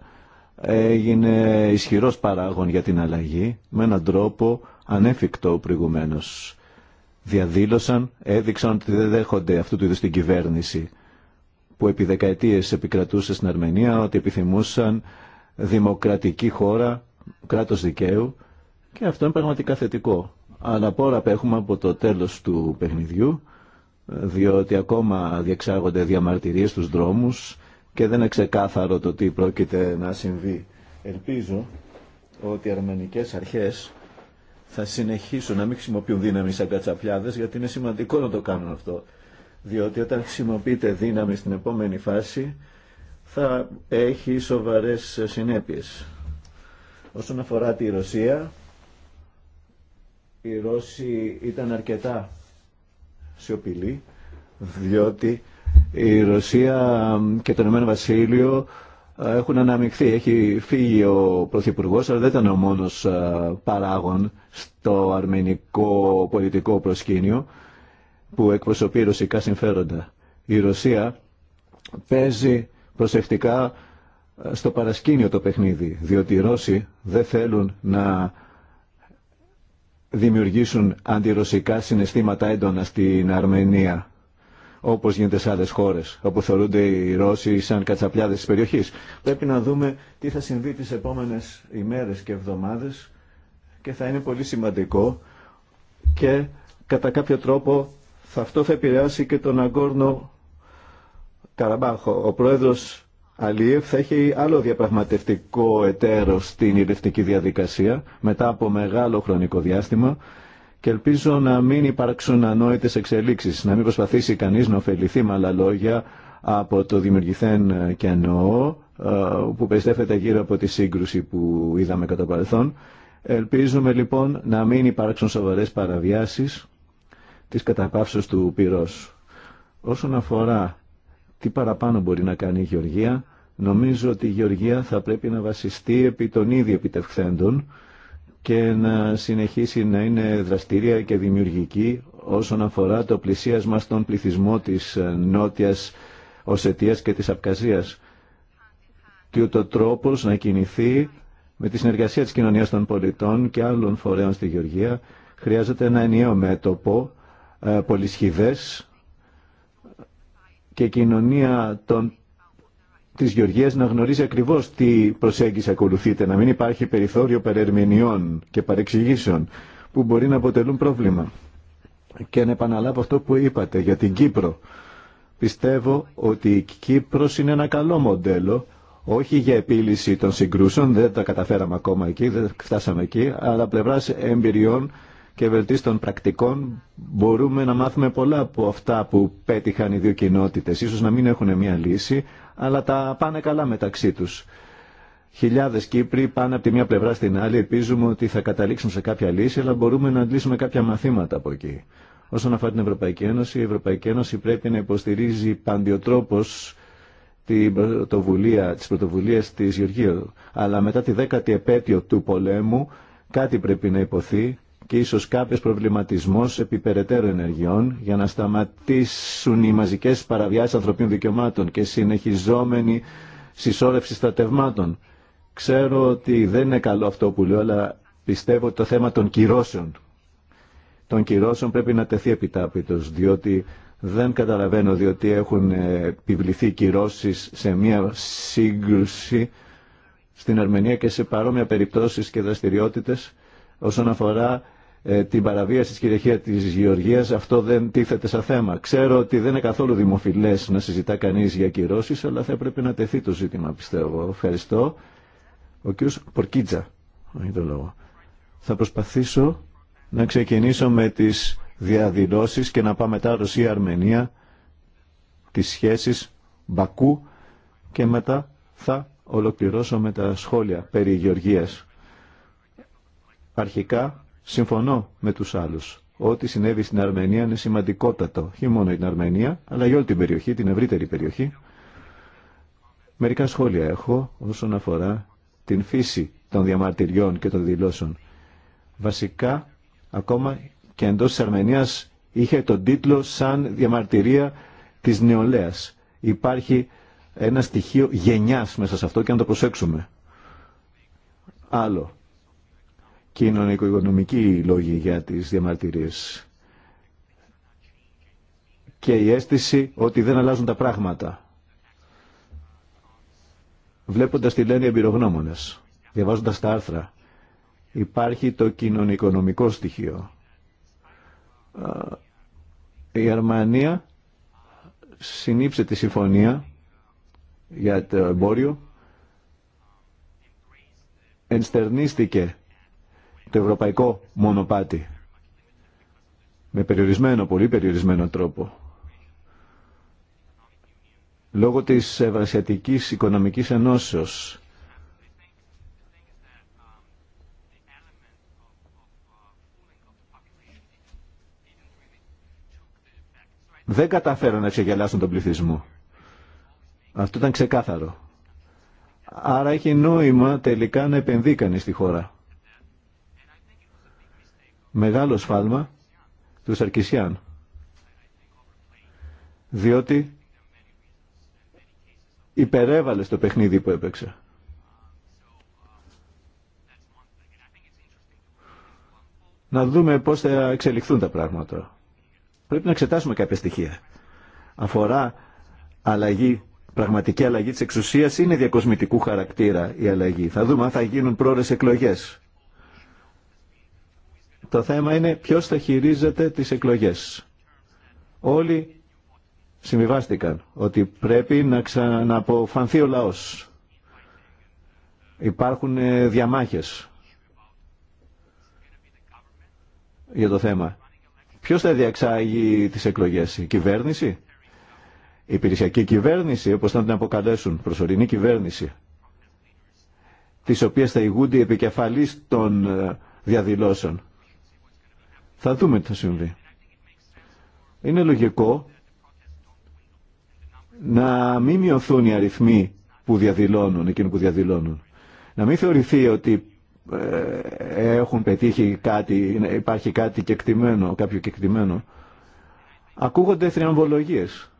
έγινε ισχυρός παράγων για την αλλαγή με έναν τρόπο ανέφικτο προηγουμένω. Διαδήλωσαν, έδειξαν ότι δεν δέχονται αυτού του είδους την κυβέρνηση που επί δεκαετίες επικρατούσε στην Αρμενία, ότι επιθυμούσαν δημοκρατική χώρα, κράτος δικαίου και αυτό είναι πραγματικά θετικό αλλά πόρα απέχουμε από το τέλος του παιχνιδιού διότι ακόμα διεξάγονται διαμαρτυρίες στους δρόμους και δεν είναι το τι πρόκειται να συμβεί. Ελπίζω ότι οι αρμενικές αρχές θα συνεχίσουν να μην χρησιμοποιούν δύναμη σαν κατσαπλιάδες γιατί είναι σημαντικό να το κάνουν αυτό. Διότι όταν χρησιμοποιείται δύναμη στην επόμενη φάση θα έχει σοβαρές συνέπειες. Όσον αφορά τη Ρωσία, οι Ρώσοι ήταν αρκετά σιωπηλοί, διότι η Ρωσία και το Ηνωμένο Βασίλειο ε, έχουν αναμειχθεί. Έχει φύγει ο Πρωθυπουργό, αλλά δεν ήταν ο μόνο ε, παράγων στο αρμενικό πολιτικό προσκήνιο που εκπροσωπεί ρωσικά συμφέροντα. Η Ρωσία παίζει προσεκτικά ε, στο παρασκήνιο το παιχνίδι, διότι οι Ρώσοι δεν θέλουν να δημιουργήσουν αντιρωσικά συναισθήματα έντονα στην Αρμενία, όπως γίνεται σε άλλες χώρες, όπου θεωρούνται οι Ρώσοι σαν κατσαπλιάδες της περιοχής. Πρέπει να δούμε τι θα συμβεί τις επόμενες ημέρες και εβδομάδες και θα είναι πολύ σημαντικό και κατά κάποιο τρόπο θα αυτό θα επηρεάσει και τον Αγκόρνο Καραμπάχο. Ο πρόεδρος Αλίευ θα έχει άλλο διαπραγματευτικό εταίρο στην ειρευτική διαδικασία μετά από μεγάλο χρονικό διάστημα και ελπίζω να μην υπάρξουν ανόητες εξελίξεις, να μην προσπαθήσει κανείς να ωφεληθεί με άλλα λόγια από το δημιουργηθέν κενό ε, που περιστρέφεται γύρω από τη σύγκρουση που είδαμε κατά παρελθόν. Ελπίζουμε λοιπόν να μην υπάρξουν σοβαρές παραβιάσεις της καταπαύσεως του πυρός. Όσον αφορά τι παραπάνω μπορεί να κάνει η Γεωργία. Νομίζω ότι η Γεωργία θα πρέπει να βασιστεί επί των ίδιων επιτευχθέντων και να συνεχίσει να είναι δραστήρια και δημιουργική όσον αφορά το πλησίασμα στον πληθυσμό της Νότιας Οσετίας και της Απκαζίας. Τι ούτω τρόπος να κινηθεί με τη συνεργασία της κοινωνίας των πολιτών και άλλων φορέων στη Γεωργία χρειάζεται ένα ενιαίο μέτωπο, ε, πολυσχηδές, και η κοινωνία των, της Γεωργίας να γνωρίζει ακριβώς τι προσέγγιση ακολουθείται, να μην υπάρχει περιθώριο παρερμηνιών και παρεξηγήσεων που μπορεί να αποτελούν πρόβλημα. Και να επαναλάβω αυτό που είπατε για την Κύπρο. Πιστεύω ότι η Κύπρος είναι ένα καλό μοντέλο, όχι για επίλυση των συγκρούσεων, δεν τα καταφέραμε ακόμα εκεί, δεν φτάσαμε εκεί, αλλά πλευράς εμπειριών και βελτίστων πρακτικών μπορούμε να μάθουμε πολλά από αυτά που πέτυχαν οι δύο κοινότητες. Ίσως να μην έχουν μια λύση, αλλά τα πάνε καλά μεταξύ τους. Χιλιάδες Κύπροι πάνε από τη μια πλευρά στην άλλη, ελπίζουμε ότι θα καταλήξουν σε κάποια λύση, αλλά μπορούμε να αντλήσουμε κάποια μαθήματα από εκεί. Όσον αφορά την Ευρωπαϊκή Ένωση, η Ευρωπαϊκή Ένωση πρέπει να υποστηρίζει παντιοτρόπως την πρωτοβουλία, τις πρωτοβουλίες της Γεωργίου. Αλλά μετά τη δέκατη επέτειο του πολέμου κάτι πρέπει να υποθεί και ίσως κάποιος προβληματισμός επί περαιτέρω ενεργειών για να σταματήσουν οι μαζικές παραβιάσεις ανθρωπίνων δικαιωμάτων και συνεχιζόμενη συσσόρευση στρατευμάτων. Ξέρω ότι δεν είναι καλό αυτό που λέω, αλλά πιστεύω ότι το θέμα των κυρώσεων των κυρώσεων πρέπει να τεθεί επιτάπητος, διότι δεν καταλαβαίνω διότι έχουν επιβληθεί κυρώσεις σε μια σύγκρουση στην Αρμενία και σε παρόμοια περιπτώσεις και δραστηριότητε όσον αφορά ε, την παραβίαση της κυριαρχία της γεωργία. αυτό δεν τίθεται σαν θέμα. Ξέρω ότι δεν είναι καθόλου δημοφιλές να συζητά κανείς για κυρώσει, αλλά θα πρέπει να τεθεί το ζήτημα, πιστεύω. Ευχαριστώ. Ο κ. Πορκίτζα, λόγο. Θα προσπαθήσω να ξεκινήσω με τις διαδηλώσει και να πάμε μετά Ρωσία-Αρμενία, τι σχέσει Μπακού και μετά θα ολοκληρώσω με τα σχόλια περί Γεωργίας. Αρχικά Συμφωνώ με τους άλλους. Ό,τι συνέβη στην Αρμενία είναι σημαντικότατο, όχι μόνο την Αρμενία, αλλά για όλη την περιοχή, την ευρύτερη περιοχή. Μερικά σχόλια έχω όσον αφορά την φύση των διαμαρτυριών και των δηλώσεων. Βασικά, ακόμα και εντός της Αρμενίας είχε τον τίτλο σαν διαμαρτυρία της νεολαίας. Υπάρχει ένα στοιχείο γενιάς μέσα σε αυτό και να το προσέξουμε. Άλλο, κοινωνικο-οικονομικοί λόγοι για τις διαμαρτυρίες και η αίσθηση ότι δεν αλλάζουν τα πράγματα. Βλέποντας τι λένε οι εμπειρογνώμονες, διαβάζοντας τα άρθρα, υπάρχει το κοινωνικονομικό στοιχείο. Η Αρμανία συνήψε τη συμφωνία για το εμπόριο, ενστερνίστηκε το ευρωπαϊκό μονοπάτι. Με περιορισμένο, πολύ περιορισμένο τρόπο. Λόγω της Ευρασιατικής Οικονομικής Ενώσεως δεν καταφέραν να ξεγελάσουν τον πληθυσμό. Αυτό ήταν ξεκάθαρο. Άρα έχει νόημα τελικά να επενδύει κανείς στη χώρα μεγάλο σφάλμα του Σαρκισιάν. Διότι υπερέβαλε στο παιχνίδι που έπαιξε. Να δούμε πώς θα εξελιχθούν τα πράγματα. Πρέπει να εξετάσουμε κάποια στοιχεία. Αφορά αλλαγή, πραγματική αλλαγή της εξουσίας είναι διακοσμητικού χαρακτήρα η αλλαγή. Θα δούμε αν θα γίνουν πρόορες εκλογές. Το θέμα είναι ποιος θα χειρίζεται τις εκλογές. Όλοι συμβιβάστηκαν ότι πρέπει να ξαναποφανθεί ο λαός. Υπάρχουν ε, διαμάχες για το θέμα. Ποιος θα διαξάγει τις εκλογές, η κυβέρνηση, η υπηρεσιακή κυβέρνηση, όπως θα την αποκαλέσουν, προσωρινή κυβέρνηση, τις οποίες θα ηγούνται οι επικεφαλής των ε, διαδηλώσεων. Θα δούμε τι θα συμβεί. Είναι λογικό να μην μειωθούν οι αριθμοί που διαδηλώνουν, εκείνοι που διαδηλώνουν. Να μην θεωρηθεί ότι ε, έχουν πετύχει κάτι, υπάρχει κάτι κεκτημένο, κάποιο κεκτημένο. Ακούγονται θριαμβολογίες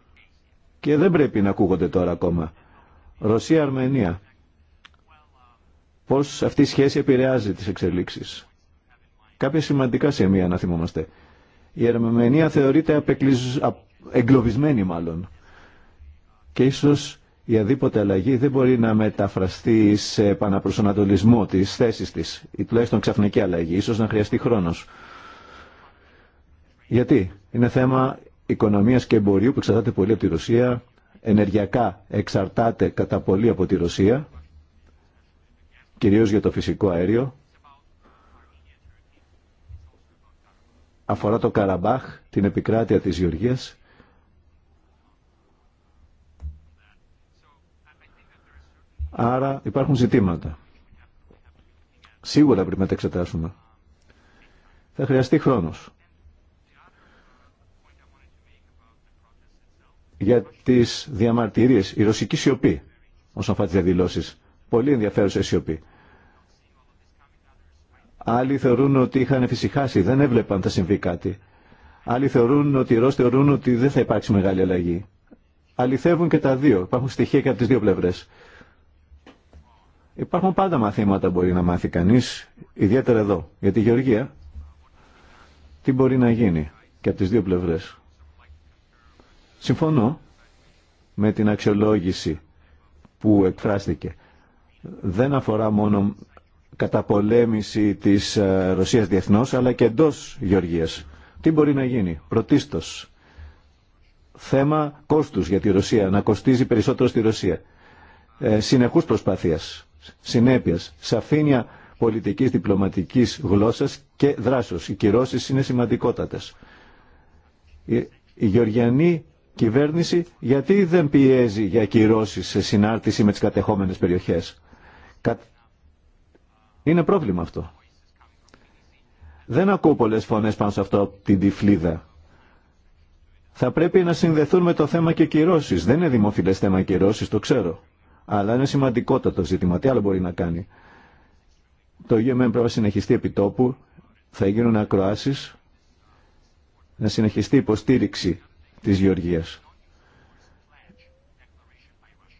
και δεν πρέπει να ακούγονται τώρα ακόμα. Ρωσία-Αρμενία. Πώς αυτή η σχέση επηρεάζει τις εξελίξεις. Κάποια σημαντικά σημεία να θυμόμαστε. Η ερμηνεία θεωρείται απεκλεισ... εγκλωβισμένη μάλλον. Και ίσως η αδίποτε αλλαγή δεν μπορεί να μεταφραστεί σε επαναπροσανατολισμό της θέσης της ή τουλάχιστον ξαφνική αλλαγή, ίσως να χρειαστεί χρόνος. Γιατί είναι θέμα οικονομίας και εμπορίου που εξαρτάται πολύ από τη Ρωσία, ενεργειακά εξαρτάται κατά πολύ από τη Ρωσία, κυρίως για το φυσικό αέριο, αφορά το Καραμπάχ, την επικράτεια της Γεωργίας. Άρα υπάρχουν ζητήματα. Σίγουρα πρέπει να τα εξετάσουμε. Θα χρειαστεί χρόνος. Για τις διαμαρτυρίες, η ρωσική σιωπή, όσον αφορά τις διαδηλώσεις. Πολύ ενδιαφέρουσα η σιωπή. Άλλοι θεωρούν ότι είχαν φυσικάσει, δεν έβλεπαν θα συμβεί κάτι. Άλλοι θεωρούν ότι οι Ρώσοι θεωρούν ότι δεν θα υπάρξει μεγάλη αλλαγή. Αληθεύουν και τα δύο. Υπάρχουν στοιχεία και από τι δύο πλευρέ. Υπάρχουν πάντα μαθήματα που μπορεί να μάθει κανεί, ιδιαίτερα εδώ. Για τη Γεωργία, τι μπορεί να γίνει και από τι δύο πλευρέ. Συμφωνώ με την αξιολόγηση που εκφράστηκε. Δεν αφορά μόνο καταπολέμηση της ε, Ρωσίας διεθνώς, αλλά και εντός Γεωργίας. Τι μπορεί να γίνει. Πρωτίστως, θέμα κόστους για τη Ρωσία, να κοστίζει περισσότερο στη Ρωσία. Ε, συνεχούς προσπάθειας, συνέπειας, σαφήνεια πολιτικής διπλωματικής γλώσσας και δράσεως. Οι κυρώσεις είναι σημαντικότατες. Η, η Γεωργιανή κυβέρνηση γιατί δεν πιέζει για κυρώσεις σε συνάρτηση με τις κατεχόμενες περιοχές. Είναι πρόβλημα αυτό. Δεν ακούω πολλέ φωνές πάνω σε αυτό την τυφλίδα. Θα πρέπει να συνδεθούν με το θέμα και κυρώσει. Δεν είναι δημοφιλές θέμα κυρώσει, το ξέρω. Αλλά είναι σημαντικότατο ζήτημα. Τι άλλο μπορεί να κάνει. Το UMM πρέπει να συνεχιστεί επιτόπου. Θα γίνουν ακροάσεις. Να συνεχιστεί η υποστήριξη της Γεωργίας.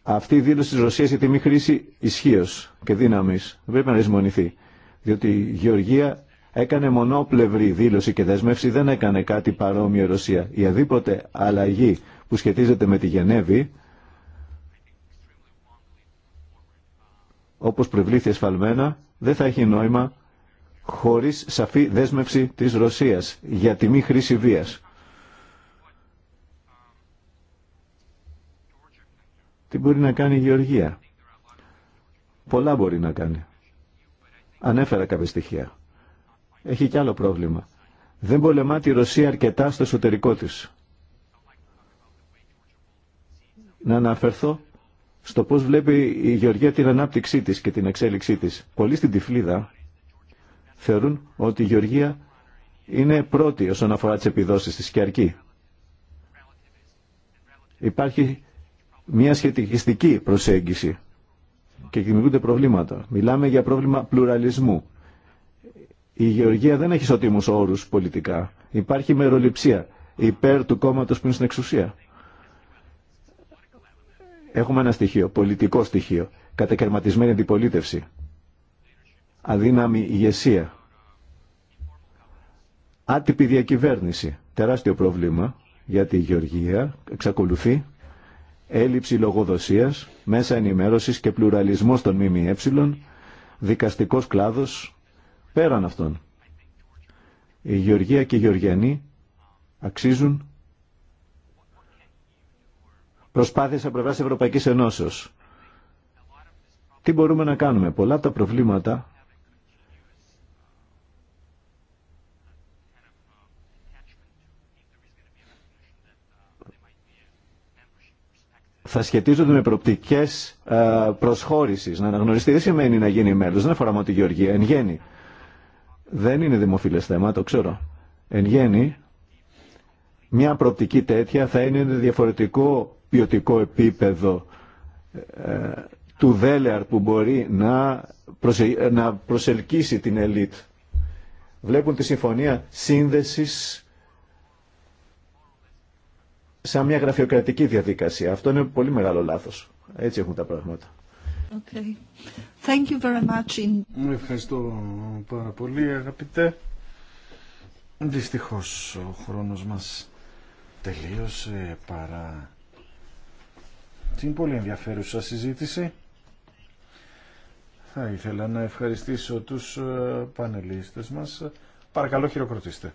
Αυτή η δήλωση τη Ρωσία για τιμή χρήση ισχύω και δύναμη δεν πρέπει να Διότι η Γεωργία έκανε μονόπλευρη δήλωση και δέσμευση, δεν έκανε κάτι παρόμοιο η Ρωσία. Η αδίποτε αλλαγή που σχετίζεται με τη Γενέβη, όπως προβλήθη εσφαλμένα, δεν θα έχει νόημα χωρίς σαφή δέσμευση της Ρωσίας για τιμή χρήση βίας. Τι μπορεί να κάνει η Γεωργία. Πολλά μπορεί να κάνει. Ανέφερα κάποια στοιχεία. Έχει κι άλλο πρόβλημα. Δεν πολεμά τη Ρωσία αρκετά στο εσωτερικό της. Να αναφερθώ στο πώς βλέπει η Γεωργία την ανάπτυξή της και την εξέλιξή της. Πολλοί στην Τυφλίδα θεωρούν ότι η Γεωργία είναι πρώτη όσον αφορά τις επιδόσεις της και αρκεί. Υπάρχει μια σχετικιστική προσέγγιση και δημιουργούνται προβλήματα. Μιλάμε για πρόβλημα πλουραλισμού. Η Γεωργία δεν έχει ισότιμους όρους πολιτικά. Υπάρχει μεροληψία υπέρ του κόμματος που είναι στην εξουσία. Έχουμε ένα στοιχείο, πολιτικό στοιχείο, κατακαιρματισμένη αντιπολίτευση, αδύναμη ηγεσία, άτυπη διακυβέρνηση, τεράστιο πρόβλημα για τη Γεωργία, εξακολουθεί έλλειψη λογοδοσίας, μέσα ενημέρωσης και πλουραλισμός των ΜΜΕ, δικαστικός κλάδος, πέραν αυτών. Η Γεωργία και οι Γεωργιανοί αξίζουν προσπάθειες από πλευράς Ευρωπαϊκής Ενώσεως. Τι μπορούμε να κάνουμε. Πολλά τα προβλήματα θα σχετίζονται με προοπτικέ ε, προσχώρηση. Να αναγνωριστεί δεν σημαίνει να γίνει μέλο. Δεν αφορά μόνο τη Γεωργία. Εν γέννη. Δεν είναι δημοφιλέ θέμα, το ξέρω. Εν γέννη, μια προπτική τέτοια θα είναι διαφορετικό ποιοτικό επίπεδο ε, του δέλεαρ που μπορεί να, να προσελκύσει την ελίτ. Βλέπουν τη συμφωνία σύνδεσης σαν μια γραφειοκρατική διαδικασία. Αυτό είναι πολύ μεγάλο λάθος. Έτσι έχουν τα πράγματα. Okay. Thank you very much. Ευχαριστώ πάρα πολύ αγαπητέ. Δυστυχώς ο χρόνος μας τελείωσε παρά την πολύ ενδιαφέρουσα συζήτηση. Θα ήθελα να ευχαριστήσω τους ε, πανελίστες μας. Παρακαλώ χειροκροτήστε.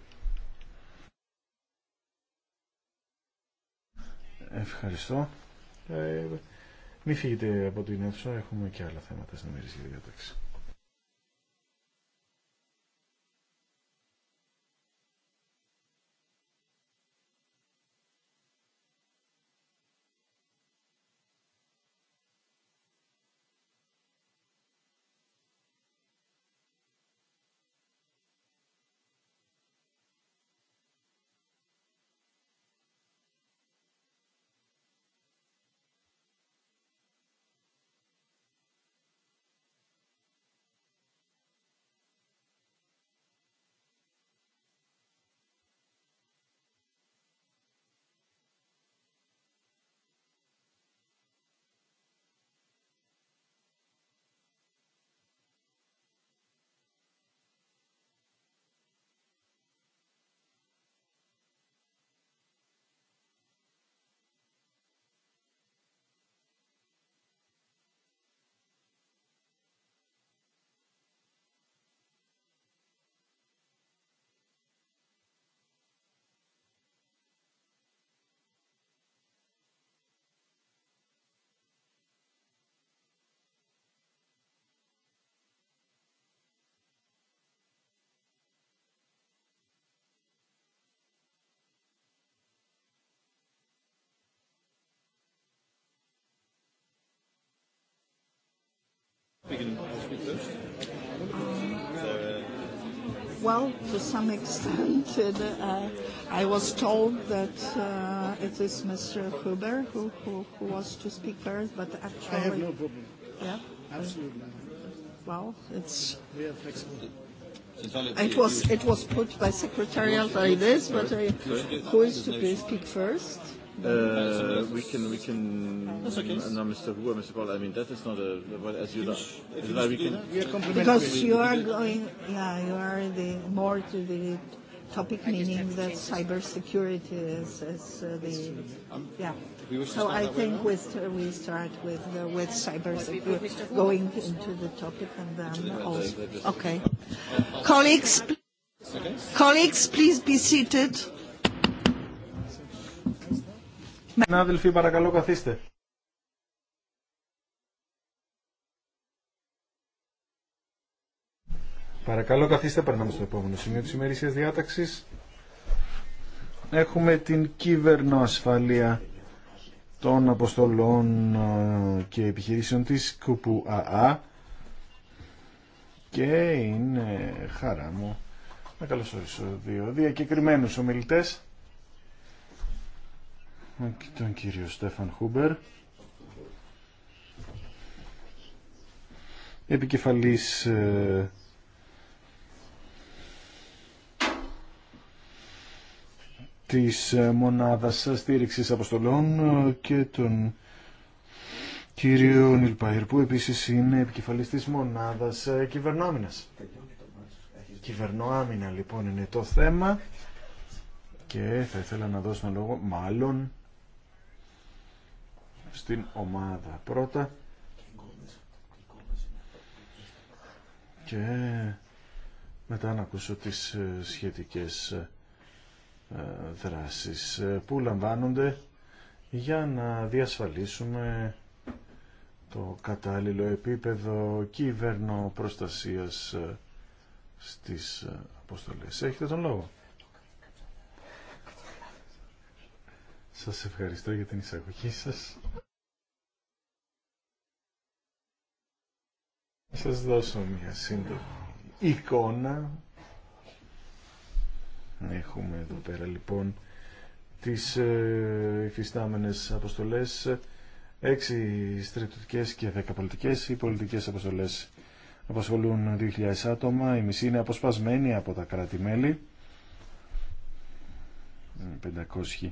Ευχαριστώ. Ε, μην φύγετε από την αίθουσα, έχουμε και άλλα θέματα στην ημερήσια διάταξη. speaking Well, to some extent, I was told that uh, it is Mr. Huber who, who, who was to speak first, but actually... I have no problem. Yeah? Absolutely. Well, it's... We are flexible. It was, it was put by secretarial, like this, but I, who is to speak first? We can, we can. okay. No, Mr. Hu Mr. Paul, I mean, that is not a, well, as you know. We Because you are going, yeah, you are the more to the topic, meaning that cybersecurity is, is the, yeah. So I think we, we start with uh, with security going into the topic and then also. Okay. Colleagues, colleagues, please be seated αδελφοί, παρακαλώ καθίστε. Παρακαλώ καθίστε, περνάμε στο επόμενο σημείο της ημερήσιας διάταξης. Έχουμε την κυβερνοασφαλεία των αποστολών ε, και επιχειρήσεων της ΚΟΠΟΑΑ και είναι χαρά μου να καλωσορίσω δύο διακεκριμένους ομιλητές και τον κύριο Στέφαν Χούμπερ, επικεφαλής ε, της ε, μονάδας στήριξης αποστολών ε, και τον κύριο Νιλπαϊρ που επίσης είναι επικεφαλής της μονάδας κυβερνάμινας. Κυβερνοάμυνα λοιπόν είναι το θέμα και θα ήθελα να δώσω λόγο μάλλον στην ομάδα πρώτα και μετά να ακούσω τις ε, σχετικές ε, ε, δράσεις που λαμβάνονται για να διασφαλίσουμε το κατάλληλο επίπεδο προστασίας στις αποστολές. Έχετε τον λόγο. Σας ευχαριστώ για την εισαγωγή σας. Θα σας δώσω μια σύντομη εικόνα. Έχουμε εδώ πέρα λοιπόν τις ε, υφιστάμενες αποστολές, έξι στρατιωτικές και δέκα πολιτικές. Οι πολιτικές αποστολές απασχολούν 2.000 άτομα, η μισή είναι αποσπασμένη από τα κράτη-μέλη, 500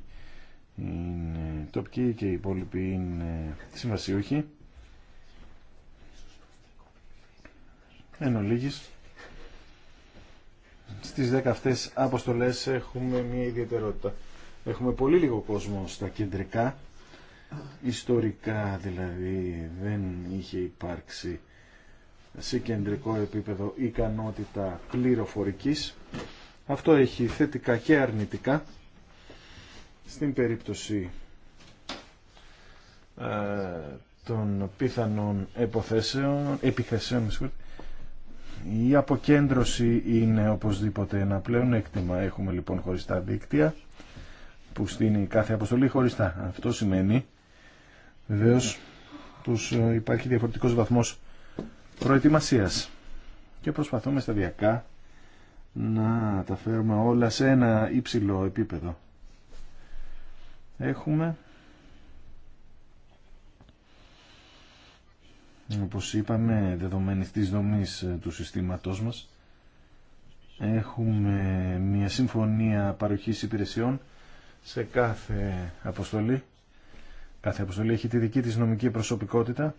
είναι τοπικοί και οι υπόλοιποι είναι συμβασιούχοι. Εν ολίγης, στις 10 αυτές αποστολές έχουμε μια ιδιαιτερότητα. Έχουμε πολύ λίγο κόσμο στα κεντρικά. Ιστορικά δηλαδή δεν είχε υπάρξει σε κεντρικό επίπεδο ικανότητα κληροφορικής. Αυτό έχει θετικά και αρνητικά στην περίπτωση ε, των πιθανών υποθέσεων, επιθέσεων η αποκέντρωση είναι οπωσδήποτε ένα πλέον έκτημα έχουμε λοιπόν χωριστά δίκτυα που στείνει κάθε αποστολή χωριστά αυτό σημαίνει βεβαίω τους ε, υπάρχει διαφορετικός βαθμός προετοιμασίας και προσπαθούμε σταδιακά να τα φέρουμε όλα σε ένα υψηλό επίπεδο έχουμε όπως είπαμε δεδομένης της δομής ε, του συστήματός μας έχουμε μια συμφωνία παροχής υπηρεσιών σε κάθε αποστολή κάθε αποστολή έχει τη δική της νομική προσωπικότητα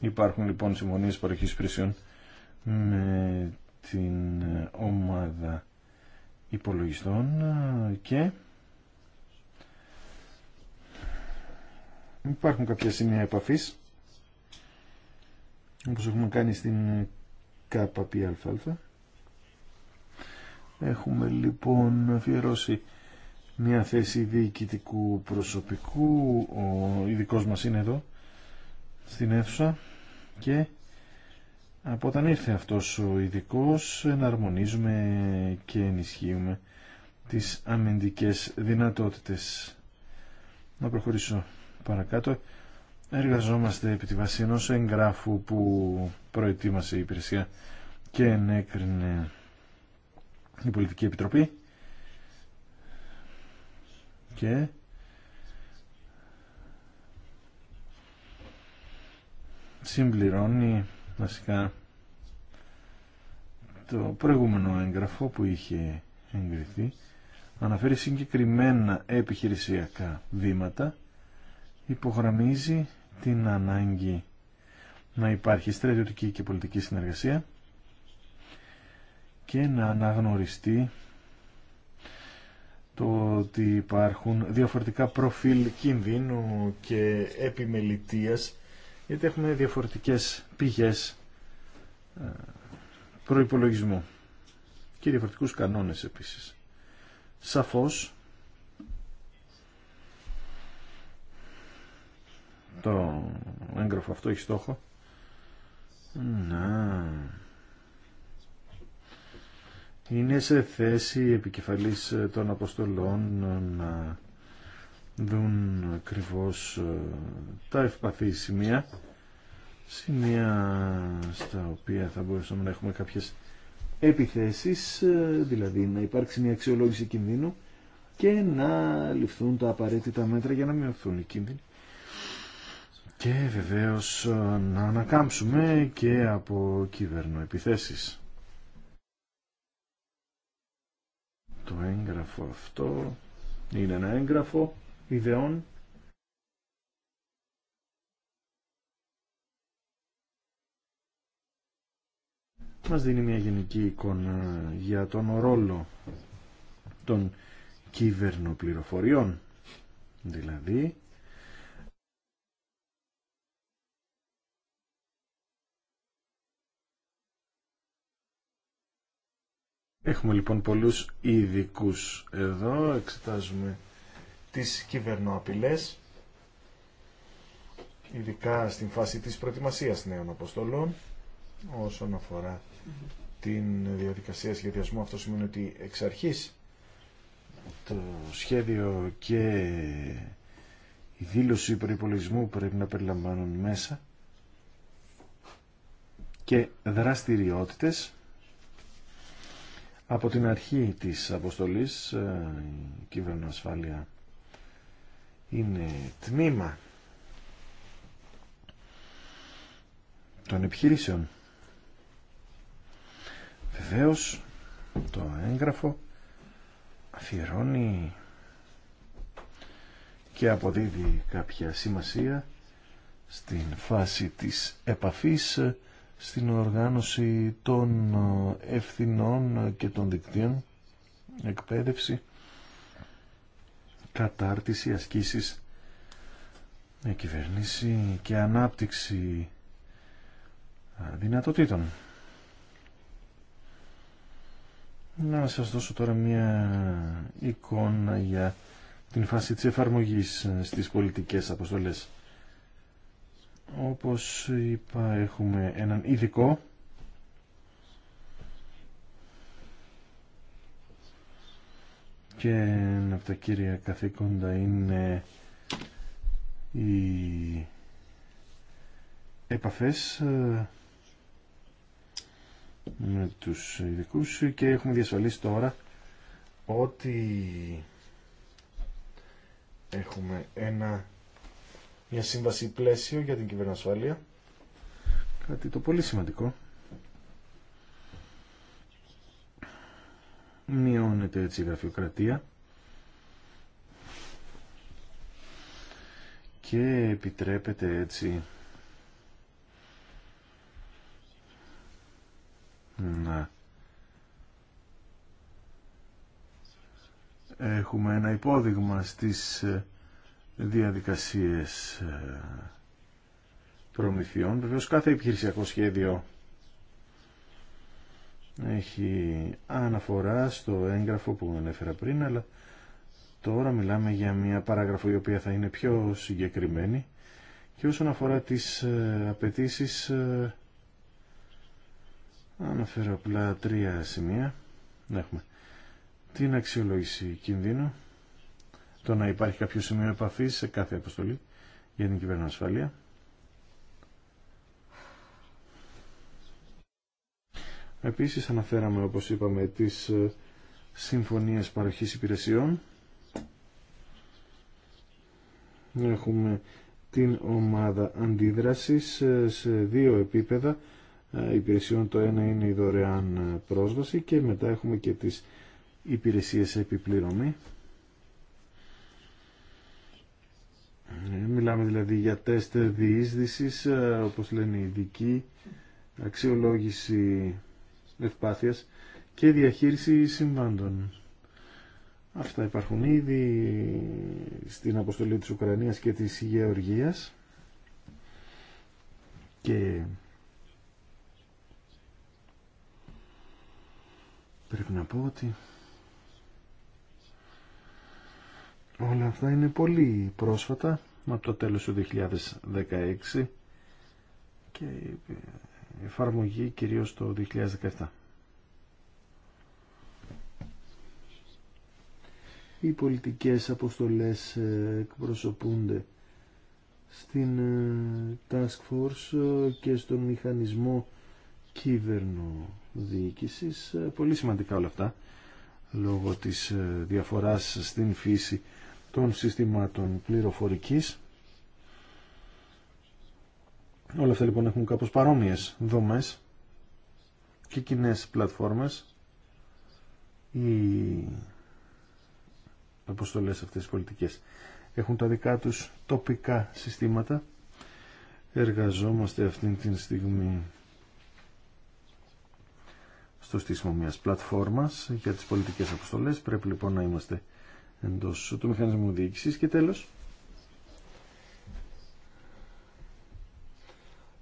Υπάρχουν λοιπόν συμφωνίες παροχής υπηρεσιών με την ομάδα υπολογιστών ε, και υπάρχουν κάποια σημεία επαφής όπως έχουμε κάνει στην ΚΑΠΑΠΙΑΛΦΑΛΦΑ Έχουμε λοιπόν αφιερώσει μια θέση διοικητικού προσωπικού, ο ειδικό μας είναι εδώ στην αίθουσα και από όταν ήρθε αυτός ο ειδικό εναρμονίζουμε και ενισχύουμε τις αμυντικές δυνατότητες. Να προχωρήσω παρακάτω. Εργαζόμαστε επί τη βάση ενός εγγράφου που προετοίμασε η υπηρεσία και ενέκρινε η Πολιτική Επιτροπή και συμπληρώνει βασικά το προηγούμενο έγγραφο που είχε εγκριθεί αναφέρει συγκεκριμένα επιχειρησιακά βήματα υπογραμμίζει την ανάγκη να υπάρχει στρατιωτική και πολιτική συνεργασία και να αναγνωριστεί το ότι υπάρχουν διαφορετικά προφίλ κινδύνου και επιμελητίας γιατί έχουμε διαφορετικές πηγές ε, προϋπολογισμού και διαφορετικούς κανόνες επίσης. Σαφώς το έγγραφο αυτό έχει στόχο να είναι σε θέση επικεφαλής των αποστολών να δουν ακριβώς ε, τα ευπαθή σημεία σημεία στα οποία θα μπορούσαμε να έχουμε κάποιες επιθέσεις ε, δηλαδή να υπάρξει μια αξιολόγηση κινδύνου και να ληφθούν τα απαραίτητα μέτρα για να μειωθούν οι κίνδυνοι και βεβαίως ε, να ανακάμψουμε και από κυβερνοεπιθέσεις. Το έγγραφο αυτό είναι ένα έγγραφο ιδεών μας δίνει μια γενική εικόνα για τον ρόλο των κυβερνοπληροφοριών. Δηλαδή, Έχουμε λοιπόν πολλούς ειδικού εδώ, εξετάζουμε τις κυβερνοαπειλές, ειδικά στην φάση της προετοιμασίας νέων αποστολών, όσον αφορά την διαδικασία σχεδιασμού. Αυτό σημαίνει ότι εξ αρχής το σχέδιο και η δήλωση προϋπολογισμού πρέπει να περιλαμβάνουν μέσα και δραστηριότητες από την αρχή της αποστολής ε, η κυβερνοασφάλεια είναι τμήμα των επιχειρήσεων. Βεβαίως το έγγραφο αφιερώνει και αποδίδει κάποια σημασία στην φάση της επαφής στην οργάνωση των ευθυνών και των δικτύων εκπαίδευση κατάρτιση, ασκήσεις, ε, κυβέρνηση και ανάπτυξη ε, δυνατοτήτων. Να σας δώσω τώρα μια εικόνα για την φάση της εφαρμογής ε, στις πολιτικές αποστολές. Όπως είπα έχουμε έναν ειδικό και ένα από τα κύρια καθήκοντα είναι οι επαφές ε, με τους ειδικού και έχουμε διασφαλίσει τώρα ότι έχουμε ένα, μια σύμβαση πλαίσιο για την κυβερνοασφάλεια κάτι το πολύ σημαντικό Μειώνεται έτσι η γραφειοκρατία και επιτρέπεται έτσι να έχουμε ένα υπόδειγμα στις διαδικασίες ε, προμηθειών. Βεβαίω κάθε επιχειρησιακό σχέδιο έχει αναφορά στο έγγραφο που ανέφερα πριν, αλλά τώρα μιλάμε για μια παράγραφο η οποία θα είναι πιο συγκεκριμένη και όσον αφορά τις ε, απαιτήσει ε, αναφέρω απλά τρία σημεία. Έχουμε την αξιολόγηση κινδύνου, το να υπάρχει κάποιο σημείο επαφής σε κάθε αποστολή για την κυβέρνηση ασφάλεια. Επίσης αναφέραμε, όπως είπαμε, τις ε, συμφωνίες παροχής υπηρεσιών. Έχουμε την ομάδα αντίδρασης ε, σε δύο επίπεδα ε, υπηρεσιών. Το ένα είναι η δωρεάν πρόσβαση και μετά έχουμε και τις υπηρεσίες επιπληρωμή. Μιλάμε δηλαδή για τεστ διείσδυσης, όπως λένε οι ειδικοί, αξιολόγηση ευπάθειας και διαχείριση συμβάντων. Αυτά υπάρχουν ήδη στην αποστολή της Ουκρανίας και της Γεωργίας και πρέπει να πω ότι όλα αυτά είναι πολύ πρόσφατα από το τέλος του 2016 και εφαρμογή κυρίως το 2017. Οι πολιτικές αποστολές ε, εκπροσωπούνται στην ε, Task Force ε, και στον μηχανισμό κύβερνο διοίκησης. Πολύ σημαντικά όλα αυτά λόγω της διαφοράς στην φύση των συστημάτων πληροφορικής Όλα αυτά λοιπόν έχουν κάπως παρόμοιες δομές και κοινέ πλατφόρμες. Οι αποστολές αυτές τις πολιτικές έχουν τα δικά τους τοπικά συστήματα. Εργαζόμαστε αυτή τη στιγμή στο στήσιμο μιας πλατφόρμας για τις πολιτικές αποστολές. Πρέπει λοιπόν να είμαστε εντός του μηχανισμού διοίκησης και τέλος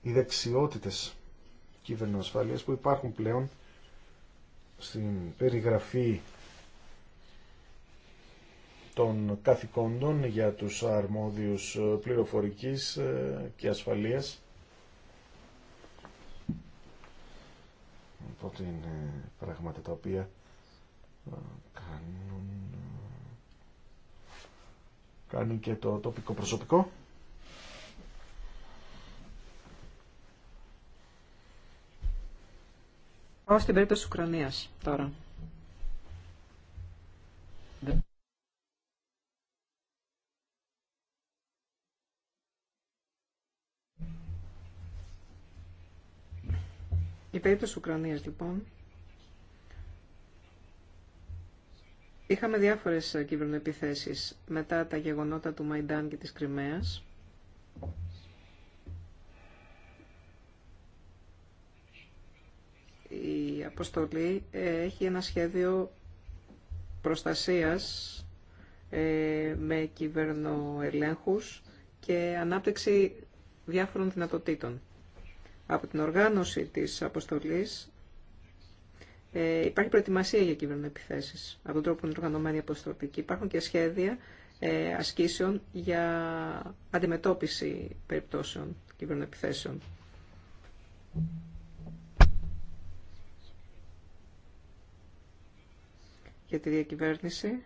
οι δεξιότητες κυβερνοασφάλειας που υπάρχουν πλέον στην περιγραφή των καθηκόντων για τους αρμόδιους πληροφορικής ε, και ασφαλείας. Οπότε είναι πράγματα τα οποία ε, κάνουν, ε, κάνουν και το τοπικό προσωπικό. Πάω στην περίπτωση της Ουκρανίας τώρα. Η περίπτωση της Ουκρανίας λοιπόν Είχαμε διάφορες ε, κυβερνοεπιθέσεις μετά τα γεγονότα του Μαϊντάν και της Κρυμαίας. η αποστολή έχει ένα σχέδιο προστασίας ε, με κυβερνοελέγχους και ανάπτυξη διάφορων δυνατοτήτων. Από την οργάνωση της αποστολής ε, υπάρχει προετοιμασία για κυβερνοεπιθέσεις από τον τρόπο που είναι οργανωμένη η αποστολή. Και υπάρχουν και σχέδια ε, ασκήσεων για αντιμετώπιση περιπτώσεων κυβερνοεπιθέσεων. για τη διακυβέρνηση.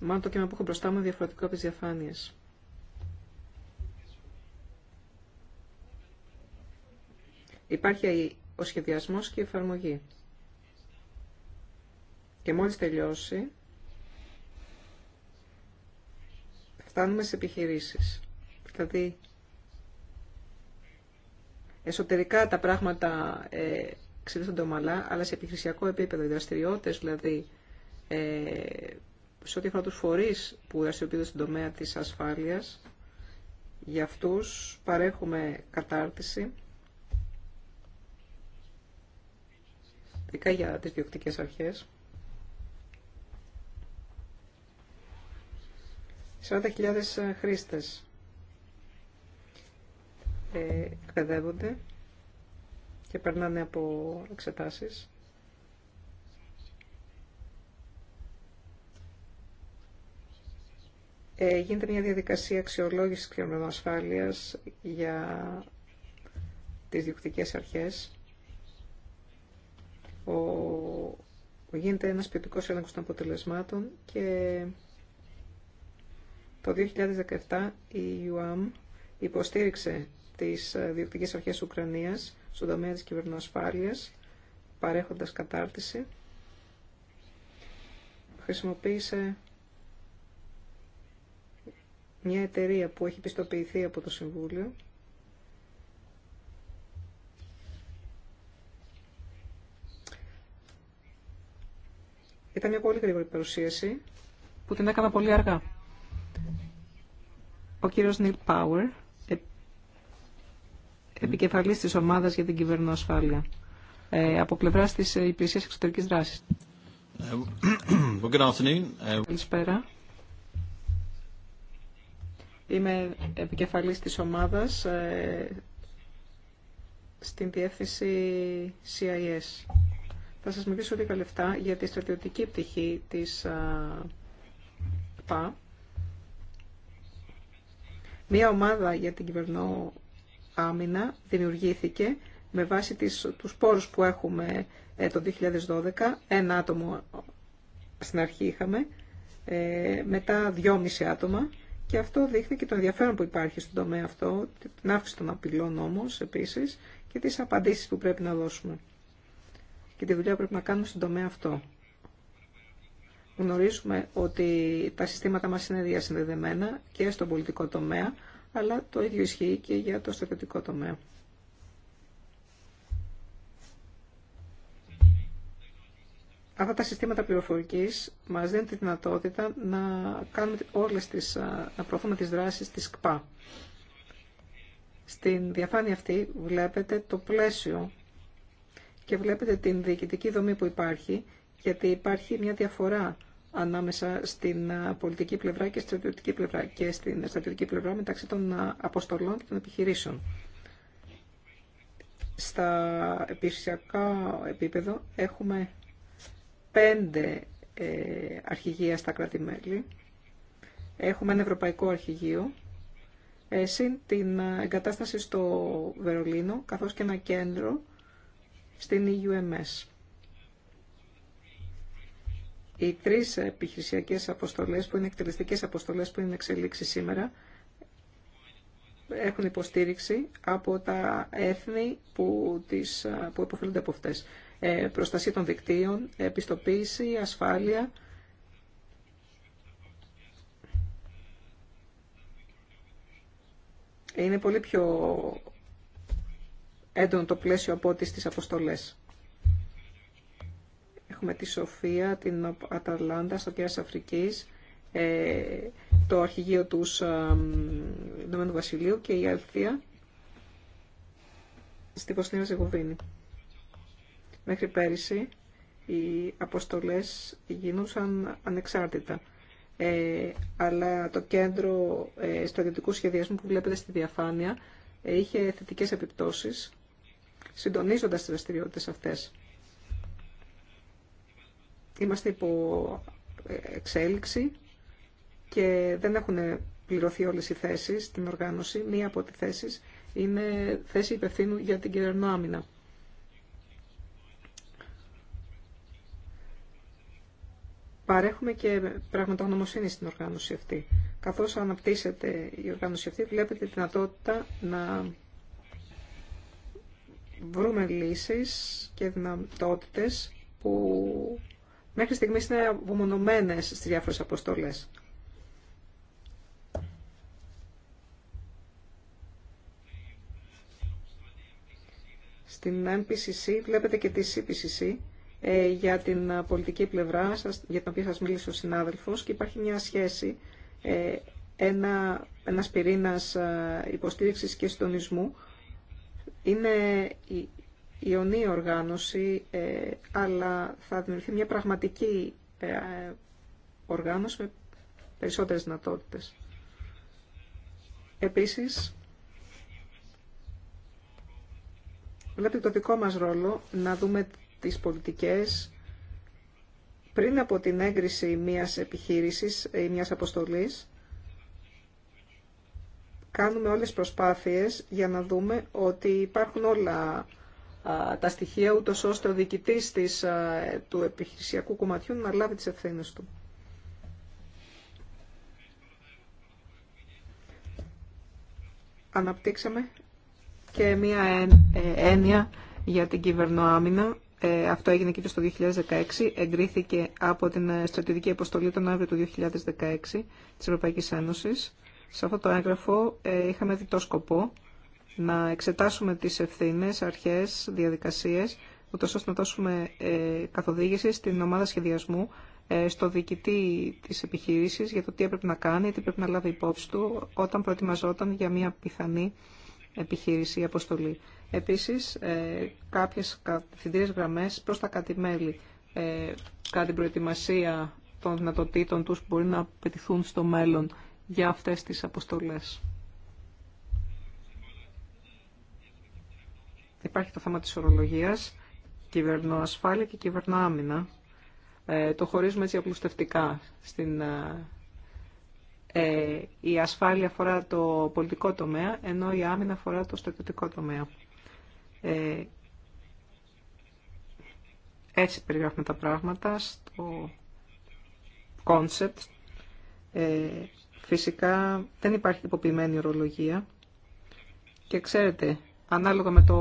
Μάλλον το κείμενο που έχω μπροστά μου διαφορετικό από τις διαφάνειες. Υπάρχει ο σχεδιασμός και η εφαρμογή. Και μόλις τελειώσει, φτάνουμε σε επιχειρήσεις. Δηλαδή, εσωτερικά τα πράγματα ε, ομαλά, αλλά σε επιχειρησιακό επίπεδο οι δραστηριότητες, δηλαδή, ε, σε ό,τι αφορά τους φορείς που δραστηριοποιούνται στην τομέα της ασφάλειας, για αυτούς παρέχουμε κατάρτιση, ειδικά για τις διοκτικές αρχές. 40.000 ε, χρήστες ε, εκπαιδεύονται και περνάνε από εξετάσεις. Ε, γίνεται μια διαδικασία αξιολόγησης ασφάλεια για τις διοικητικές αρχές. Ο, γίνεται ένας ποιοτικός έλεγχος των αποτελεσμάτων και το 2017 η ΙΟΑΜ υποστήριξε τις ε, διοικητικές αρχές Ουκρανίας στον τομέα της κυβερνοασφάλειας, παρέχοντας κατάρτιση. Χρησιμοποίησε μια εταιρεία που έχει πιστοποιηθεί από το Συμβούλιο Ήταν μια πολύ γρήγορη παρουσίαση που την έκανα πολύ αργά. Ο κύριος Νίλ Πάουερ, ε, επικεφαλής της ομάδας για την κυβερνοασφάλεια, ε, από πλευράς της ε, Υπηρεσίας Εξωτερικής Δράσης. Καλησπέρα. Είμαι επικεφαλής της ομάδας στην διεύθυνση CIS. Θα σας μιλήσω λίγα λεφτά για τη στρατιωτική πτυχή της ΠΑ Μία ομάδα για την κυβερνό άμυνα δημιουργήθηκε με βάση τις, τους πόρους που έχουμε ε, το 2012. Ένα άτομο στην αρχή είχαμε, ε, μετά δυόμιση άτομα και αυτό δείχνει και το ενδιαφέρον που υπάρχει στον τομέα αυτό, την αύξηση των απειλών όμως επίσης και τις απαντήσεις που πρέπει να δώσουμε και τη δουλειά που πρέπει να κάνουμε στον τομέα αυτό. Γνωρίζουμε ότι τα συστήματα μας είναι διασυνδεδεμένα και στον πολιτικό τομέα, αλλά το ίδιο ισχύει και για το στρατιωτικό τομέα. Αυτά τα συστήματα πληροφορικής μας δίνουν τη δυνατότητα να, κάνουμε όλες τις, να προωθούμε τις δράσεις της ΚΠΑ. Στην διαφάνεια αυτή βλέπετε το πλαίσιο και βλέπετε την διοικητική δομή που υπάρχει, γιατί υπάρχει μια διαφορά ανάμεσα στην ε, πολιτική πλευρά και στρατιωτική πλευρά και στην στρατιωτική πλευρά μεταξύ των ε, αποστολών και των επιχειρήσεων. Στα επιχειρησιακά επίπεδο έχουμε πέντε ε, αρχηγεία στα κράτη-μέλη. Έχουμε ένα ευρωπαϊκό αρχηγείο, συν την εγκατάσταση στο Βερολίνο, καθώς και ένα κέντρο στην EUMS. Οι τρεις επιχειρησιακές αποστολές που είναι εκτελεστικέ αποστολές που είναι εξελίξει σήμερα έχουν υποστήριξη από τα έθνη που, τις, που υποφελούνται από αυτές. Ε, προστασία των δικτύων, επιστοποίηση, ασφάλεια. Είναι πολύ πιο έντονο το πλαίσιο από ό,τι στις αποστολές. Έχουμε τη Σοφία, την Αταλάντα, στο κέρας Αφρικής, ε, το αρχηγείο του Ινωμένου ε, Βασιλείου και η Αλθία στη Βοσνία Ζεγοβίνη. Μέχρι πέρυσι οι αποστολές γινούσαν ανεξάρτητα. Ε, αλλά το κέντρο ε, στρατιωτικού σχεδιασμού που βλέπετε στη διαφάνεια ε, είχε θετικές επιπτώσεις συντονίζοντας τις δραστηριότητες αυτές. Είμαστε υπό εξέλιξη και δεν έχουν πληρωθεί όλες οι θέσεις στην οργάνωση. Μία από τις θέσεις είναι θέση υπευθύνου για την κυβερνοάμυνα. Παρέχουμε και πραγματογνωμοσύνη στην οργάνωση αυτή. Καθώς αναπτύσσεται η οργάνωση αυτή, βλέπετε τη δυνατότητα να βρούμε λύσεις και δυνατότητες που μέχρι στιγμή είναι απομονωμένε στι διάφορε αποστολέ. Στην MPCC βλέπετε και τη CPCC ε, για την πολιτική πλευρά σας, για την οποία σας μίλησε ο συνάδελφος και υπάρχει μια σχέση, ε, ένα, ένας πυρήνας ε, υποστήριξης και συντονισμού είναι η οργάνωση, ε, αλλά θα δημιουργηθεί μια πραγματική ε, οργάνωση με περισσότερες δυνατότητες. Επίσης, βλέπετε το δικό μας ρόλο να δούμε τις πολιτικές πριν από την έγκριση μιας επιχείρησης ή μιας αποστολής, κάνουμε όλες τις προσπάθειες για να δούμε ότι υπάρχουν όλα τα στοιχεία ούτω ώστε ο διοικητής της, του επιχειρησιακού κομματιού να λάβει τις ευθύνε του. Αναπτύξαμε και μία ε, έννοια για την κυβερνοάμυνα. Ε, αυτό έγινε και το 2016. Εγκρίθηκε από την ε, στρατιωτική αποστολή τον Αύριο του 2016 της Ευρωπαϊκής Ένωσης. Σε αυτό το έγγραφο είχαμε το σκοπό να εξετάσουμε τις ευθύνες, αρχές, διαδικασίες, ούτως ώστε να δώσουμε ε, καθοδήγηση στην ομάδα σχεδιασμού, ε, στο διοικητή της επιχείρησης για το τι έπρεπε να κάνει, τι πρέπει να λάβει υπόψη του όταν προετοιμαζόταν για μια πιθανή επιχείρηση ή αποστολή. Επίσης, ε, κάποιες κατευθυντήρες γραμμές προς τα κατημέλη κατά την προετοιμασία των δυνατοτήτων τους που μπορεί να απαιτηθούν στο μέλλον για αυτές τις αποστολές. Υπάρχει το θέμα της ορολογίας, ασφάλεια και κυβερνοάμυνα. Ε, το χωρίζουμε έτσι απλουστευτικά. Στην, ε, ε, η ασφάλεια αφορά το πολιτικό τομέα, ενώ η άμυνα αφορά το στρατιωτικό τομέα. Ε, έτσι περιγράφουμε τα πράγματα στο concept. Ε, φυσικά δεν υπάρχει τυποποιημένη ορολογία και ξέρετε ανάλογα με το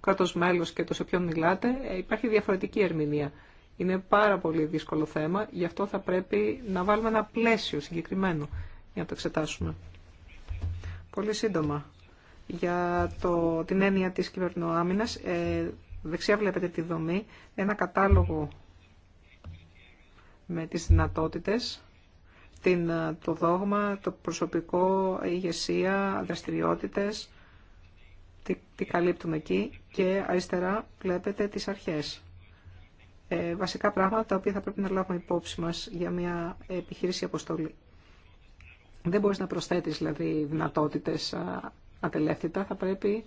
κράτος μέλος και το σε ποιον μιλάτε, ε, υπάρχει διαφορετική ερμηνεία. Είναι πάρα πολύ δύσκολο θέμα, γι' αυτό θα πρέπει να βάλουμε ένα πλαίσιο συγκεκριμένο για να το εξετάσουμε. Πολύ σύντομα. Για το, την έννοια της κυβερνοάμυνας, ε, δεξιά βλέπετε τη δομή, ένα κατάλογο με τις δυνατότητες, την, ε, το δόγμα, το προσωπικό, ηγεσία, δραστηριότητες, τι, τι καλύπτουμε εκεί και αριστερά βλέπετε τις αρχές. Ε, βασικά πράγματα τα οποία θα πρέπει να λάβουμε υπόψη μας για μια επιχείρηση αποστολή. Δεν μπορείς να προσθέτεις δηλαδή δυνατότητες ατελεύτητα, θα πρέπει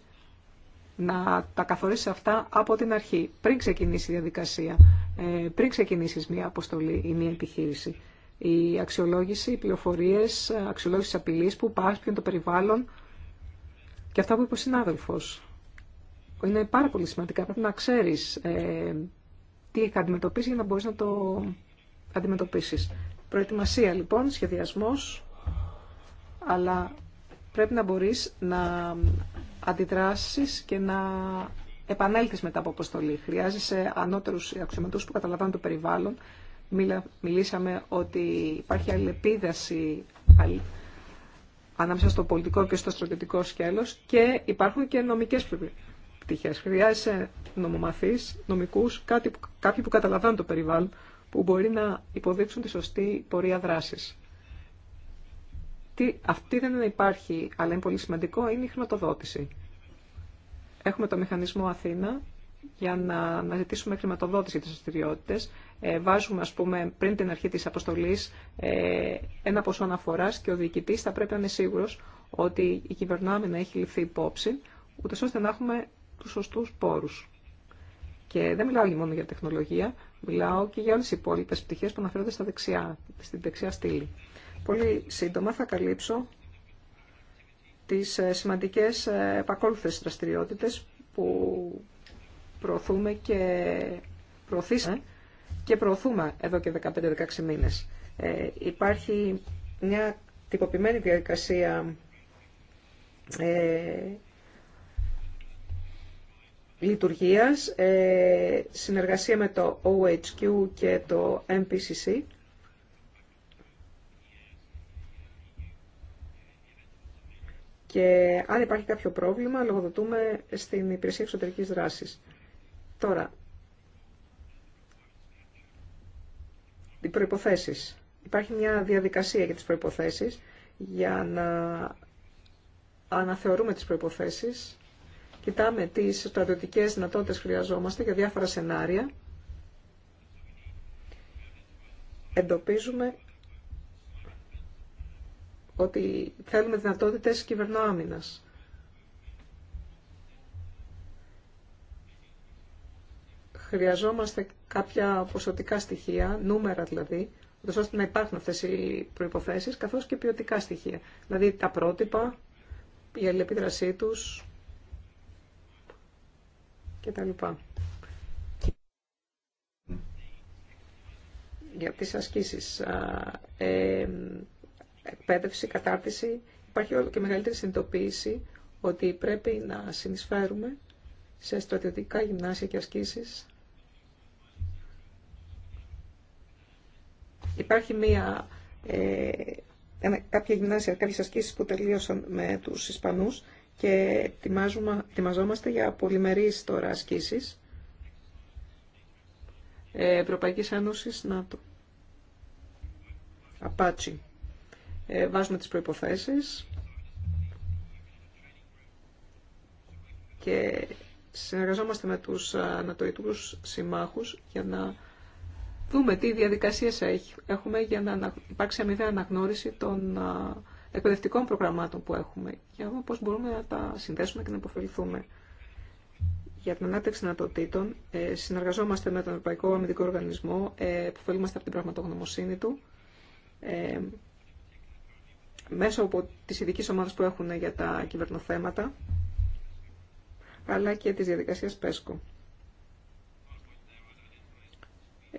να τα καθορίσεις αυτά από την αρχή, πριν ξεκινήσει η διαδικασία, ε, πριν ξεκινήσεις μια αποστολή ή μια επιχείρηση. Η αξιολόγηση, οι πληροφορίες, ε, αξιολόγηση απειλής που πας, ποιο το περιβάλλον, και αυτά που είπε ο συνάδελφο. είναι πάρα πολύ σημαντικά. Πρέπει να ξέρεις ε, τι τι αντιμετωπίσει για να μπορείς να το αντιμετωπίσει. Προετοιμασία λοιπόν, σχεδιασμός, αλλά πρέπει να μπορείς να αντιδράσει και να επανέλθεις μετά από αποστολή. Χρειάζεσαι ανώτερους αξιωματούς που καταλαβαίνουν το περιβάλλον. Μιλήσαμε ότι υπάρχει αλληλεπίδραση ανάμεσα στο πολιτικό και στο στρατιωτικό σκέλος και υπάρχουν και νομικές πτυχές. Χρειάζεσαι νομομαθείς, νομικούς, κάτι, κάποιοι που καταλαβαίνουν το περιβάλλον, που μπορεί να υποδείξουν τη σωστή πορεία δράσης. Τι, αυτή δεν υπάρχει, αλλά είναι πολύ σημαντικό, είναι η χρηματοδότηση. Έχουμε το μηχανισμό Αθήνα, για να ζητήσουμε χρηματοδότηση για τις δραστηριότητε. Ε, βάζουμε, ας πούμε, πριν την αρχή της αποστολής ε, ένα ποσό αναφοράς και ο διοικητής θα πρέπει να είναι σίγουρος ότι η κυβερνάμενα έχει ληφθεί υπόψη, ούτε ώστε να έχουμε τους σωστούς πόρους. Και δεν μιλάω μόνο για τεχνολογία, μιλάω και για όλες τις υπόλοιπε πτυχές που αναφέρονται στα δεξιά, στην δεξιά στήλη. Πολύ σύντομα θα καλύψω τις ε, σημαντικές ε, επακόλουθες δραστηριότητε που προωθούμε και προωθήσαμε και προωθούμε εδώ και 15-16 μήνες. Ε, υπάρχει μια τυποποιημένη διαδικασία ε, λειτουργίας, ε, συνεργασία με το OHQ και το MPCC. Και αν υπάρχει κάποιο πρόβλημα, λογοδοτούμε στην Υπηρεσία Εξωτερικής Δράσης. Τώρα, οι προϋποθέσεις. Υπάρχει μια διαδικασία για τις προϋποθέσεις για να αναθεωρούμε τις προϋποθέσεις. Κοιτάμε τις στρατιωτικές δυνατότητες χρειαζόμαστε για διάφορα σενάρια. Εντοπίζουμε ότι θέλουμε δυνατότητες κυβερνοάμυνας. χρειαζόμαστε κάποια ποσοτικά στοιχεία, νούμερα δηλαδή, ώστε να υπάρχουν αυτές οι προϋποθέσεις, καθώς και ποιοτικά στοιχεία. Δηλαδή τα πρότυπα, η αλληλεπίδρασή τους κτλ. Για τις ασκήσεις, ε, εκπαίδευση, κατάρτιση, υπάρχει όλο και μεγαλύτερη συνειδητοποίηση ότι πρέπει να συνεισφέρουμε σε στρατιωτικά γυμνάσια και ασκήσεις Υπάρχει μια, ε, κάποια γυμνάσια, κάποιες ασκήσεις που τελείωσαν με τους Ισπανούς και ετοιμαζόμαστε για πολυμερείς τώρα ασκήσεις ε, Ευρωπαϊκής Ένωσης ΝΑΤΟ. Απάτσι. Ε, βάζουμε τις προϋποθέσεις και συνεργαζόμαστε με τους ανατοητούς συμμάχους για να δούμε τι διαδικασίες έχουμε για να υπάρξει αμοιβαία αναγνώριση των εκπαιδευτικών προγραμμάτων που έχουμε και να δούμε πώς μπορούμε να τα συνδέσουμε και να υποφεληθούμε. Για την ανάπτυξη δυνατοτήτων ε, συνεργαζόμαστε με τον Ευρωπαϊκό Αμυντικό Οργανισμό, υποφελούμαστε ε, από την πραγματογνωμοσύνη του. Ε, μέσω από τις ειδικέ ομάδες που έχουν για τα κυβερνοθέματα αλλά και τις διαδικασίες ΠΕΣΚΟ.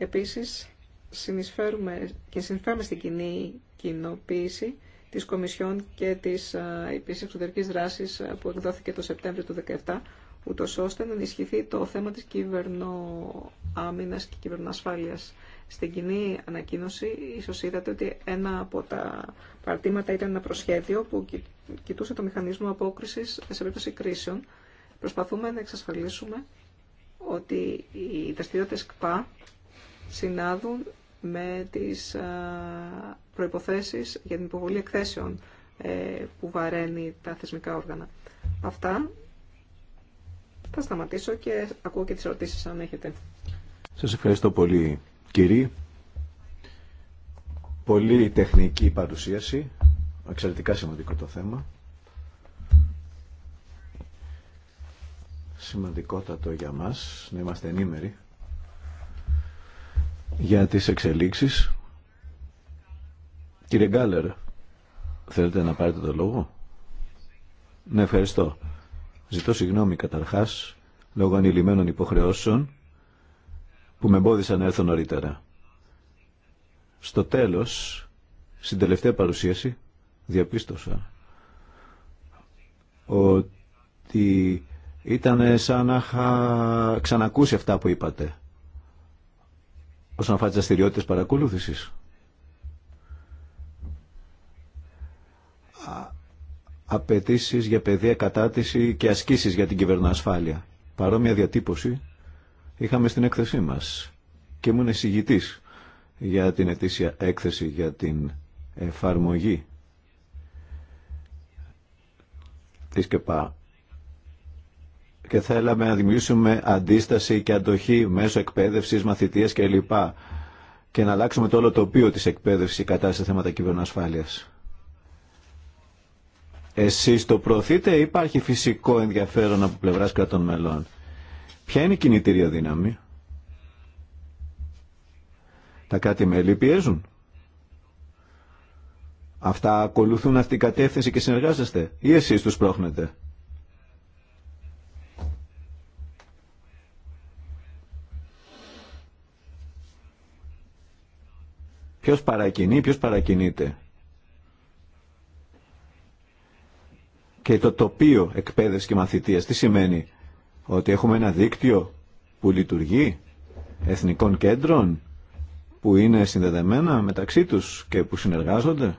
Επίσης, συνεισφέρουμε και συνεισφέρουμε στην κοινή κοινοποίηση της Κομισιόν και της επίσης Εξωτερικής Δράσης που εκδόθηκε το Σεπτέμβριο του 2017, ούτω ώστε να ενισχυθεί το θέμα της κυβερνοάμυνας και κυβερνοασφάλειας. Στην κοινή ανακοίνωση ίσως είδατε ότι ένα από τα παρτήματα ήταν ένα προσχέδιο που κοιτούσε το μηχανισμό απόκρισης σε περίπτωση κρίσεων. Προσπαθούμε να εξασφαλίσουμε ότι οι δραστηριότητε ΚΠΑ συνάδουν με τις προϋποθέσεις για την υποβολή εκθέσεων ε, που βαραίνει τα θεσμικά όργανα. Αυτά. Θα σταματήσω και ακούω και τις ερωτήσεις αν έχετε. Σας ευχαριστώ πολύ κύριοι. Πολύ τεχνική παρουσίαση. Εξαιρετικά σημαντικό το θέμα. Σημαντικότατο για μας να είμαστε ενήμεροι για τις εξελίξεις. Κύριε Γκάλερ, θέλετε να πάρετε το λόγο. Ναι, ευχαριστώ. Ζητώ συγγνώμη καταρχάς, λόγω ανηλυμένων υποχρεώσεων, που με εμπόδισαν να έρθω νωρίτερα. Στο τέλος, στην τελευταία παρουσίαση, διαπίστωσα ότι ήταν σαν να είχα ξανακούσει αυτά που είπατε όσον αφορά τι δραστηριότητε παρακολούθηση. Απαιτήσει για παιδεία κατάτηση και ασκήσεις για την ασφάλεια. Παρόμοια διατύπωση είχαμε στην έκθεσή μας και ήμουν εισηγητή για την ετήσια έκθεση για την εφαρμογή της ΚΕΠΑ και θέλαμε να δημιουργήσουμε αντίσταση και αντοχή μέσω εκπαίδευση, μαθητείας κλπ. Και να αλλάξουμε το όλο τοπίο της εκπαίδευσης κατά σε θέματα ασφάλεια. Εσείς το προωθείτε ή υπάρχει φυσικό ενδιαφέρον από πλευράς κρατών μελών. Ποια είναι η κινητήρια δύναμη. Τα κάτι πλευρά πιέζουν. Αυτά ακολουθούν αυτή η κινητηρια δυναμη τα κατι μελη πιεζουν αυτα ακολουθουν αυτη την κατευθυνση και συνεργάζεστε. Ή εσείς τους πρόχνετε. Ποιος παρακινεί, ποιος παρακινείται. Και το τοπίο εκπαίδευση και μαθητείας, τι σημαίνει. Ότι έχουμε ένα δίκτυο που λειτουργεί εθνικών κέντρων που είναι συνδεδεμένα μεταξύ τους και που συνεργάζονται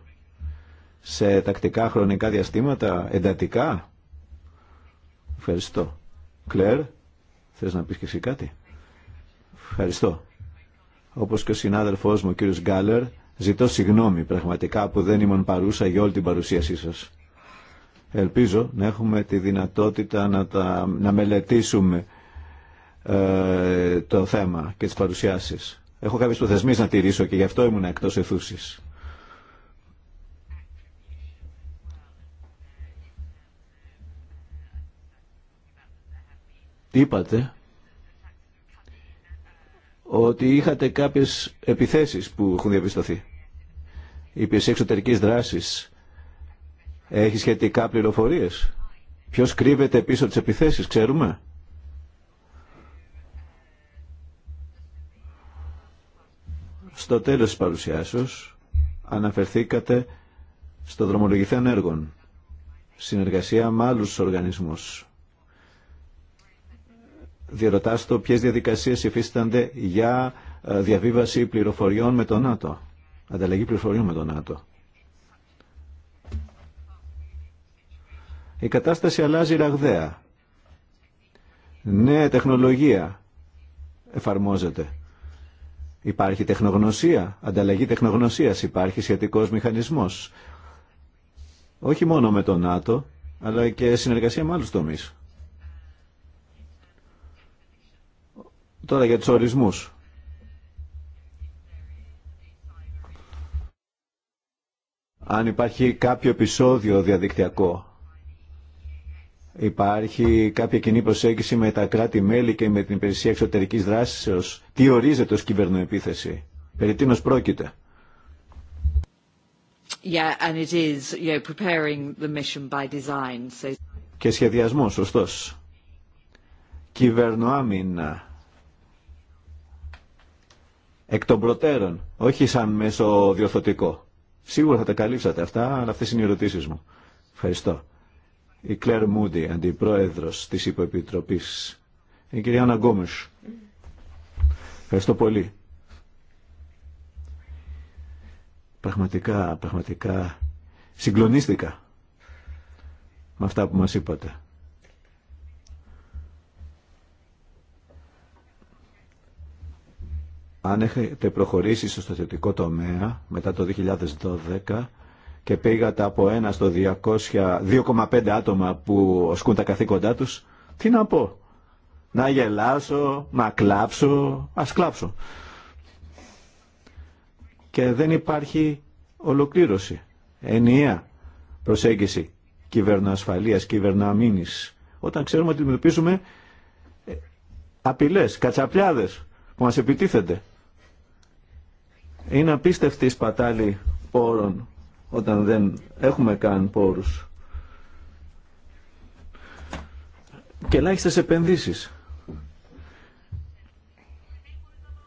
σε τακτικά χρονικά διαστήματα εντατικά. Ευχαριστώ. Κλέρ, θες να πεις και εσύ κάτι. Ευχαριστώ όπως και ο συνάδελφός μου, ο κύριος Γκάλερ, ζητώ συγγνώμη πραγματικά που δεν ήμουν παρούσα για όλη την παρουσίασή σας. Ελπίζω να έχουμε τη δυνατότητα να, τα, να μελετήσουμε ε, το θέμα και τις παρουσιάσεις. Έχω κάποιες προθεσμίες να τηρήσω και γι' αυτό ήμουν εκτός εθούσης. Τι είπατε ότι είχατε κάποιες επιθέσεις που έχουν διαπιστωθεί. Η εξωτερικής δράσης έχει σχετικά πληροφορίες. Ποιος κρύβεται πίσω τις επιθέσεις, ξέρουμε. Στο τέλος της παρουσιάσεως αναφερθήκατε στο δρομολογηθέν έργων, συνεργασία με άλλους οργανισμούς διερωτάς το ποιες διαδικασίες υφίστανται για ε, διαβίβαση πληροφοριών με τον ΝΑΤΟ. Ανταλλαγή πληροφοριών με τον ΝΑΤΟ. Η κατάσταση αλλάζει ραγδαία. Νέα τεχνολογία εφαρμόζεται. Υπάρχει τεχνογνωσία, ανταλλαγή τεχνογνωσίας, υπάρχει σχετικός μηχανισμός. Όχι μόνο με τον ΝΑΤΟ, αλλά και συνεργασία με άλλους τομείς. Τώρα για τους ορισμούς. Αν υπάρχει κάποιο επεισόδιο διαδικτυακό, υπάρχει κάποια κοινή προσέγγιση με τα κράτη-μέλη και με την υπηρεσία εξωτερικής δράσης, τι ορίζεται ως κυβερνοεπίθεση, περί τίνος πρόκειται. Και σχεδιασμό, σωστός. Κυβερνοάμυνα εκ των προτέρων, όχι σαν μέσο διορθωτικό. Σίγουρα θα τα καλύψατε αυτά, αλλά αυτές είναι οι ερωτήσεις μου. Ευχαριστώ. Η Κλέρ Μούντι, αντιπρόεδρος της Υποεπιτροπής. Η κυρία Άννα Ευχαριστώ πολύ. Πραγματικά, πραγματικά συγκλονίστηκα με αυτά που μας είπατε. αν έχετε προχωρήσει στο στρατιωτικό τομέα μετά το 2012 και πήγατε από ένα στο 2,5 άτομα που ασκούν τα καθήκοντά τους, τι να πω. Να γελάσω, να κλάψω, ας κλάψω. Και δεν υπάρχει ολοκλήρωση, ενιαία προσέγγιση κυβερνοασφαλείας, κυβερνοαμήνης. Όταν ξέρουμε ότι αντιμετωπίζουμε ε, απειλές, κατσαπλιάδες που μας επιτίθενται. Είναι απίστευτη η σπατάλη πόρων όταν δεν έχουμε καν πόρους. Και ελάχιστε επενδύσεις.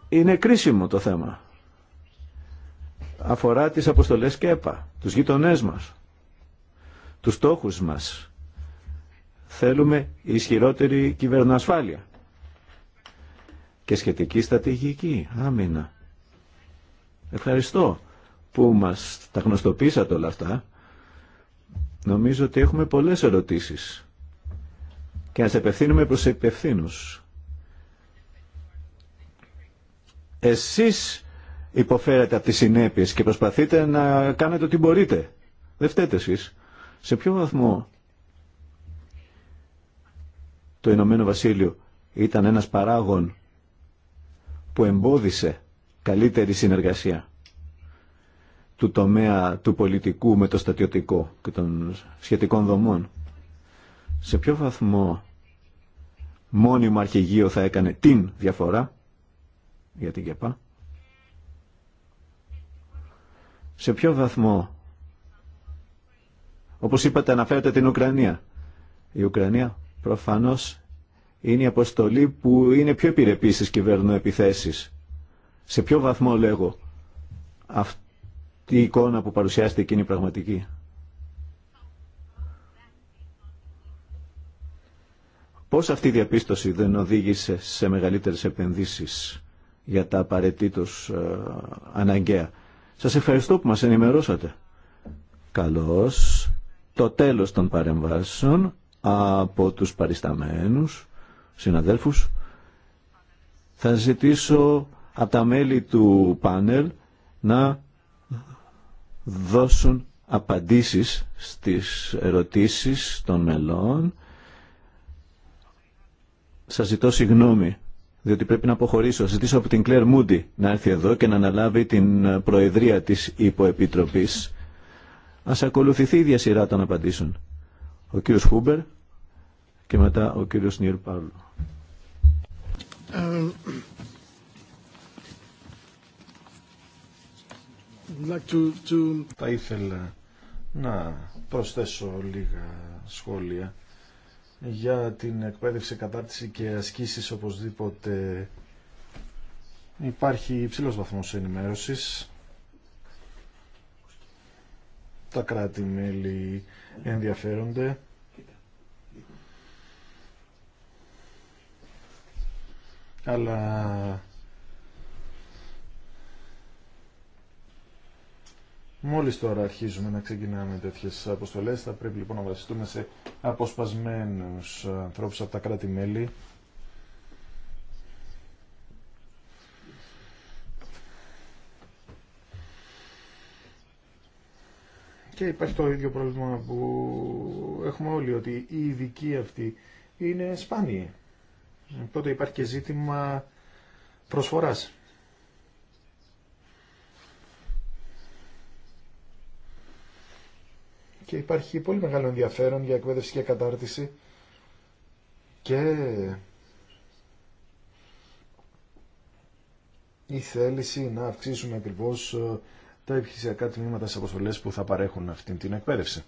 Είναι κρίσιμο το θέμα. Αφορά τις αποστολές ΚΕΠΑ, τους γειτονές μας, τους στόχους μας. Θέλουμε ισχυρότερη κυβερνοασφάλεια και σχετική στατηγική άμυνα Ευχαριστώ που μας τα γνωστοποίησατε όλα αυτά. Νομίζω ότι έχουμε πολλές ερωτήσεις και ας επευθύνουμε προς υπευθύνους. Εσείς υποφέρετε από τις συνέπειες και προσπαθείτε να κάνετε ό,τι μπορείτε. Δεν φταίτε εσείς. Σε ποιο βαθμό το Ηνωμένο Βασίλειο ήταν ένας παράγων που εμπόδισε καλύτερη συνεργασία του τομέα του πολιτικού με το στατιωτικό και των σχετικών δομών. Σε ποιο βαθμό μόνιμο αρχηγείο θα έκανε την διαφορά για την ΚΕΠΑ. Σε ποιο βαθμό, όπως είπατε αναφέρετε την Ουκρανία. Η Ουκρανία προφανώς είναι η αποστολή που είναι πιο επιρρεπή στις κυβερνοεπιθέσεις. Σε ποιο βαθμό λέγω αυτό τι εικόνα που παρουσιάστηκε είναι πραγματική. Πώς αυτή η διαπίστωση δεν οδήγησε σε μεγαλύτερες επενδύσεις για τα απαραίτητος ε, αναγκαία. Σας ευχαριστώ που μας ενημερώσατε. Καλώς. Το τέλος των παρεμβάσεων από τους παρισταμένους συναδέλφους θα ζητήσω από τα μέλη του πάνελ να δώσουν απαντήσεις στις ερωτήσεις των μελών. Σας ζητώ συγγνώμη, διότι πρέπει να αποχωρήσω. Σας ζητήσω από την Κλέρ Μούντι να έρθει εδώ και να αναλάβει την προεδρία της υποεπιτροπής. Ας ακολουθηθεί η ίδια των απαντήσεων. Ο κύριος Χούμπερ και μετά ο κύριος Νιερ Παύλου. Ε, Θα ήθελα να προσθέσω λίγα σχόλια για την εκπαίδευση, κατάρτιση και ασκήσεις οπωσδήποτε υπάρχει υψηλός βαθμός ενημέρωσης τα κράτη-μέλη ενδιαφέρονται αλλά Μόλις τώρα αρχίζουμε να ξεκινάμε τέτοιες αποστολές, θα πρέπει λοιπόν να βασιστούμε σε αποσπασμένους ανθρώπους από τα κράτη-μέλη. Και υπάρχει το ίδιο πρόβλημα που έχουμε όλοι, ότι οι ειδικοί αυτοί είναι σπάνιοι. Οπότε υπάρχει και ζήτημα προσφοράς. και υπάρχει πολύ μεγάλο ενδιαφέρον για εκπαίδευση και κατάρτιση και η θέληση να αυξήσουμε ακριβώς ε, τα επιχειρησιακά τμήματα στις αποστολές που θα παρέχουν αυτή την εκπαίδευση.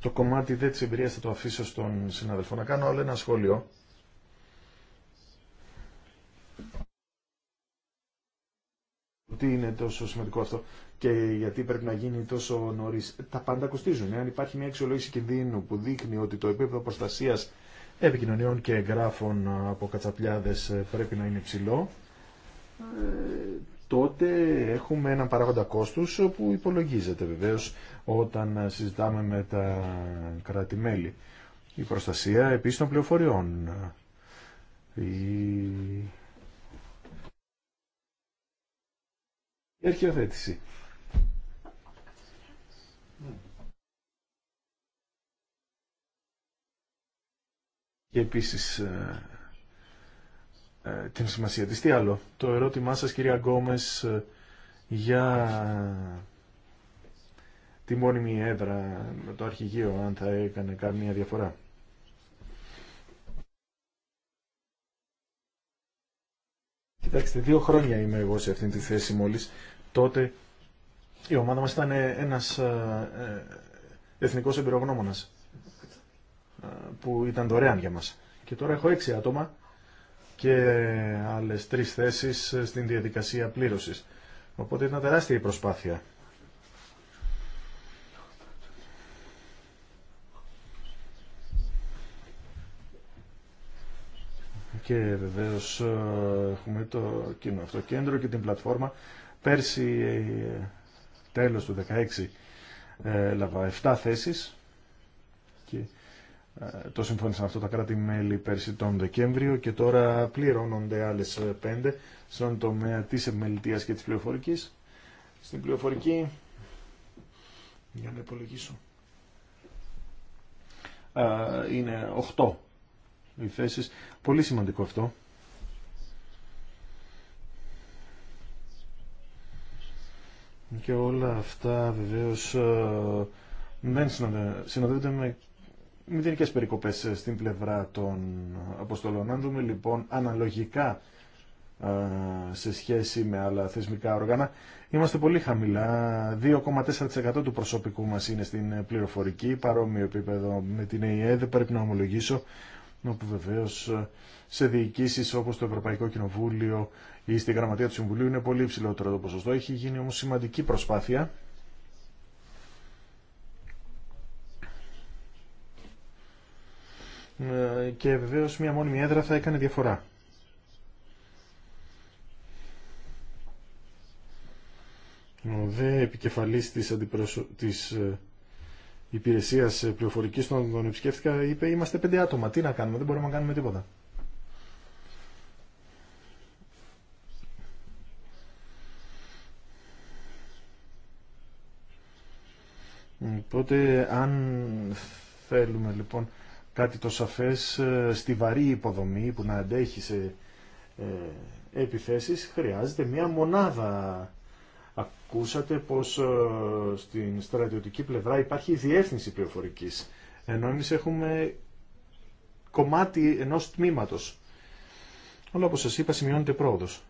Το κομμάτι δεν της εμπειρίας θα το αφήσω στον συναδελφό να κάνω, αλλά ένα σχόλιο τι είναι τόσο σημαντικό αυτό και γιατί πρέπει να γίνει τόσο νωρί. Τα πάντα κοστίζουν. Εάν υπάρχει μια αξιολόγηση κινδύνου που δείχνει ότι το επίπεδο προστασία επικοινωνιών και εγγράφων από κατσαπλιάδε ε, πρέπει να είναι ψηλό, ε, τότε έχουμε έναν παράγοντα κόστους που υπολογίζεται βεβαίως όταν ε, συζητάμε με τα κράτη-μέλη. Η προστασία επίσης των πληροφοριών, Η αρχιοθέτηση. Και επίσης ε, ε, την σημασία της. Τι άλλο. Το ερώτημά σας κυρία Γκόμες ε, για τη μόνιμη έδρα με το αρχηγείο αν θα έκανε καμία διαφορά. Κοιτάξτε, δύο χρόνια είμαι εγώ σε αυτή τη θέση μόλις. Τότε η ομάδα μας ήταν ε, ένας ε, ε, εθνικός εμπειρογνώμονας που ήταν δωρεάν για μας. Και τώρα έχω έξι άτομα και άλλες τρεις θέσεις στην διαδικασία πλήρωσης. Οπότε ήταν τεράστια η προσπάθεια και βεβαίως ε, έχουμε το κοινό αυτό κέντρο και την πλατφόρμα. Πέρσι, ε, τέλος του 2016, ε, έλαβα 7 θέσεις και το συμφώνησαν αυτό τα κράτη-μέλη πέρσι τον Δεκέμβριο και τώρα πληρώνονται άλλες 5 στον τομέα της επιμελητίας και της πληροφορικής. Στην πληροφορική, για να υπολογίσω, είναι 8 οι Πολύ σημαντικό αυτό. Και όλα αυτά βεβαίω, ε, δεν συνοδεύονται με μηδενικέ περικοπέ ε, στην πλευρά των αποστολών. Αν δούμε λοιπόν αναλογικά ε, σε σχέση με άλλα θεσμικά όργανα. Είμαστε πολύ χαμηλά. 2,4% του προσωπικού μα είναι στην πληροφορική, παρόμοιο επίπεδο με την ΕΕ. Δεν πρέπει να ομολογήσω όπου βεβαίω ε, σε διοικήσει όπως το Ευρωπαϊκό Κοινοβούλιο ή στη Γραμματεία του Συμβουλίου είναι πολύ υψηλότερο το ποσοστό. Έχει γίνει όμως σημαντική προσπάθεια ε, και βεβαίως μία μόνιμη έδρα θα έκανε διαφορά. Ο δε επικεφαλής της, αντιπροσω... της ε, υπηρεσία πληροφορική τον, τον επισκέφτηκα, είπε είμαστε πέντε άτομα. Τι να κάνουμε, δεν μπορούμε να κάνουμε τίποτα. Οπότε αν θέλουμε λοιπόν κάτι το σαφές ε, στη βαρύ υποδομή που να αντέχει σε ε, επιθέσεις χρειάζεται μια μονάδα Ακούσατε πως ε, στην στρατιωτική πλευρά υπάρχει η διεύθυνση πληροφορικής, ενώ εμείς έχουμε κομμάτι ενός τμήματος. Όλα όπως σας είπα σημειώνεται πρόοδος.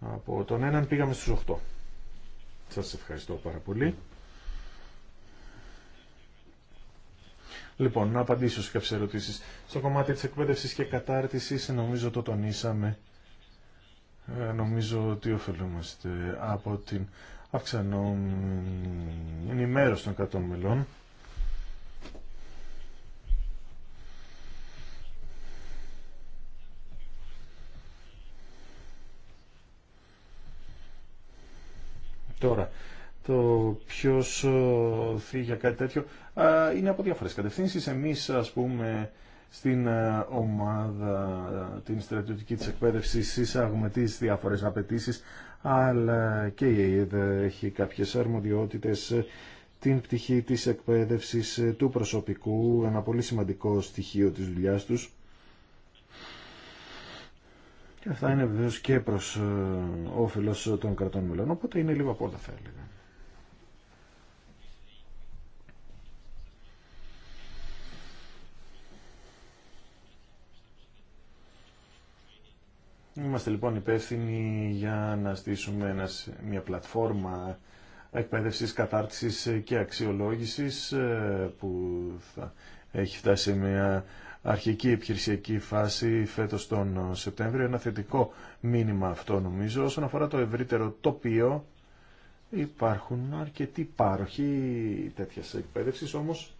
Από τον έναν πήγαμε στους 8. Σας ευχαριστώ πάρα πολύ. Λοιπόν, να απαντήσω σε κάποιες ερωτήσεις. Στο κομμάτι της εκπαίδευσης και κατάρτισης νομίζω το τονίσαμε ε, νομίζω ότι ωφελούμαστε από την αυξανόμενη ενημέρωση των 100 μελών. Τώρα, το ποιο ε, θίγει για κάτι τέτοιο ε, είναι από διάφορε κατευθύνσει. Εμείς, ας πούμε, στην ε, ομάδα ε, την στρατιωτική της εκπαίδευσης εισάγουμε τις διάφορες απαιτήσει, αλλά και η ΕΕΔ έχει κάποιες αρμοδιότητες ε, την πτυχή της εκπαίδευσης του προσωπικού, ένα πολύ σημαντικό στοιχείο της δουλειάς τους. Και αυτά είναι βεβαίω και προς όφελος των κρατών μελών, οπότε είναι λίγο από όλα θα Είμαστε λοιπόν υπεύθυνοι για να στήσουμε μια πλατφόρμα εκπαίδευσης, κατάρτισης και αξιολόγησης ε, που θα έχει φτάσει σε μια αρχική επιχειρησιακή φάση φέτος τον Σεπτέμβριο. Ένα θετικό μήνυμα αυτό νομίζω. Όσον αφορά το ευρύτερο τοπίο υπάρχουν αρκετοί πάροχοι τέτοια εκπαίδευση όμως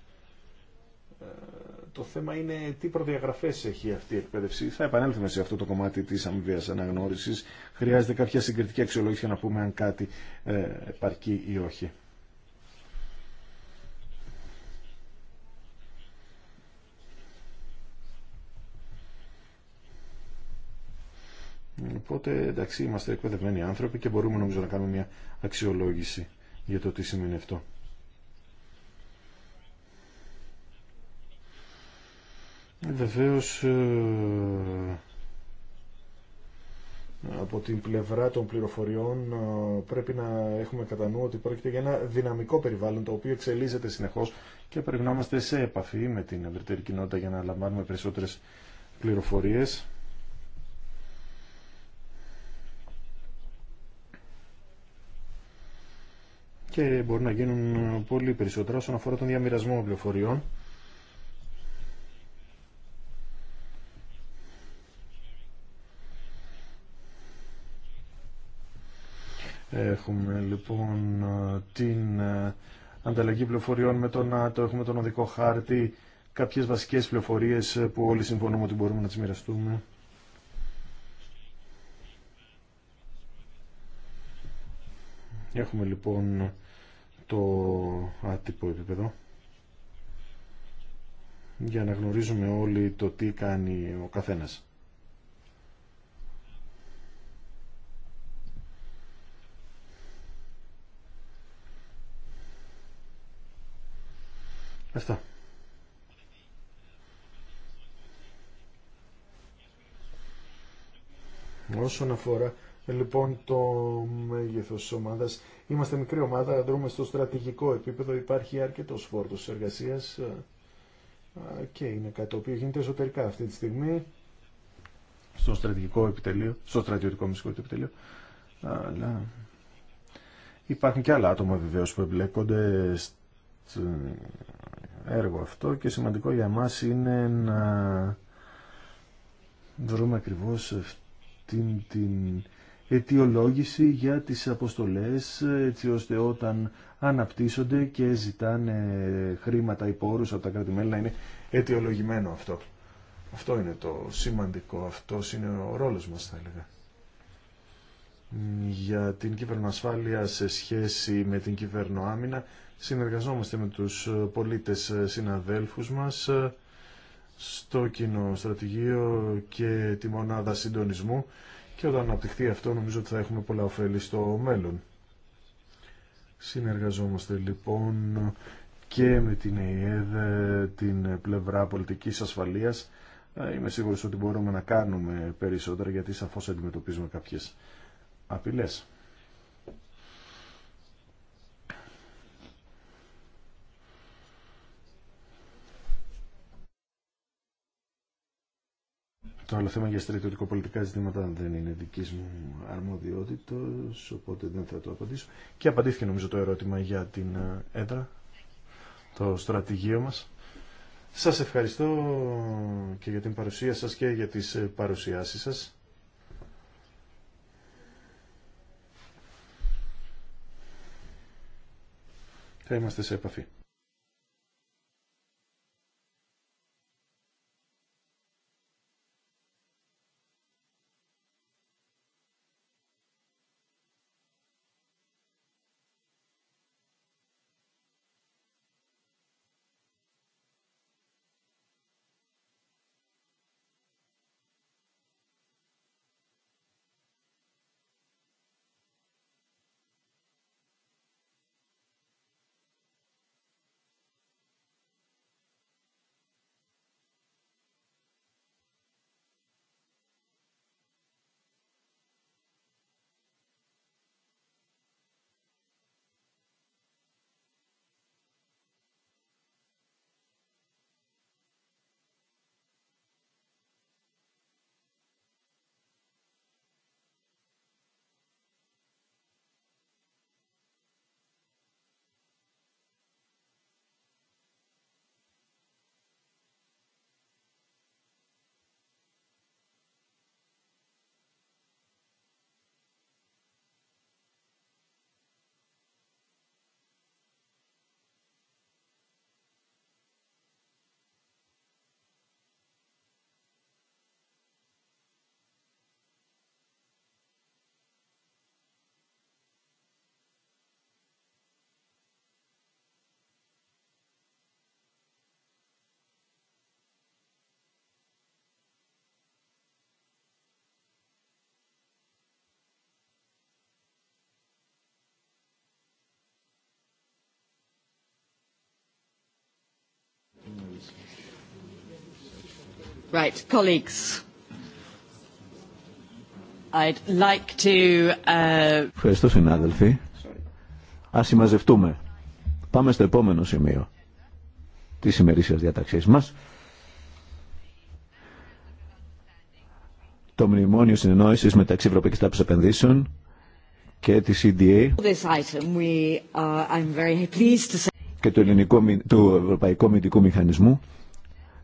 το θέμα είναι τι προδιαγραφές έχει αυτή η εκπαίδευση. Θα επανέλθουμε σε αυτό το κομμάτι της αμοιβία αναγνώρισης. Χρειάζεται κάποια συγκριτική αξιολόγηση για να πούμε αν κάτι ε, επαρκεί ή όχι. Οπότε εντάξει είμαστε εκπαιδευμένοι άνθρωποι και μπορούμε νομίζω να κάνουμε μια αξιολόγηση για το τι σημαίνει αυτό. Ε, βεβαίως ε, από την πλευρά των πληροφοριών ε, πρέπει να έχουμε κατά νου ότι πρόκειται για ένα δυναμικό περιβάλλον το οποίο εξελίσσεται συνεχώς και πρέπει να είμαστε σε επαφή με την ευρύτερη κοινότητα για να λαμβάνουμε περισσότερες πληροφορίες. Και μπορεί να γίνουν πολύ περισσότερα όσον αφορά τον διαμοιρασμό πληροφοριών. Έχουμε λοιπόν την ε, ανταλλαγή πληροφοριών με τον ΝΑΤΟ, έχουμε τον οδικό χάρτη, κάποιες βασικές πληροφορίες που όλοι συμφωνούμε ότι μπορούμε να τις μοιραστούμε. Έχουμε λοιπόν το άτυπο επίπεδο για να γνωρίζουμε όλοι το τι κάνει ο καθένας. Όσον αφορά λοιπόν το μέγεθο τη ομάδα, είμαστε μικρή ομάδα, δρούμε στο στρατηγικό επίπεδο, υπάρχει αρκετό φόρτο εργασία και είναι κάτι το οποίο γίνεται εσωτερικά αυτή τη στιγμή στο στρατηγικό επιτελείο, στο στρατιωτικό μυστικό επιτελείο. Αλλά υπάρχουν και άλλα άτομα βεβαίω που εμπλέκονται έργο αυτό και σημαντικό για μας είναι να βρούμε ακριβώς την αιτιολόγηση για τις αποστολές έτσι ώστε όταν αναπτύσσονται και ζητάνε χρήματα ή πόρους από τα κράτη-μέλη να είναι αιτιολογημένο αυτό. Αυτό είναι το σημαντικό, αυτό είναι ο ρόλος μας θα έλεγα για την κυβερνοασφάλεια σε σχέση με την κυβερνοάμυνα. Συνεργαζόμαστε με τους πολίτες συναδέλφους μας στο κοινό στρατηγείο και τη μονάδα συντονισμού και όταν αναπτυχθεί αυτό νομίζω ότι θα έχουμε πολλά ωφέλη στο μέλλον. Συνεργαζόμαστε λοιπόν και με την ΕΕΔ, την πλευρά πολιτικής ασφαλείας. Ε, είμαι σίγουρος ότι μπορούμε να κάνουμε περισσότερα γιατί σαφώς αντιμετωπίζουμε κάποιες απειλές. Το άλλο θέμα για στρατιωτικό πολιτικά ζητήματα δεν είναι δική μου αρμοδιότητα, οπότε δεν θα το απαντήσω. Και απαντήθηκε νομίζω το ερώτημα για την ε, έδρα, το στρατηγείο μας. Σας ευχαριστώ και για την παρουσία σας και για τις ε, παρουσιάσεις σας. θα είμαστε σε επαφή. Uh, Ευχαριστώ συνάδελφοι. Α συμμαζευτούμε. Πάμε στο επόμενο σημείο τη ημερήσιας διάταξή μα. Το Μνημόνιο Συνεννόησης μεταξύ Ευρωπαϊκή Τράπεζας Επενδύσεων και τη EDA. This item we και του, ελληνικού, του Ευρωπαϊκού Μυντικού Μηχανισμού.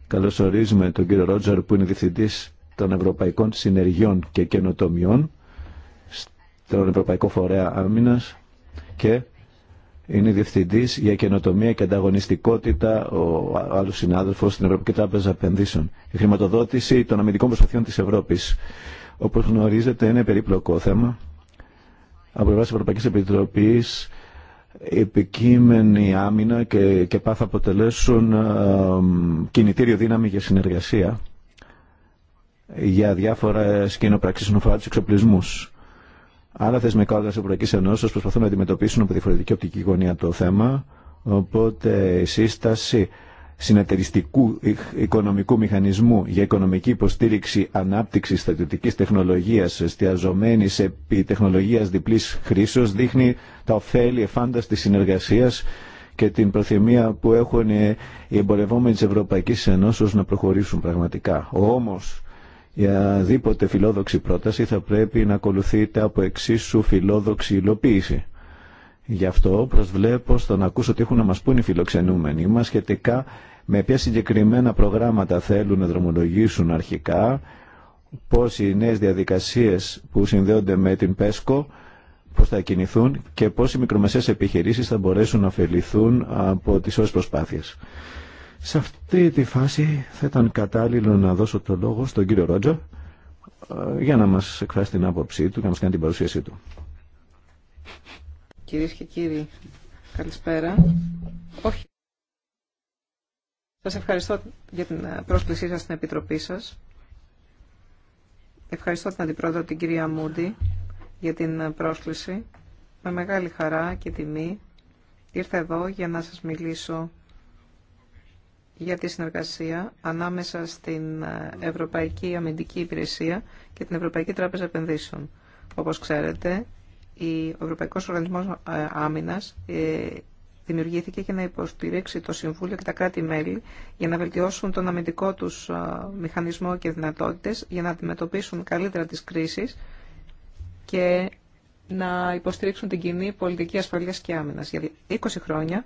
Καλωσορίζουμε τον κύριο Ρότζαρ που είναι διευθυντής των Ευρωπαϊκών Συνεργειών και Καινοτομιών στον Ευρωπαϊκό Φορέα Άμυνας και είναι διευθυντής για καινοτομία και ανταγωνιστικότητα ο άλλος συνάδελφος στην Ευρωπαϊκή Τράπεζα Επενδύσεων. Η χρηματοδότηση των αμυντικών προσπαθειών της Ευρώπης. Όπως γνωρίζετε είναι περίπλοκο θέμα. Από πλευρά τη Ευρωπαϊκή Επιτροπή επικείμενη άμυνα και, και πάθα αποτελέσουν ε, κινητήριο δύναμη για συνεργασία για διάφορα σκηνοπραξίες αφορά του εξοπλισμού. Άλλα θεσμικά όργανα τη Ευρωπαϊκή Ενώσεω προσπαθούν να αντιμετωπίσουν από διαφορετική οπτική γωνία το θέμα. Οπότε η σύσταση συνεταιριστικού οικονομικού μηχανισμού για οικονομική υποστήριξη ανάπτυξης στρατιωτική τεχνολογίας εστιαζομένη επί τεχνολογίας διπλής χρήσεως δείχνει τα ωφέλη εφάντας της συνεργασίας και την προθυμία που έχουν οι εμπορευόμενοι της Ευρωπαϊκής Ενώσεως να προχωρήσουν πραγματικά. Όμως, η αδίποτε φιλόδοξη πρόταση θα πρέπει να ακολουθείται από εξίσου φιλόδοξη υλοποίηση Γι' αυτό προσβλέπω στο να ακούσω τι έχουν να μας πούν οι φιλοξενούμενοι μας σχετικά με ποια συγκεκριμένα προγράμματα θέλουν να δρομολογήσουν αρχικά, πώς οι νέες διαδικασίες που συνδέονται με την ΠΕΣΚΟ, πώς θα κινηθούν και πώς οι μικρομεσαίες επιχειρήσεις θα μπορέσουν να ωφεληθούν από τις όσε προσπάθειες. Σε αυτή τη φάση θα ήταν κατάλληλο να δώσω το λόγο στον κύριο Ρότζο ε, για να μας εκφράσει την άποψή του και να μας κάνει την παρουσίασή του. Κυρίες και κύριοι, καλησπέρα. Όχι. Σας ευχαριστώ για την ε, πρόσκλησή σας στην Επιτροπή σας. Ευχαριστώ την Αντιπρόεδρο την κυρία Μούντι για την ε, πρόσκληση. Με μεγάλη χαρά και τιμή ήρθα εδώ για να σας μιλήσω για τη συνεργασία ανάμεσα στην ε, Ευρωπαϊκή Αμυντική Υπηρεσία και την Ευρωπαϊκή Τράπεζα Επενδύσεων. Όπως ξέρετε, ο Ευρωπαϊκός Οργανισμός ε, Άμυνα ε, δημιουργήθηκε για να υποστηρίξει το Συμβούλιο και τα κράτη-μέλη για να βελτιώσουν τον αμυντικό τους ε, μηχανισμό και δυνατότητε για να αντιμετωπίσουν καλύτερα τι κρίσει και να υποστηρίξουν την κοινή πολιτική ασφαλείας και άμυνα. Για 20 χρόνια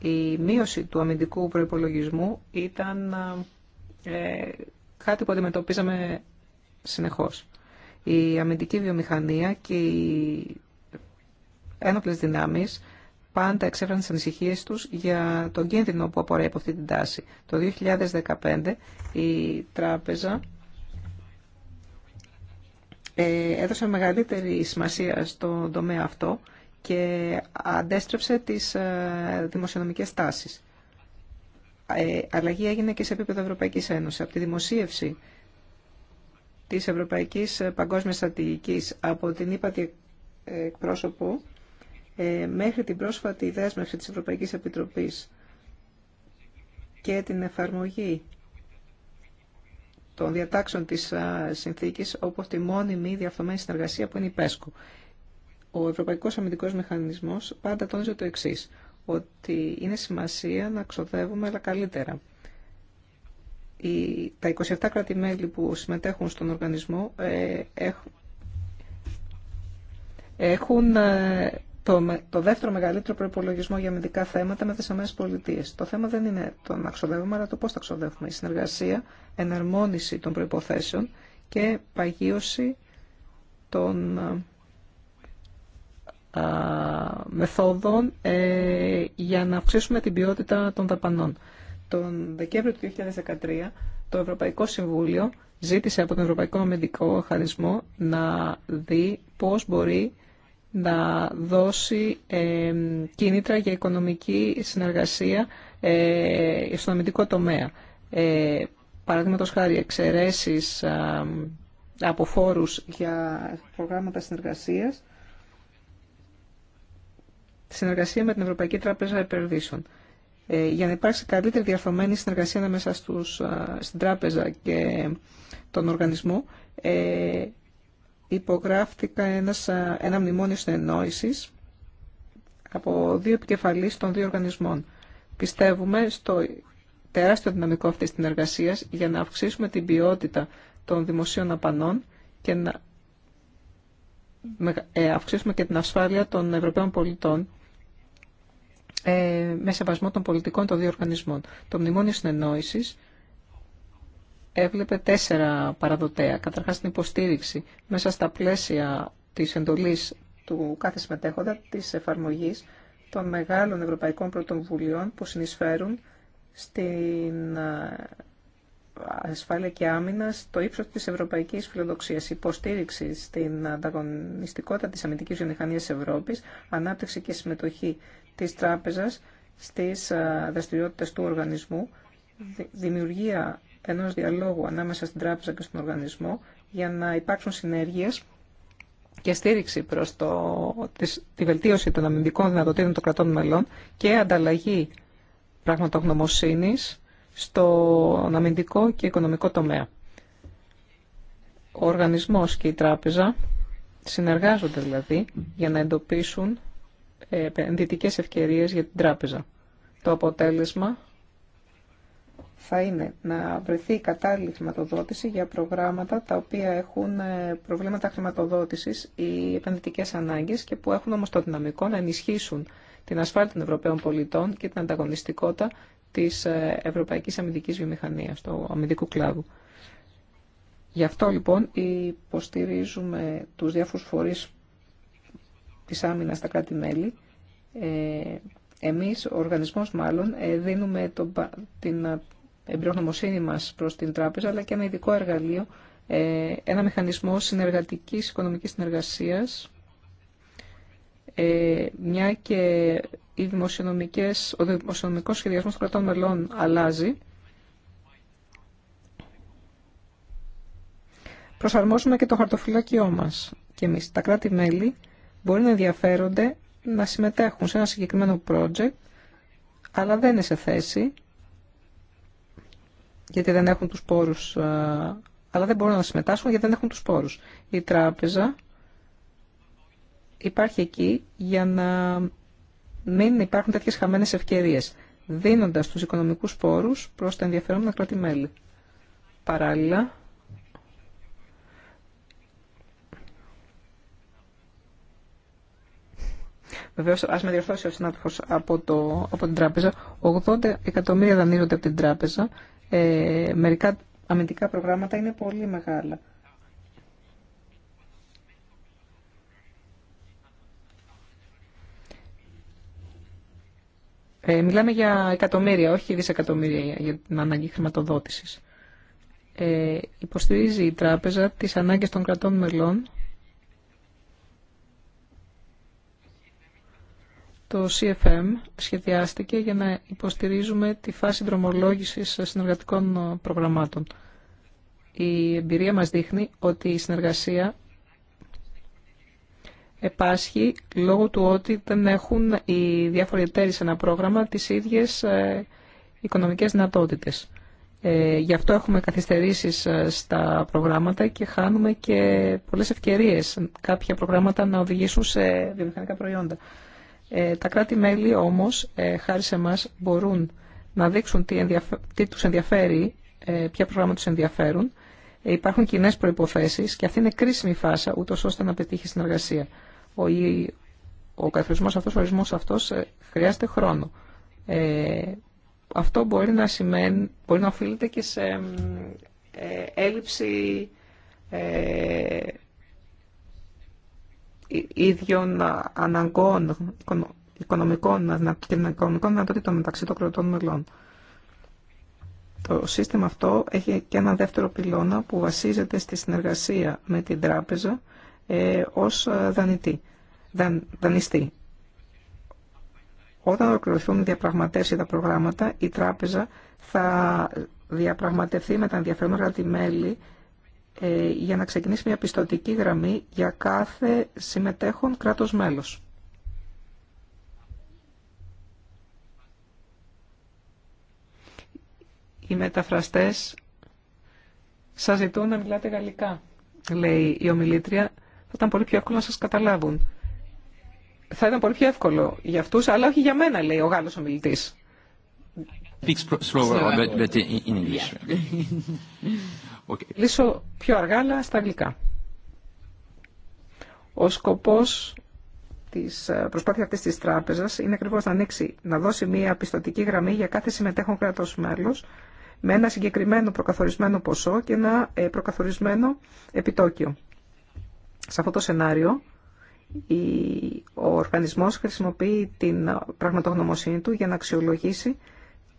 η μείωση του αμυντικού προπολογισμού ήταν κάτι που αντιμετωπίζαμε συνεχώς η αμυντική βιομηχανία και οι ένοπλες δυνάμεις πάντα εξέφραν τις ανησυχίες τους για τον κίνδυνο που απορρέει από αυτή την τάση. Το 2015 η τράπεζα ε, έδωσε μεγαλύτερη σημασία στον τομέα αυτό και αντέστρεψε τις ε, δημοσιονομικές τάσεις. Ε, αλλαγή έγινε και σε επίπεδο Ευρωπαϊκής Ένωσης. Από τη δημοσίευση της Ευρωπαϊκής Παγκόσμιας Στρατηγικής από την ύπατη εκπρόσωπο ε, μέχρι την πρόσφατη δέσμευση της Ευρωπαϊκής Επιτροπής και την εφαρμογή των διατάξεων της συνθήκης όπως τη μόνιμη διαφθομένη συνεργασία που είναι η ΠΕΣΚΟ. Ο Ευρωπαϊκός Αμυντικός Μηχανισμός πάντα τόνιζε το εξής, ότι είναι σημασία να ξοδεύουμε αλλά καλύτερα οι, τα 27 κράτη-μέλη που συμμετέχουν στον οργανισμό ε, έχουν, ε, το, το, δεύτερο μεγαλύτερο προπολογισμό για αμυντικά θέματα με τι ΗΠΑ. Το θέμα δεν είναι το να ξοδεύουμε, αλλά το πώ θα ξοδεύουμε. Η συνεργασία, εναρμόνιση των προποθέσεων και παγίωση των ε, α, μεθόδων ε, για να αυξήσουμε την ποιότητα των δαπανών. Τον Δεκέμβριο του 2013 το Ευρωπαϊκό Συμβούλιο ζήτησε από τον Ευρωπαϊκό Αμυντικό Χαρισμό να δει πώς μπορεί να δώσει κίνητρα για οικονομική συνεργασία ε, στον αμυντικό τομέα. Ε, Παραδείγματος χάρη εξαιρέσεις ε, από φόρους για προγράμματα συνεργασίας, συνεργασία με την Ευρωπαϊκή Τράπεζα Επερδίσεων. Ε, για να υπάρξει καλύτερη διαρθρωμένη συνεργασία ανάμεσα στους, στην τράπεζα και τον οργανισμό, ε, υπογράφτηκα ένας, ένα μνημόνιο συνεννόησης από δύο επικεφαλείς των δύο οργανισμών. Πιστεύουμε στο τεράστιο δυναμικό αυτής της συνεργασίας για να αυξήσουμε την ποιότητα των δημοσίων απανών και να ε, αυξήσουμε και την ασφάλεια των Ευρωπαίων πολιτών ε, με σεβασμό των πολιτικών των δύο οργανισμών. Το Μνημόνιο Συνεννόησης έβλεπε τέσσερα παραδοτέα. Καταρχάς την υποστήριξη μέσα στα πλαίσια της εντολής του κάθε συμμετέχοντα, της εφαρμογής των μεγάλων ευρωπαϊκών πρωτοβουλειών που συνεισφέρουν στην ε, ασφάλεια και άμυνα στο ύψος της ευρωπαϊκής φιλοδοξίας, υποστήριξη στην ανταγωνιστικότητα της αμυντικής βιομηχανίας Ευρώπης, ανάπτυξη και συμμετοχή της τράπεζας στις ε, δραστηριότητες του οργανισμού, δημιουργία ενός διαλόγου ανάμεσα στην τράπεζα και στον οργανισμό για να υπάρξουν συνέργειες και στήριξη προς το, τη βελτίωση των αμυντικών δυνατοτήτων των κρατών μελών και ανταλλαγή πραγματογνωμοσύνης στο αμυντικό και οικονομικό τομέα. Ο οργανισμός και η τράπεζα συνεργάζονται δηλαδή για να εντοπίσουν ε, επενδυτικές ευκαιρίε για την τράπεζα. Το αποτέλεσμα θα είναι να βρεθεί κατάλληλη χρηματοδότηση για προγράμματα τα οποία έχουν ε, προβλήματα χρηματοδότησης ή επενδυτικές ανάγκες και που έχουν όμως το δυναμικό να ενισχύσουν την ασφάλεια των Ευρωπαίων πολιτών και την ανταγωνιστικότητα της ε, Ευρωπαϊκής Αμυντικής Βιομηχανίας, του αμυντικού κλάδου. Γι' αυτό λοιπόν υποστηρίζουμε τους διάφορους φορείς της άμυνας στα κράτη-μέλη, ε, εμείς, ο οργανισμός μάλλον, ε, δίνουμε το, την ε, εμπειρογνωμοσύνη μας προς την τράπεζα, αλλά και ένα ειδικό εργαλείο, ε, ένα μηχανισμό συνεργατικής οικονομικής συνεργασίας, μια και οι δημοσιονομικές, ο δημοσιονομικός σχεδιασμός των κρατών μελών αλλάζει, προσαρμόζουμε και το χαρτοφυλάκιό μας. Και εμείς, τα κράτη-μέλη, μπορεί να ενδιαφέρονται να συμμετέχουν σε ένα συγκεκριμένο project, αλλά δεν είναι σε θέση, γιατί δεν έχουν τους πόρους, ε, αλλά δεν μπορούν να συμμετάσχουν γιατί δεν έχουν τους πόρους. Η τράπεζα υπάρχει εκεί για να μην υπάρχουν τέτοιες χαμένες ευκαιρίες, δίνοντας τους οικονομικούς πόρους προς τα ενδιαφερόμενα κράτη-μέλη. Παράλληλα, Βεβαίω, α με διορθώσει ο συνάδελφο από, από την τράπεζα. 80 εκατομμύρια δανείζονται από την τράπεζα. Ε, μερικά αμυντικά προγράμματα είναι πολύ μεγάλα. Ε, μιλάμε για εκατομμύρια, όχι δισεκατομμύρια για την ανάγκη χρηματοδότησης. Ε, υποστηρίζει η τράπεζα τις ανάγκες των κρατών μελών Το CFM σχεδιάστηκε για να υποστηρίζουμε τη φάση δρομολόγησης συνεργατικών προγραμμάτων. Η εμπειρία μας δείχνει ότι η συνεργασία επάσχει λόγω του ότι δεν έχουν οι διάφοροι εταίροι σε ένα πρόγραμμα τις ίδιες ε, οικονομικές δυνατότητες. Ε, γι' αυτό έχουμε καθυστερήσεις ε, στα προγράμματα και χάνουμε και πολλές ευκαιρίες κάποια προγράμματα να οδηγήσουν σε βιομηχανικά προϊόντα. Ε, τα κράτη-μέλη όμως, ε, χάρη σε εμάς, μπορούν να δείξουν τι, ενδιαφε... τους ενδιαφέρει, ε, ποια προγράμματα τους ενδιαφέρουν. υπάρχουν κοινέ προϋποθέσεις και αυτή είναι κρίσιμη φάση, ούτως ώστε να πετύχει συνεργασία. Ο, ο καθορισμός αυτός, ο ορισμός αυτός χρειάζεται χρόνο. αυτό μπορεί να, σημαίνει, μπορεί να οφείλεται και σε έλλειψη ίδιων αναγκών οικονομικών και οικονομικών δυνατοτήτων μεταξύ των κρατών μελών. Το σύστημα αυτό έχει και ένα δεύτερο πυλώνα που βασίζεται στη συνεργασία με την τράπεζα ε, ως ε, δανειτή, δανειστή. Όταν ολοκληρωθούν οι διαπραγματεύσεις τα προγράμματα, η τράπεζα θα διαπραγματευτεί με τα ενδιαφεροντα τη κράτη-μέλη ε, για να ξεκινήσει μια πιστοτική γραμμή για κάθε συμμετέχον κράτος μέλος. Οι μεταφραστές σας ζητούν να μιλάτε γαλλικά, λέει η ομιλήτρια. Θα ήταν πολύ πιο εύκολο να σας καταλάβουν. Θα ήταν πολύ πιο εύκολο για αυτούς, αλλά όχι για μένα, λέει ο Γάλλος ομιλητής. (laughs) Okay. Λύσω πιο αργά, αλλά στα αγγλικά. Ο σκοπός της ε, προσπάθειας αυτής της τράπεζας είναι ακριβώς να, ανοίξει, να δώσει μια πιστοτική γραμμή για κάθε συμμετέχον κράτος μέλος με ένα συγκεκριμένο προκαθορισμένο ποσό και ένα ε, προκαθορισμένο επιτόκιο. Σε αυτό το σενάριο, ο οργανισμός χρησιμοποιεί την ε, πραγματογνωμοσύνη του για να αξιολογήσει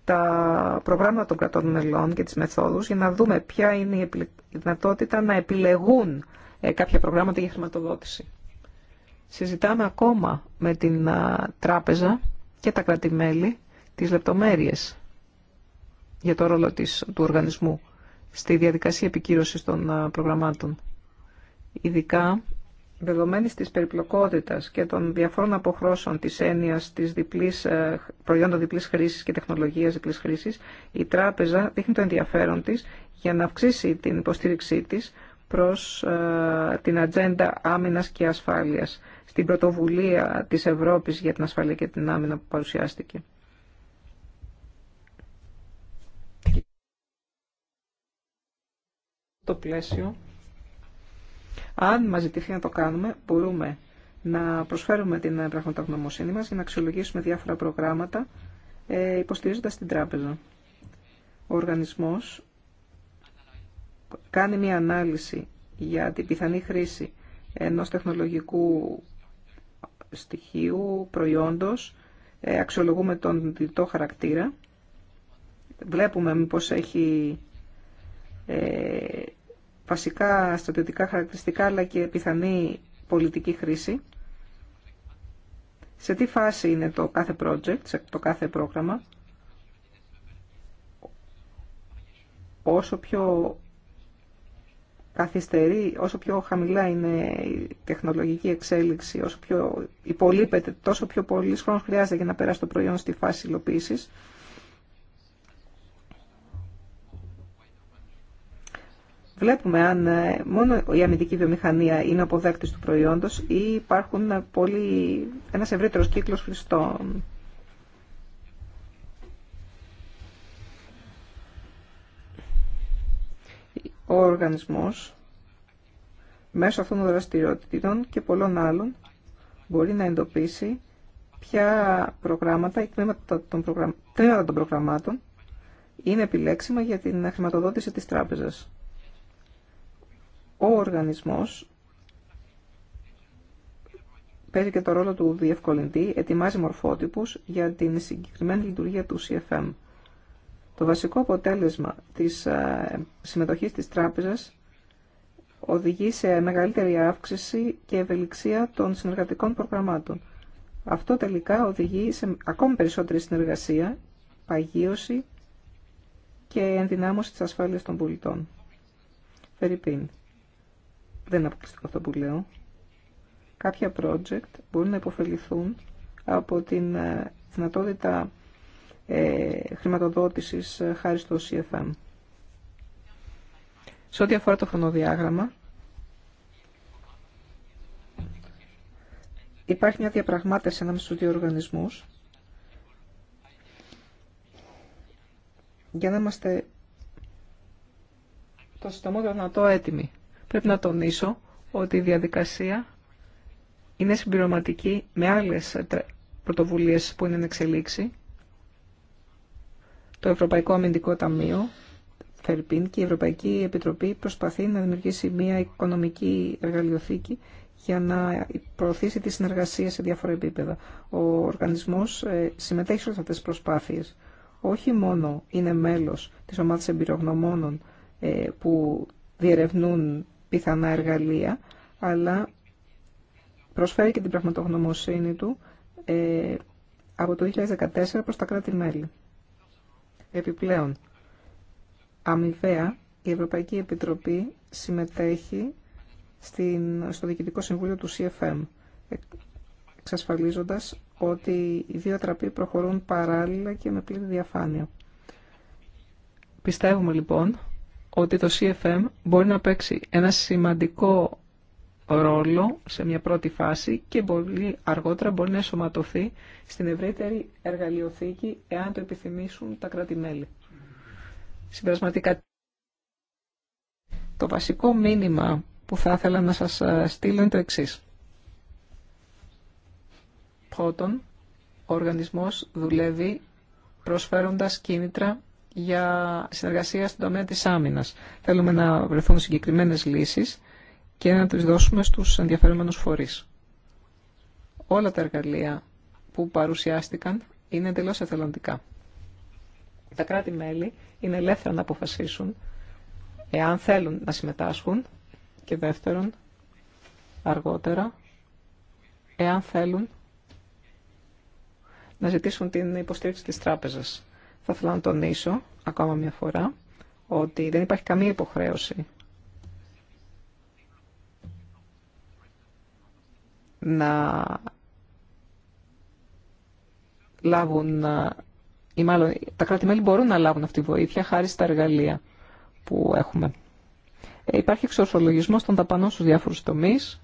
τα προγράμματα των κρατών μελών και τις μεθόδους για να δούμε ποια είναι η δυνατότητα να επιλεγούν ε, κάποια προγράμματα για χρηματοδότηση. Συζητάμε ακόμα με την τράπεζα και τα κρατημέλη τις λεπτομέρειες για το ρόλο της, του οργανισμού στη διαδικασία επικύρωσης των προγραμμάτων. Ειδικά δεδομένη της περιπλοκότητας και των διαφόρων αποχρώσεων της έννοιας της διπλής, ε, προϊόντων διπλής χρήσης και τεχνολογίας διπλής χρήσης, η τράπεζα δείχνει το ενδιαφέρον της για να αυξήσει την υποστήριξή της προς ε, την ατζέντα άμυνας και ασφάλειας στην πρωτοβουλία της Ευρώπης για την ασφάλεια και την άμυνα που παρουσιάστηκε. Το πλαίσιο αν μα ζητηθεί να το κάνουμε, μπορούμε να προσφέρουμε την πραγματογνωμοσύνη μα για να αξιολογήσουμε διάφορα προγράμματα ε, υποστηρίζοντας την τράπεζα. Ο οργανισμός κάνει μια ανάλυση για την πιθανή χρήση ενός τεχνολογικού στοιχείου, προϊόντος, ε, αξιολογούμε τον διτό χαρακτήρα, βλέπουμε μήπως έχει ε, βασικά στρατιωτικά χαρακτηριστικά αλλά και πιθανή πολιτική χρήση. Σε τι φάση είναι το κάθε project, το κάθε πρόγραμμα. Όσο πιο καθυστερεί, όσο πιο χαμηλά είναι η τεχνολογική εξέλιξη, όσο πιο υπολείπεται, τόσο πιο πολύς χρόνο χρειάζεται για να περάσει το προϊόν στη φάση υλοποίησης. Βλέπουμε αν ε, μόνο η αμυντική βιομηχανία είναι αποδέκτης του προϊόντος ή υπάρχουν πολύ, ένας ευρύτερος κύκλος χρηστών. Ο οργανισμός μέσω αυτών των δραστηριοτήτων και πολλών άλλων μπορεί να εντοπίσει ποια προγράμματα ή τμήματα των, τμήματα των προγραμμάτων είναι επιλέξιμα για την χρηματοδότηση της τράπεζας ο οργανισμός παίζει και το ρόλο του διευκολυντή, ετοιμάζει μορφότυπους για την συγκεκριμένη λειτουργία του CFM. Το βασικό αποτέλεσμα της ε, συμμετοχής της τράπεζας οδηγεί σε μεγαλύτερη αύξηση και ευελιξία των συνεργατικών προγραμμάτων. Αυτό τελικά οδηγεί σε ακόμη περισσότερη συνεργασία, παγίωση και ενδυνάμωση της ασφάλειας των πολιτών. Φερρυπίν δεν είναι αποκλειστικό αυτό που λέω, κάποια project μπορούν να υποφεληθούν από την ε, δυνατότητα ε, χρηματοδότησης ε, χάρη στο CFM. Σε ό,τι αφορά το χρονοδιάγραμμα, υπάρχει μια διαπραγμάτευση ανάμεσα στους δύο οργανισμούς για να είμαστε το συντομότερο δυνατό έτοιμοι. Πρέπει να τονίσω ότι η διαδικασία είναι συμπληρωματική με άλλες πρωτοβουλίες που είναι εξελίξει, εξελίξη. Το Ευρωπαϊκό Αμυντικό Ταμείο, Φερπίν, και η Ευρωπαϊκή Επιτροπή προσπαθεί να δημιουργήσει μια οικονομική εργαλειοθήκη για να προωθήσει τη συνεργασία σε διάφορα επίπεδα. Ο οργανισμός ε, συμμετέχει σε αυτές τις προσπάθειες. Όχι μόνο είναι μέλος της ομάδας εμπειρογνωμόνων ε, που διερευνούν πιθανά εργαλεία, αλλά προσφέρει και την πραγματογνωμοσύνη του ε, από το 2014 προς τα κράτη-μέλη. Επιπλέον, αμοιβαία, η Ευρωπαϊκή Επιτροπή συμμετέχει στην, στο Διοικητικό Συμβούλιο του CFM, ε, εξασφαλίζοντας ότι οι δύο τραπεί προχωρούν παράλληλα και με πλήρη διαφάνεια. Πιστεύουμε λοιπόν ότι το CFM μπορεί να παίξει ένα σημαντικό ρόλο σε μια πρώτη φάση και πολύ αργότερα μπορεί να εσωματωθεί στην ευρύτερη εργαλειοθήκη εάν το επιθυμήσουν τα κράτη-μέλη. Συμπερασματικά, το βασικό μήνυμα που θα ήθελα να σας ε, στείλω είναι το εξής. Πρώτον, ο οργανισμός δουλεύει προσφέροντας κίνητρα για συνεργασία στον τομέα της άμυνας. Θέλουμε να βρεθούν συγκεκριμένες λύσεις και να τις δώσουμε στους ενδιαφερόμενους φορείς. Όλα τα εργαλεία που παρουσιάστηκαν είναι εντελώς εθελοντικά. Τα κράτη-μέλη είναι ελεύθερα να αποφασίσουν εάν θέλουν να συμμετάσχουν και δεύτερον, αργότερα, εάν θέλουν να ζητήσουν την υποστήριξη της τράπεζας. Θα ήθελα να τονίσω ακόμα μια φορά ότι δεν υπάρχει καμία υποχρέωση να λάβουν, ή μάλλον τα κράτη-μέλη μπορούν να λάβουν αυτή τη βοήθεια χάρη στα εργαλεία που έχουμε. Ε, υπάρχει εξορθολογισμός των ταπανών στους διάφορους τομείς,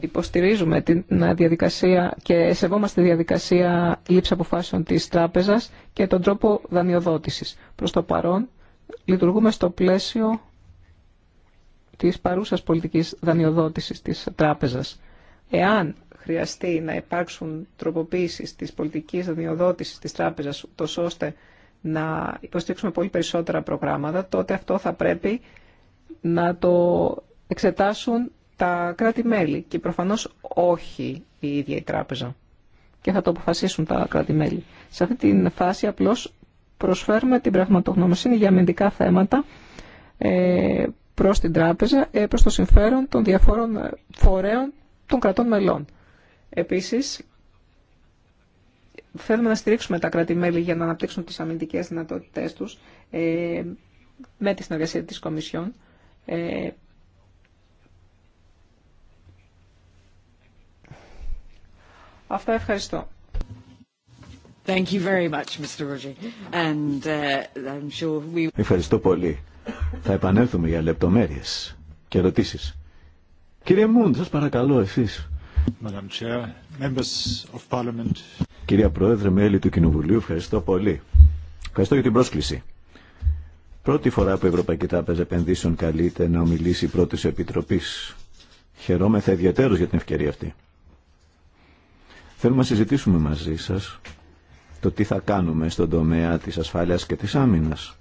Υποστηρίζουμε την διαδικασία και σεβόμαστε τη διαδικασία λήψη αποφάσεων της τράπεζας και τον τρόπο δανειοδότησης. Προς το παρόν λειτουργούμε στο πλαίσιο της παρούσας πολιτικής δανειοδότησης της τράπεζας. Εάν χρειαστεί να υπάρξουν τροποποίησεις της πολιτικής δανειοδότησης της τράπεζας, τόσο ώστε να υποστήριξουμε πολύ περισσότερα προγράμματα, τότε αυτό θα πρέπει να το εξετάσουν τα κράτη-μέλη και προφανώς όχι η ίδια η τράπεζα και θα το αποφασίσουν τα κράτη-μέλη. Σε αυτή την φάση απλώς προσφέρουμε την πραγματογνωμοσύνη για αμυντικά θέματα ε, προς την τράπεζα, ε, προς το συμφέρον των διαφόρων φορέων των κρατών μελών. Επίσης, θέλουμε να στηρίξουμε τα κράτη-μέλη για να αναπτύξουν τις αμυντικές δυνατότητές τους ε, με τη συνεργασία της Κομισιόν Αυτά ευχαριστώ. Ευχαριστώ πολύ. Θα επανέλθουμε για λεπτομέρειες και ερωτήσεις. Κύριε Μούντ, σας παρακαλώ εσείς. Madam Chair, members of Parliament. Κυρία Πρόεδρε, μέλη του Κοινοβουλίου, ευχαριστώ πολύ. Ευχαριστώ για την πρόσκληση. Πρώτη φορά που η Ευρωπαϊκή Τράπεζα Επενδύσεων καλείται να ομιλήσει πρώτη επιτροπή. Χαιρόμεθα ιδιαίτερω για την ευκαιρία αυτή. Θέλουμε να συζητήσουμε μαζί σας το τι θα κάνουμε στον τομέα της ασφάλειας και της άμυνας,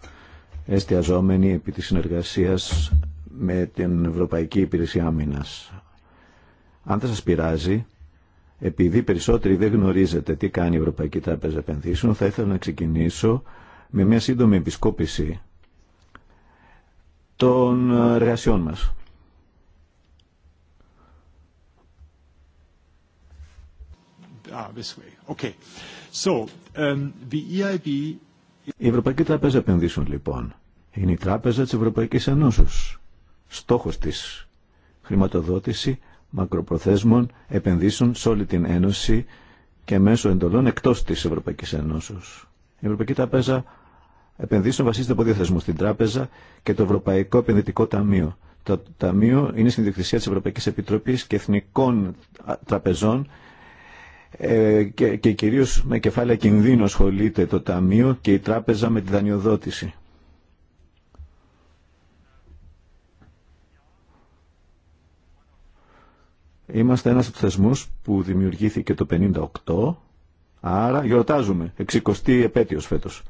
εστιαζόμενοι επί της συνεργασίας με την Ευρωπαϊκή Υπηρεσία Άμυνας. Αν δεν σας πειράζει, επειδή περισσότεροι δεν γνωρίζετε τι κάνει η Ευρωπαϊκή Τράπεζα Επενδύσεων, θα ήθελα να ξεκινήσω με μια σύντομη επισκόπηση των εργασιών μας. Ah, um, e η Ευρωπαϊκή Τράπεζα Επενδύσεων, λοιπόν, είναι η Τράπεζα της Ευρωπαϊκής Ενώσεως. Στόχος της χρηματοδότηση μακροπροθέσμων επενδύσεων σε όλη την Ένωση και μέσω εντολών εκτός της Ευρωπαϊκής Ενώσεως. Η Ευρωπαϊκή Τράπεζα Επενδύσεων βασίζεται από δύο θεσμού, την Τράπεζα και το Ευρωπαϊκό Επενδυτικό Ταμείο. Το Ταμείο είναι στην διοκτησία τη Ευρωπαϊκή Επιτροπή και Εθνικών Τραπεζών ε, και, και κυρίως με κεφάλαια κινδύνου ασχολείται το Ταμείο και η Τράπεζα με τη δανειοδότηση. Είμαστε ένας από που δημιουργήθηκε το 58, άρα γιορτάζουμε, 60η επέτειος φέτος.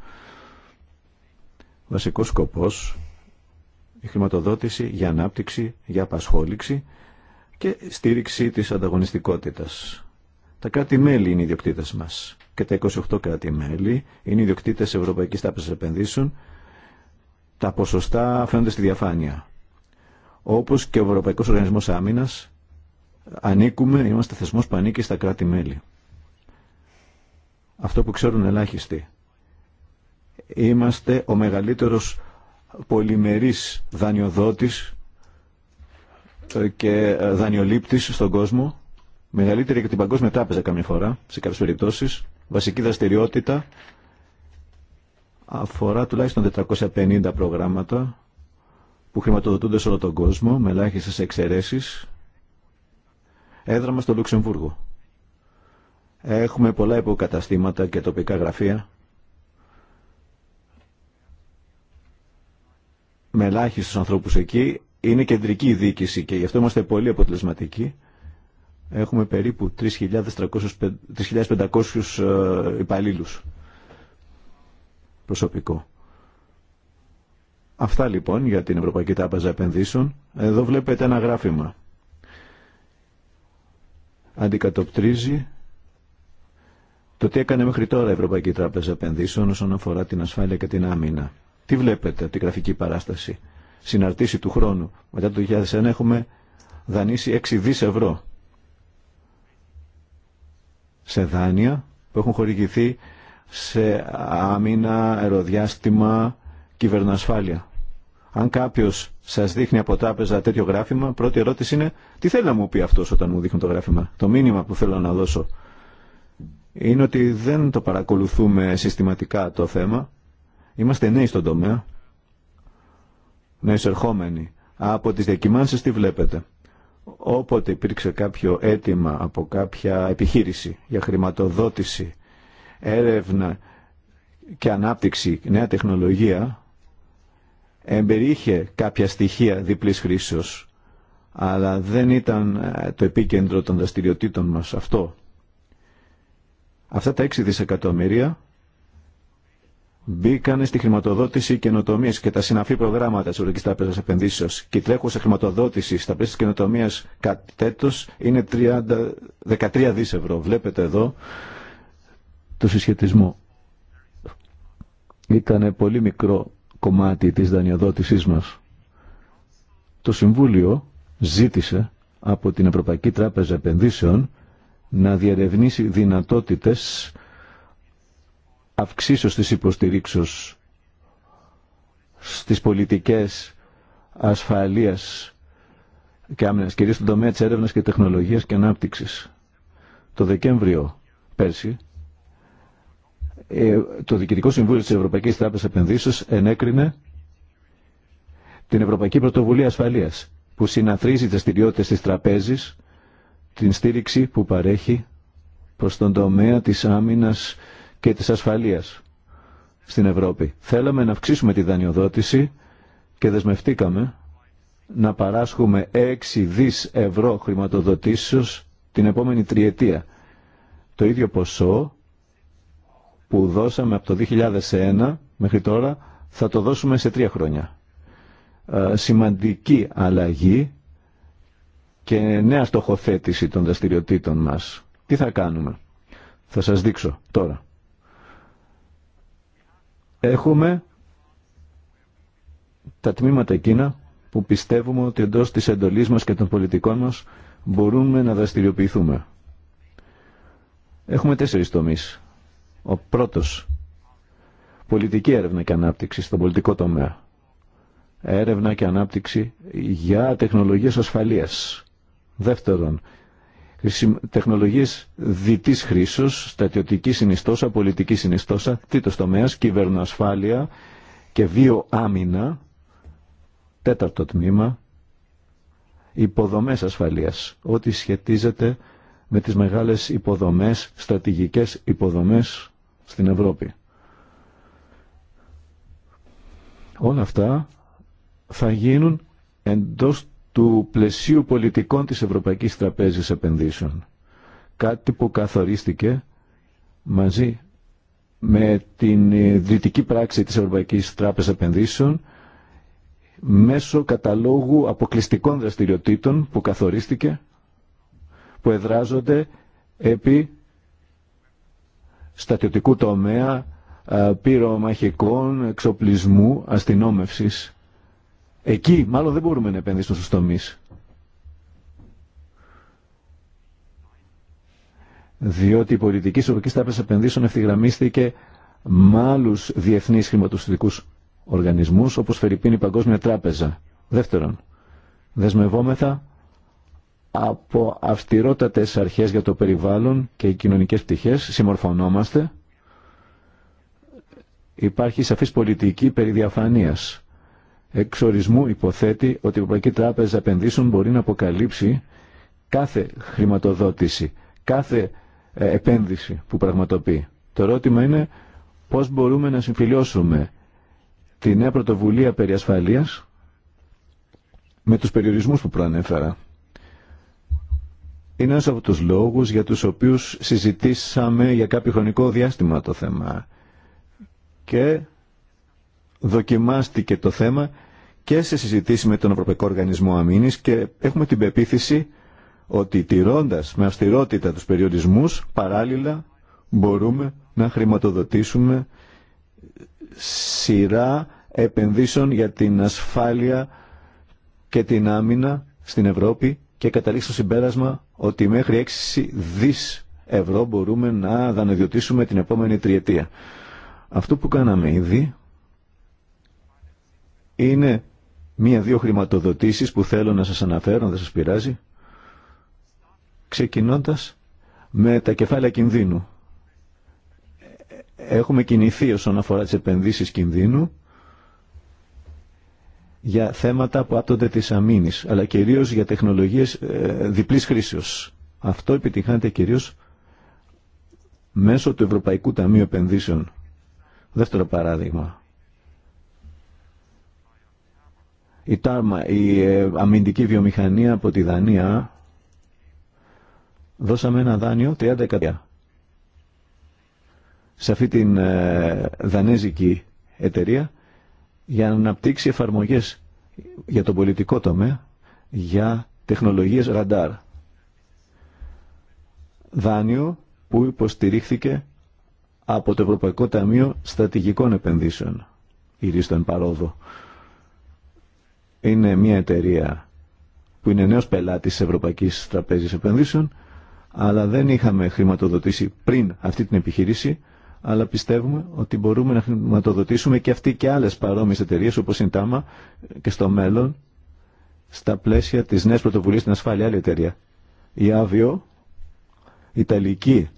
Βασικός σκοπός, χρηματοδότηση για ανάπτυξη, για απασχόληξη και στήριξη της ανταγωνιστικότητας τα κράτη-μέλη είναι οι ιδιοκτήτε μα. Και τα 28 κράτη-μέλη είναι οι ιδιοκτήτε Ευρωπαϊκή Τράπεζα Επενδύσεων. Τα ποσοστά φαίνονται στη διαφάνεια. Όπω και ο Ευρωπαϊκό Οργανισμό Άμυνα, ανήκουμε, είμαστε θεσμό που ανήκει στα κράτη-μέλη. Αυτό που ξέρουν ελάχιστοι. Είμαστε ο μεγαλύτερος πολυμερής δανειοδότη και δανειολήπτης στον κόσμο μεγαλύτερη και την Παγκόσμια Τράπεζα καμιά φορά, σε κάποιες περιπτώσεις. Βασική δραστηριότητα αφορά τουλάχιστον 450 προγράμματα που χρηματοδοτούνται σε όλο τον κόσμο, με ελάχιστε εξαιρέσει. Έδραμα στο Λουξεμβούργο. Έχουμε πολλά υποκαταστήματα και τοπικά γραφεία. Με ελάχιστου ανθρώπου εκεί. Είναι κεντρική η διοίκηση και γι' αυτό είμαστε πολύ αποτελεσματικοί έχουμε περίπου 3.500 ε, υπαλλήλους προσωπικό. Αυτά λοιπόν για την Ευρωπαϊκή Τράπεζα Επενδύσεων. Εδώ βλέπετε ένα γράφημα. Αντικατοπτρίζει το τι έκανε μέχρι τώρα η Ευρωπαϊκή Τράπεζα Επενδύσεων όσον αφορά την ασφάλεια και την άμυνα. Τι βλέπετε από την γραφική παράσταση. Συναρτήση του χρόνου. Μετά το 2001 έχουμε δανείσει 6 δις ευρώ σε δάνεια που έχουν χορηγηθεί σε άμυνα, αεροδιάστημα, κυβερνασφάλεια. Αν κάποιο σα δείχνει από τράπεζα τέτοιο γράφημα, πρώτη ερώτηση είναι τι θέλει να μου πει αυτό όταν μου δείχνει το γράφημα. Το μήνυμα που θέλω να δώσω είναι ότι δεν το παρακολουθούμε συστηματικά το θέμα. Είμαστε νέοι στον τομέα, νέοι εισερχόμενοι. Από τις διακυμάνσεις τι βλέπετε όποτε υπήρξε κάποιο αίτημα από κάποια επιχείρηση για χρηματοδότηση, έρευνα και ανάπτυξη νέα τεχνολογία, εμπεριείχε κάποια στοιχεία διπλής χρήσεως, αλλά δεν ήταν ε, το επίκεντρο των δραστηριοτήτων μας αυτό. Αυτά τα 6 δισεκατομμύρια μπήκαν στη χρηματοδότηση καινοτομία και τα συναφή προγράμματα τη Ευρωπαϊκή Τράπεζα Επενδύσεω. Και η τρέχουσα χρηματοδότηση στα πλαίσια τη καινοτομία κατ' είναι 30, 13 δι ευρώ. Βλέπετε εδώ το συσχετισμό. Ήταν πολύ μικρό κομμάτι τη δανειοδότησή μα. Το Συμβούλιο ζήτησε από την Ευρωπαϊκή Τράπεζα Επενδύσεων να διερευνήσει δυνατότητες αυξήσεως της υποστηρίξεως στις πολιτικές ασφαλείας και άμυνας, κυρίως στον τομέα της έρευνας και τεχνολογίας και ανάπτυξης. Το Δεκέμβριο πέρσι, ε, το Διοικητικό Συμβούλιο της Ευρωπαϊκής Τράπεζας Επενδύσεως ενέκρινε την Ευρωπαϊκή Πρωτοβουλία Ασφαλείας, που συναθρίζει τις δραστηριότητε της τραπέζης, την στήριξη που παρέχει προς τον τομέα της άμυνας και της ασφαλείας στην Ευρώπη. Θέλαμε να αυξήσουμε τη δανειοδότηση και δεσμευτήκαμε να παράσχουμε 6 δις ευρώ χρηματοδοτήσεως την επόμενη τριετία. Το ίδιο ποσό που δώσαμε από το 2001 μέχρι τώρα θα το δώσουμε σε τρία χρόνια. Ε, σημαντική αλλαγή και νέα στοχοθέτηση των δραστηριοτήτων μας. Τι θα κάνουμε. Θα σας δείξω τώρα. Έχουμε τα τμήματα εκείνα που πιστεύουμε ότι εντός της εντολής μας και των πολιτικών μας μπορούμε να δραστηριοποιηθούμε. Έχουμε τέσσερις τομείς. Ο πρώτος, πολιτική έρευνα και ανάπτυξη στον πολιτικό τομέα. Έρευνα και ανάπτυξη για τεχνολογίες ασφαλείας. Δεύτερον, τεχνολογίες διτής χρήσεως, στατιωτική συνιστόσα, πολιτική συνιστόσα, τρίτος τομέας, κυβερνοασφάλεια και βιοάμυνα, τέταρτο τμήμα, υποδομές ασφαλείας, ό,τι σχετίζεται με τις μεγάλες υποδομές, στρατηγικές υποδομές στην Ευρώπη. Όλα αυτά θα γίνουν εντός του πλαισίου πολιτικών της Ευρωπαϊκής Τραπέζης Επενδύσεων. Κάτι που καθορίστηκε μαζί με την δυτική πράξη της Ευρωπαϊκής Τράπεζας Επενδύσεων μέσω καταλόγου αποκλειστικών δραστηριοτήτων που καθορίστηκε που εδράζονται επί στατιωτικού τομέα πυρομαχικών εξοπλισμού αστυνόμευσης Εκεί μάλλον δεν μπορούμε να επενδύσουμε στους τομείς. Διότι η πολιτική Ευρωπαϊκής Τράπεζας Επενδύσεων ευθυγραμμίστηκε με άλλου διεθνείς χρηματοστηρικούς οργανισμούς όπως Φερρυπίνη Παγκόσμια Τράπεζα. Δεύτερον, δεσμευόμεθα από αυστηρότατες αρχές για το περιβάλλον και οι κοινωνικές πτυχές συμμορφωνόμαστε. Υπάρχει σαφής πολιτική περί εξορισμού υποθέτει ότι η Ευρωπαϊκή Τράπεζα Επενδύσεων μπορεί να αποκαλύψει κάθε χρηματοδότηση, κάθε ε, επένδυση που πραγματοποιεί. Το ερώτημα είναι πώς μπορούμε να συμφιλιώσουμε τη νέα πρωτοβουλία περί ασφαλείας με τους περιορισμούς που προανέφερα. Είναι ένας από τους λόγους για τους οποίους συζητήσαμε για κάποιο χρονικό διάστημα το θέμα και δοκιμάστηκε το θέμα και σε συζητήσει με τον Ευρωπαϊκό Οργανισμό Αμήνης και έχουμε την πεποίθηση ότι τηρώντας με αυστηρότητα τους περιορισμούς παράλληλα μπορούμε να χρηματοδοτήσουμε σειρά επενδύσεων για την ασφάλεια και την άμυνα στην Ευρώπη και καταλήξει στο συμπέρασμα ότι μέχρι 6 δις ευρώ μπορούμε να δανειοδοτήσουμε την επόμενη τριετία. Αυτό που κάναμε ήδη είναι μία-δύο χρηματοδοτήσεις που θέλω να σας αναφέρω, δεν σας πειράζει, ξεκινώντας με τα κεφάλαια κινδύνου. Έχουμε κινηθεί όσον αφορά τις επενδύσεις κινδύνου για θέματα που άπτονται της αμήνης, αλλά κυρίως για τεχνολογίες ε, διπλής χρήσεως. Αυτό επιτυχάνεται κυρίως μέσω του Ευρωπαϊκού Ταμείου Επενδύσεων. Δεύτερο παράδειγμα. Η Τάρμα, η ε, αμυντική βιομηχανία από τη Δανία, δώσαμε ένα δάνειο 30 εκατομμύρια. Σε αυτή την ε, δανέζικη εταιρεία για να αναπτύξει εφαρμογές για τον πολιτικό τομέα, για τεχνολογίες ραντάρ. Δάνειο που υποστηρίχθηκε από το Ευρωπαϊκό Ταμείο Στρατηγικών Επενδύσεων, ή Ρίστον παρόδο είναι μια εταιρεία που είναι νέος πελάτης της Ευρωπαϊκής Τραπέζης Επενδύσεων, αλλά δεν είχαμε χρηματοδοτήσει πριν αυτή την επιχείρηση, αλλά πιστεύουμε ότι μπορούμε να χρηματοδοτήσουμε και αυτή και άλλες παρόμοιες εταιρείες όπως η ΤΑΜΑ και στο μέλλον στα πλαίσια της νέας πρωτοβουλίας στην ασφάλεια άλλη εταιρεία. Η Άβιο, Ιταλική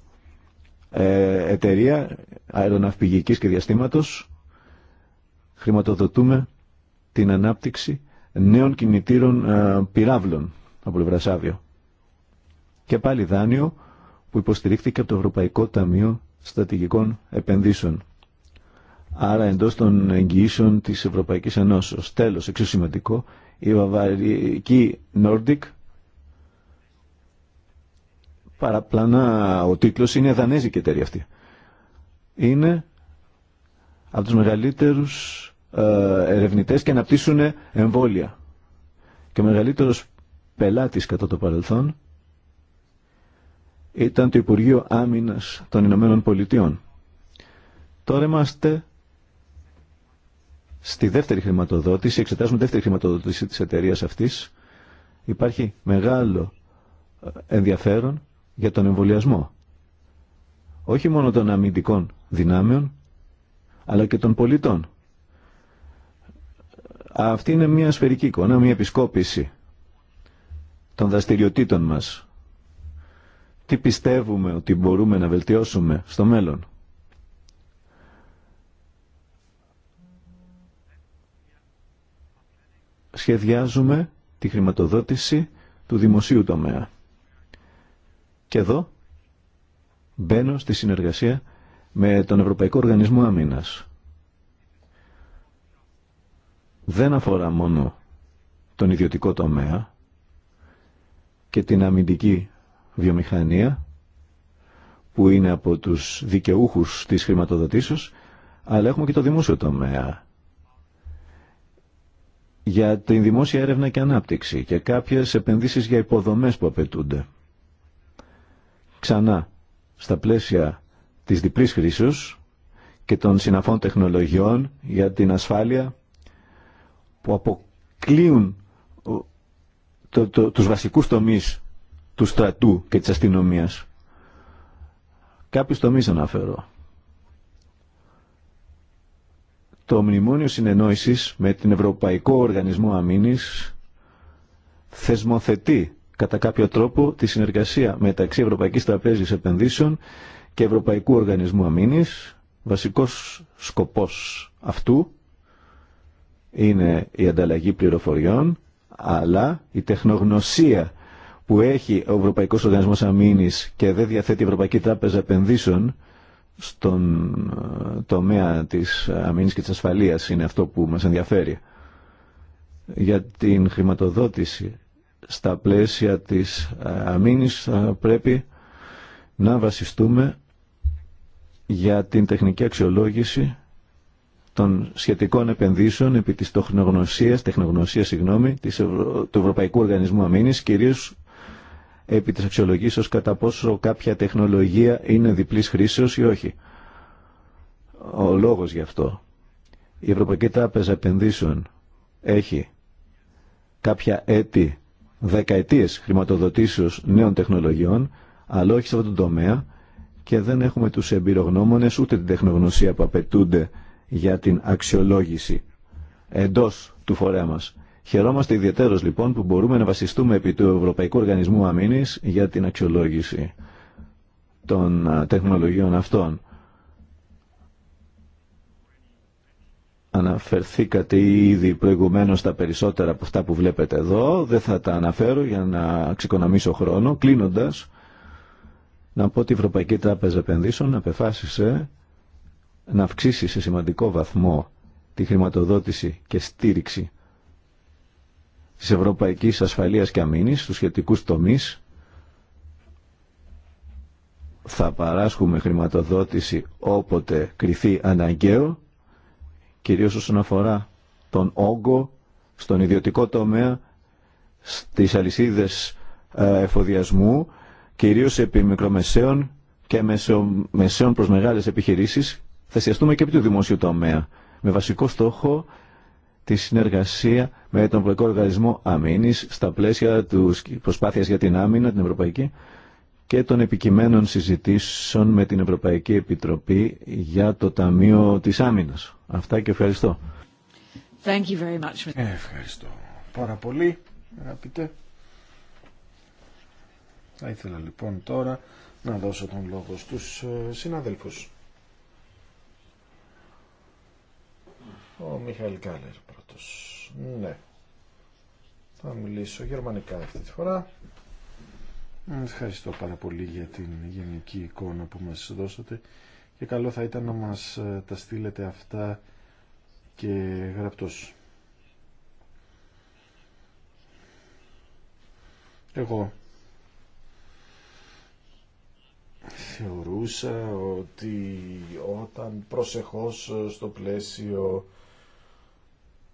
ε, εταιρεία αεροναυπηγικής και διαστήματος, χρηματοδοτούμε την ανάπτυξη νέων κινητήρων ε, πυράβλων από το Βρασάβιο. Και πάλι δάνειο που υποστηρίχθηκε από το Ευρωπαϊκό Ταμείο Στρατηγικών Επενδύσεων. Άρα εντό των εγγυήσεων τη Ευρωπαϊκή Ενώσεω. Τέλο, εξίσου η βαβαρική Nordic. Παραπλανά ο τίτλος είναι δανέζικη εταιρεία αυτή. Είναι από τους μεγαλύτερους ε, ερευνητές και αναπτύσσουν εμβόλια. Και ο μεγαλύτερος πελάτης κατά το παρελθόν ήταν το Υπουργείο Άμυνας των Ηνωμένων Πολιτειών. Τώρα είμαστε στη δεύτερη χρηματοδότηση, εξετάζουμε δεύτερη χρηματοδότηση της εταιρεία αυτής. Υπάρχει μεγάλο ε, ενδιαφέρον για τον εμβολιασμό. Όχι μόνο των αμυντικών δυνάμεων, αλλά και των πολιτών. Αυτή είναι μια σφαιρική εικόνα, μια επισκόπηση των δραστηριοτήτων μας. Τι πιστεύουμε ότι μπορούμε να βελτιώσουμε στο μέλλον. Σχεδιάζουμε τη χρηματοδότηση του δημοσίου τομέα. Και εδώ μπαίνω στη συνεργασία με τον Ευρωπαϊκό Οργανισμό Αμήνας δεν αφορά μόνο τον ιδιωτικό τομέα και την αμυντική βιομηχανία που είναι από τους δικαιούχους της χρηματοδοτήσεως αλλά έχουμε και το δημόσιο τομέα για την δημόσια έρευνα και ανάπτυξη και κάποιες επενδύσεις για υποδομές που απαιτούνται. Ξανά, στα πλαίσια της διπλής χρήσεως και των συναφών τεχνολογιών για την ασφάλεια που αποκλείουν το, τους βασικούς τομείς του στρατού και της αστυνομίας. Κάποιους τομείς αναφέρω. Το Μνημόνιο Συνεννόησης με την Ευρωπαϊκό Οργανισμό Αμήνης θεσμοθετεί κατά κάποιο τρόπο τη συνεργασία μεταξύ Ευρωπαϊκής Τραπέζης Επενδύσεων και Ευρωπαϊκού Οργανισμού Αμήνης. Βασικός σκοπός αυτού είναι η ανταλλαγή πληροφοριών, αλλά η τεχνογνωσία που έχει ο Ευρωπαϊκός Οργανισμός Αμήνης και δεν διαθέτει η Ευρωπαϊκή Τράπεζα Επενδύσεων στον ε, τομέα της αμήνης και της ασφαλείας είναι αυτό που μας ενδιαφέρει. Για την χρηματοδότηση στα πλαίσια της ε, αμήνης πρέπει να βασιστούμε για την τεχνική αξιολόγηση των σχετικών επενδύσεων επί της τεχνογνωσίας, τεχνογνωσίας συγγνώμη, της του Ευρωπαϊκού Οργανισμού Αμήνης, κυρίως επί της ως κατά πόσο κάποια τεχνολογία είναι διπλής χρήσεως ή όχι. Ο λόγος γι' αυτό. Η Ευρωπαϊκή Τράπεζα Επενδύσεων έχει κάποια έτη, δεκαετίες χρηματοδοτήσεως νέων τεχνολογιών, αλλά όχι σε αυτόν τον τομέα και δεν έχουμε τους εμπειρογνώμονες ούτε την τεχνογνωσία που απαιτούνται για την αξιολόγηση εντός του φορέα μας. Χαιρόμαστε ιδιαίτερω λοιπόν που μπορούμε να βασιστούμε επί του Ευρωπαϊκού Οργανισμού Αμήνης για την αξιολόγηση των τεχνολογιών αυτών. Αναφερθήκατε ήδη προηγουμένως στα περισσότερα από αυτά που βλέπετε εδώ. Δεν θα τα αναφέρω για να ξεκονομήσω χρόνο. Κλείνοντας, να πω ότι η Ευρωπαϊκή Τράπεζα Επενδύσεων απεφάσισε να αυξήσει σε σημαντικό βαθμό τη χρηματοδότηση και στήριξη της Ευρωπαϊκής Ασφαλείας και Αμήνης στους σχετικούς τομείς. Θα παράσχουμε χρηματοδότηση όποτε κριθεί αναγκαίο, κυρίως όσον αφορά τον όγκο στον ιδιωτικό τομέα, στις αλυσίδες ε, εφοδιασμού, κυρίως επί μικρομεσαίων και μεσαίων προς μεγάλες επιχειρήσεις θα και επί του δημόσιου τομέα, με βασικό στόχο τη συνεργασία με τον Ευρωπαϊκό Οργανισμό Αμήνη στα πλαίσια τη προσπάθεια για την άμυνα, την Ευρωπαϊκή, και των επικειμένων συζητήσεων με την Ευρωπαϊκή Επιτροπή για το Ταμείο τη Άμυνα. Αυτά και ευχαριστώ. Thank you very much. Ε, ευχαριστώ πάρα πολύ, αγαπητέ. Θα ήθελα λοιπόν τώρα να δώσω τον λόγο στους ε, συναδέλφους. Ο Μιχαήλ Κάλερ πρώτος. Ναι. Θα μιλήσω γερμανικά αυτή τη φορά. Ευχαριστώ πάρα πολύ για την γενική εικόνα που μας δώσατε και καλό θα ήταν να μας ε, τα στείλετε αυτά και γραπτός. Εγώ θεωρούσα ότι όταν προσεχώς στο πλαίσιο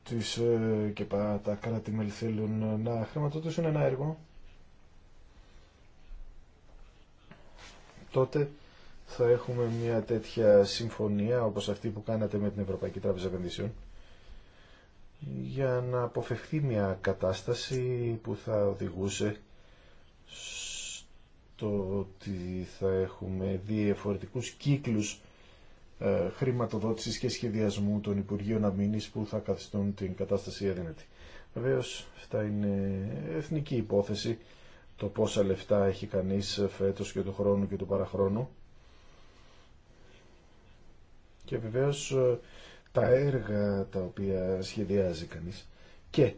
ε, και πά τα κράτη-μέλη θέλουν ε, να χρηματοδοτήσουν ένα έργο, τότε θα έχουμε μια τέτοια συμφωνία όπως αυτή που κάνατε με την Ευρωπαϊκή Τράπεζα Επενδύσεων για να αποφευχθεί μια κατάσταση που θα οδηγούσε στο ότι θα έχουμε διαφορετικούς κύκλους ε, Χρηματοδότηση και σχεδιασμού των Υπουργείων Αμήνη που θα καθιστούν την κατάσταση αδύνατη. Βεβαίω αυτά είναι εθνική υπόθεση το πόσα λεφτά έχει κανείς φέτος και του χρόνου και του παραχρόνου. Και βεβαίω ε, τα έργα τα οποία σχεδιάζει κανείς. Και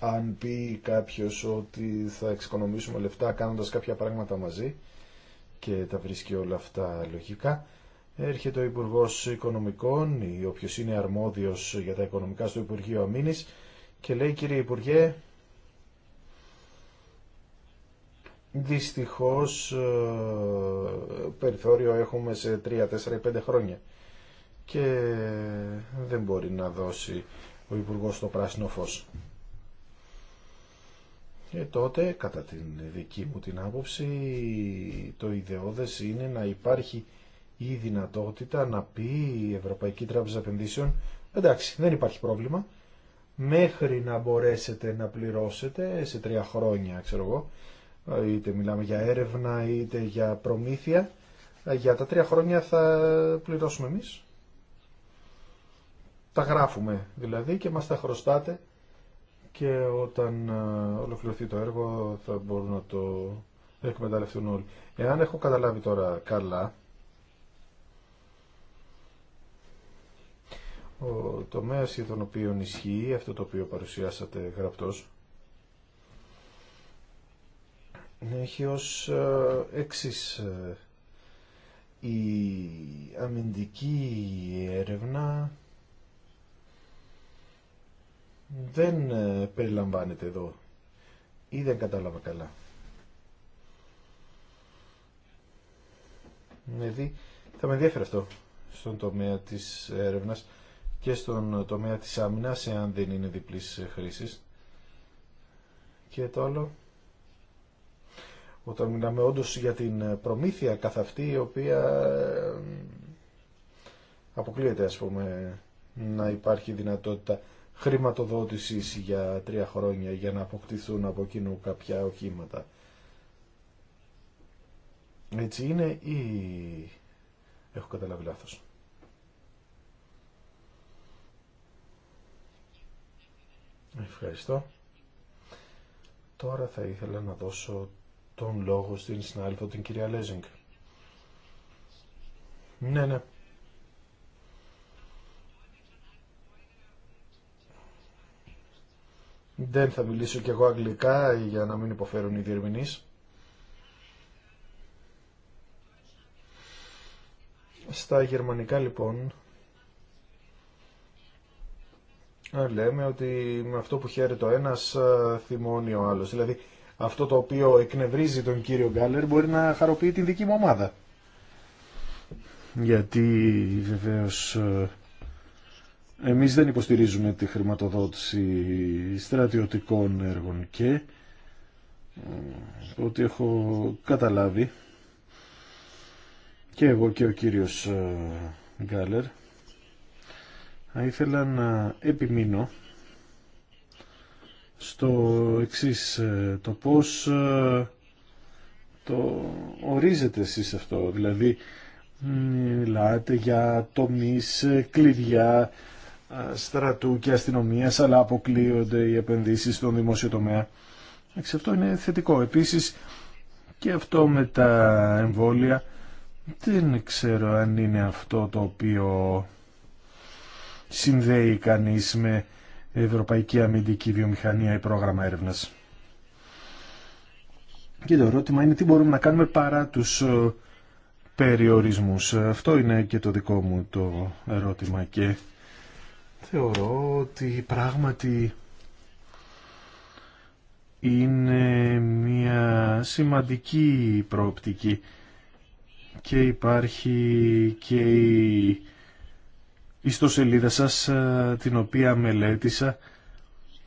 αν πει κάποιος ότι θα εξοικονομήσουμε λεφτά κάνοντας κάποια πράγματα μαζί, και τα βρίσκει όλα αυτά λογικά. Έρχεται ο Υπουργό Οικονομικών ή όποιο είναι αρμόδιο για τα οικονομικά στο Υπουργείο Αμήνη και λέει κύριε Υπουργέ, δυστυχώς ε, περιθώριο έχουμε σε 3, 4, 5 χρόνια και δεν μπορεί να δώσει ο Υπουργός το πράσινο φως. Και ε, τότε, κατά την δική μου την άποψη, το ιδεώδες είναι να υπάρχει η δυνατότητα να πει η Ευρωπαϊκή Τράπεζα Επενδύσεων εντάξει, δεν υπάρχει πρόβλημα, μέχρι να μπορέσετε να πληρώσετε σε τρία χρόνια, ξέρω εγώ, είτε μιλάμε για έρευνα είτε για προμήθεια, για τα τρία χρόνια θα πληρώσουμε εμείς. Τα γράφουμε δηλαδή και μας τα χρωστάτε και όταν ε, ολοκληρωθεί το έργο θα μπορούν να το εκμεταλλευτούν όλοι. Εάν έχω καταλάβει τώρα καλά, ο τομέας για τον οποίο ισχύει αυτό το οποίο παρουσιάσατε γραπτός έχει ως έξις ε, ε, η αμυντική έρευνα δεν ε, περιλαμβάνεται εδώ ή δεν κατάλαβα καλά. Δηλαδή θα με ενδιαφέρει αυτό στον τομέα της έρευνας και στον τομέα της άμυνας εάν δεν είναι διπλής χρήσης. Και το άλλο, όταν μιλάμε όντω για την προμήθεια καθ' αυτή η οποία ε, αποκλείεται ας πούμε να υπάρχει δυνατότητα χρηματοδότησης για τρία χρόνια για να αποκτηθούν από κοινού κάποια οχήματα. Έτσι είναι ή έχω καταλάβει λάθος. Ευχαριστώ. Τώρα θα ήθελα να δώσω τον λόγο στην συνάδελφο την κυρία Λέζινγκ. Ναι, ναι. Δεν θα μιλήσω κι εγώ αγγλικά για να μην υποφέρουν οι διερμηνείς. Στα γερμανικά λοιπόν λέμε ότι με αυτό που χαίρεται ο ένας θυμώνει ο άλλος. Δηλαδή αυτό το οποίο εκνευρίζει τον κύριο Γκάλερ μπορεί να χαροποιεί την δική μου ομάδα. Γιατί βεβαίως εμείς δεν υποστηρίζουμε τη χρηματοδότηση στρατιωτικών έργων και ε, ότι έχω καταλάβει και εγώ και ο κύριος ε, Γκάλερ θα ήθελα να επιμείνω στο εξής ε, το πώς το ορίζετε εσείς αυτό δηλαδή μιλάτε για τομείς, κλειδιά στρατού και αστυνομίας, αλλά αποκλείονται οι επενδύσεις στον δημόσιο τομέα. Αυτό είναι θετικό. Επίσης, και αυτό με τα εμβόλια, δεν ξέρω αν είναι αυτό το οποίο συνδέει κανείς με Ευρωπαϊκή Αμυντική Βιομηχανία ή πρόγραμμα έρευνας. Και το ερώτημα είναι τι μπορούμε να κάνουμε παρά τους ε, περιορισμούς. Αυτό είναι και το δικό μου το ερώτημα και θεωρώ ότι πράγματι είναι μια σημαντική προοπτική και υπάρχει και η ιστοσελίδα σας την οποία μελέτησα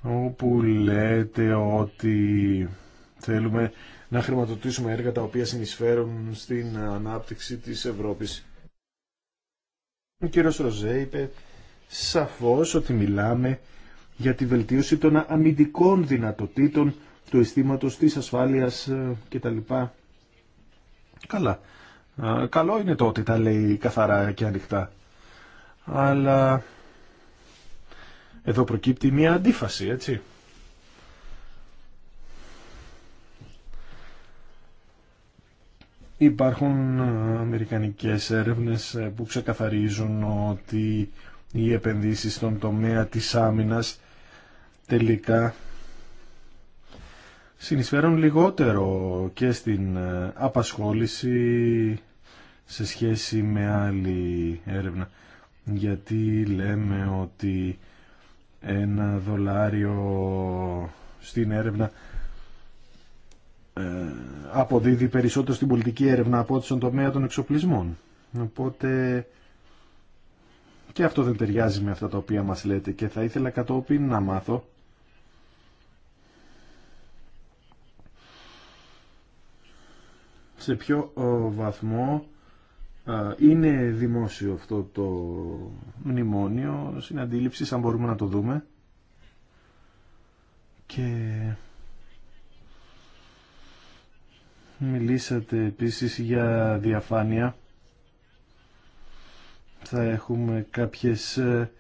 όπου λέτε ότι θέλουμε να χρηματοδοτήσουμε έργα τα οποία συνεισφέρουν στην ανάπτυξη της Ευρώπης. Ο κύριος Ροζέ είπε σαφώς ότι μιλάμε για τη βελτίωση των αμυντικών δυνατοτήτων του αισθήματο της ασφάλειας ε, κτλ. Καλά. Ε, καλό είναι το ότι τα λέει καθαρά και ανοιχτά. Αλλά εδώ προκύπτει μια αντίφαση, έτσι. Υπάρχουν ε, αμερικανικές έρευνες που ξεκαθαρίζουν ότι οι επενδύσεις στον τομέα της άμυνας τελικά συνεισφέρουν λιγότερο και στην ε, απασχόληση σε σχέση με άλλη έρευνα. Γιατί λέμε ότι ένα δολάριο στην έρευνα ε, αποδίδει περισσότερο στην πολιτική έρευνα από ό,τι στον τομέα των εξοπλισμών. Οπότε και αυτό δεν ταιριάζει με αυτά τα οποία μας λέτε και θα ήθελα κατόπιν να μάθω σε ποιο βαθμό είναι δημόσιο αυτό το μνημόνιο, στην αντίληψη, αν μπορούμε να το δούμε. Και μιλήσατε επίσης για διαφάνεια θα έχουμε κάποιες ε,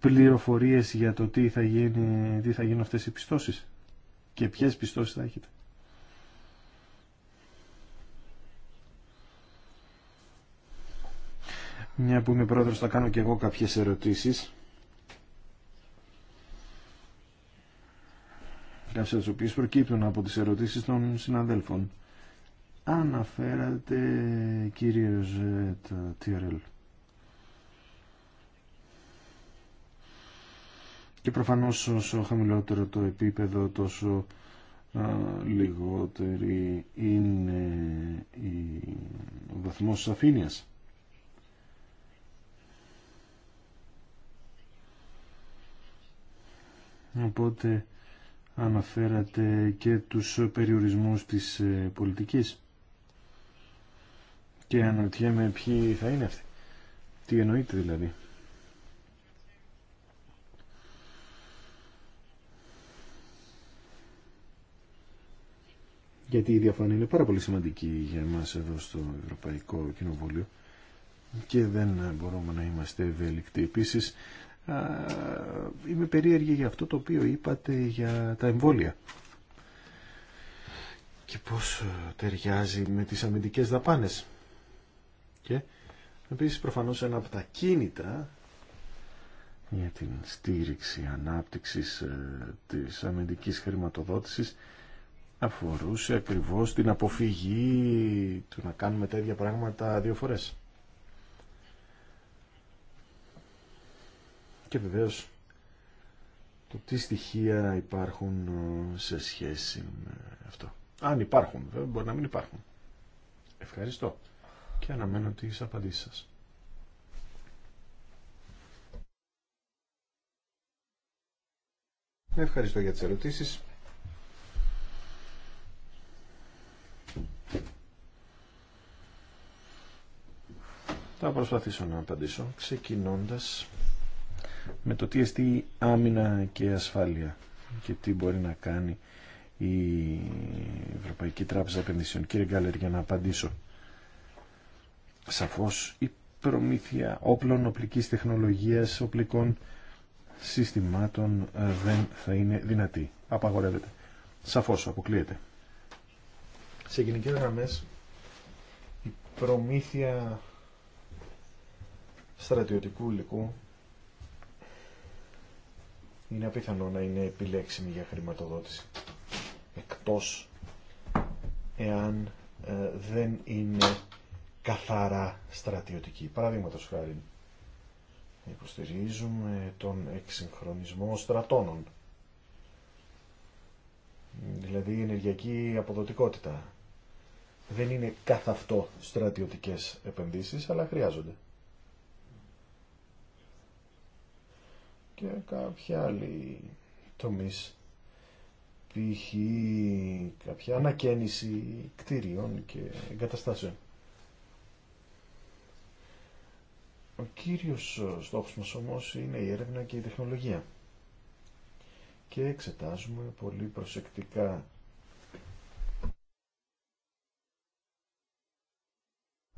πληροφορίες για το τι θα, γίνει, τι θα γίνουν αυτές οι πιστώσεις και ποιες πιστώσεις θα έχετε. Μια που είμαι πρόεδρος θα κάνω και εγώ κάποιες ερωτήσεις. Κάποιες από τις οποίες προκύπτουν από τις ερωτήσεις των συναδέλφων. Αναφέρατε κύριος Τιρελ. Και προφανώς όσο χαμηλότερο το επίπεδο τόσο λιγότερη είναι η... ο βαθμός της Οπότε αναφέρατε και τους περιορισμούς της ε, πολιτικής. Και αναρωτιέμαι ποιοι θα είναι αυτοί. Τι εννοείται δηλαδή. γιατί η διαφάνεια είναι πάρα πολύ σημαντική για εμάς εδώ στο Ευρωπαϊκό Κοινοβούλιο και δεν μπορούμε να είμαστε ευέλικτοι. Επίσης, είμαι περίεργη για αυτό το οποίο είπατε για τα εμβόλια και πώς ε, ταιριάζει με τις αμυντικές δαπάνες. Και επίσης προφανώς ένα από τα κίνητα για την στήριξη ανάπτυξης ε, της αμυντικής χρηματοδότησης αφορούσε ακριβώς την αποφυγή του να κάνουμε τέτοια πράγματα δύο φορές. Και βεβαίως το τι στοιχεία υπάρχουν ε, σε σχέση με αυτό. Αν υπάρχουν, βέβαια μπορεί να μην υπάρχουν. Ευχαριστώ και αναμένω τις απαντήσεις σας. Ευχαριστώ για τις ερωτήσεις. Θα προσπαθήσω να απαντήσω ξεκινώντας με το τι εστί άμυνα και ασφάλεια και τι μπορεί να κάνει η Ευρωπαϊκή Τράπεζα Επενδύσεων. Κύριε Γκάλερ, για να απαντήσω. Σαφώς η προμήθεια όπλων, οπλικής τεχνολογίας, οπλικών συστημάτων ε, δεν θα είναι δυνατή. Απαγορεύεται. Σαφώς αποκλείεται. Σε γενικές γραμμές η προμήθεια στρατιωτικού υλικού είναι απίθανο να είναι επιλέξιμη για χρηματοδότηση εκτός εάν ε, δεν είναι καθαρά στρατιωτική. Παραδείγματο χάρη υποστηρίζουμε τον εξυγχρονισμό στρατώνων δηλαδή η ενεργειακή αποδοτικότητα. Δεν είναι καθ' αυτό στρατιωτικές επενδύσεις, αλλά χρειάζονται. και κάποια άλλη τομείς π.χ. κάποια ανακαίνιση κτίριων και εγκαταστάσεων. Ο κύριος στόχος μας όμως είναι η έρευνα και η τεχνολογία και εξετάζουμε πολύ προσεκτικά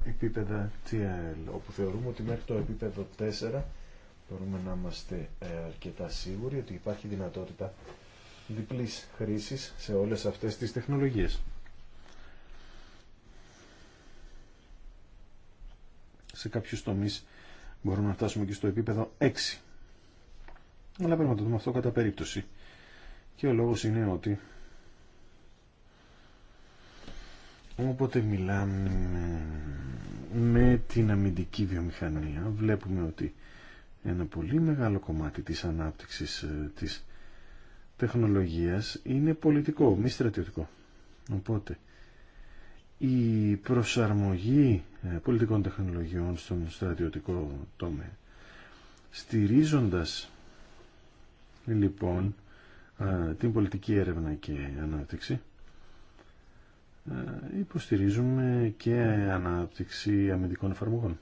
επίπεδα TL όπου θεωρούμε ότι μέχρι το επίπεδο 4 μπορούμε να είμαστε ε, αρκετά σίγουροι ότι υπάρχει δυνατότητα διπλής χρήσης σε όλες αυτές τις τεχνολογίες. Σε κάποιους τομείς μπορούμε να φτάσουμε και στο επίπεδο 6. Αλλά πρέπει να το δούμε αυτό κατά περίπτωση. Και ο λόγος είναι ότι όποτε μιλάμε με την αμυντική βιομηχανία βλέπουμε ότι ένα πολύ μεγάλο κομμάτι της ανάπτυξης ε, της τεχνολογίας είναι πολιτικό, μη στρατιωτικό. Οπότε, η προσαρμογή ε, πολιτικών τεχνολογιών στον στρατιωτικό τομέα, στηρίζοντας λοιπόν ε, την πολιτική έρευνα και ανάπτυξη, υποστηρίζουμε και ανάπτυξη αμυντικών εφαρμογών.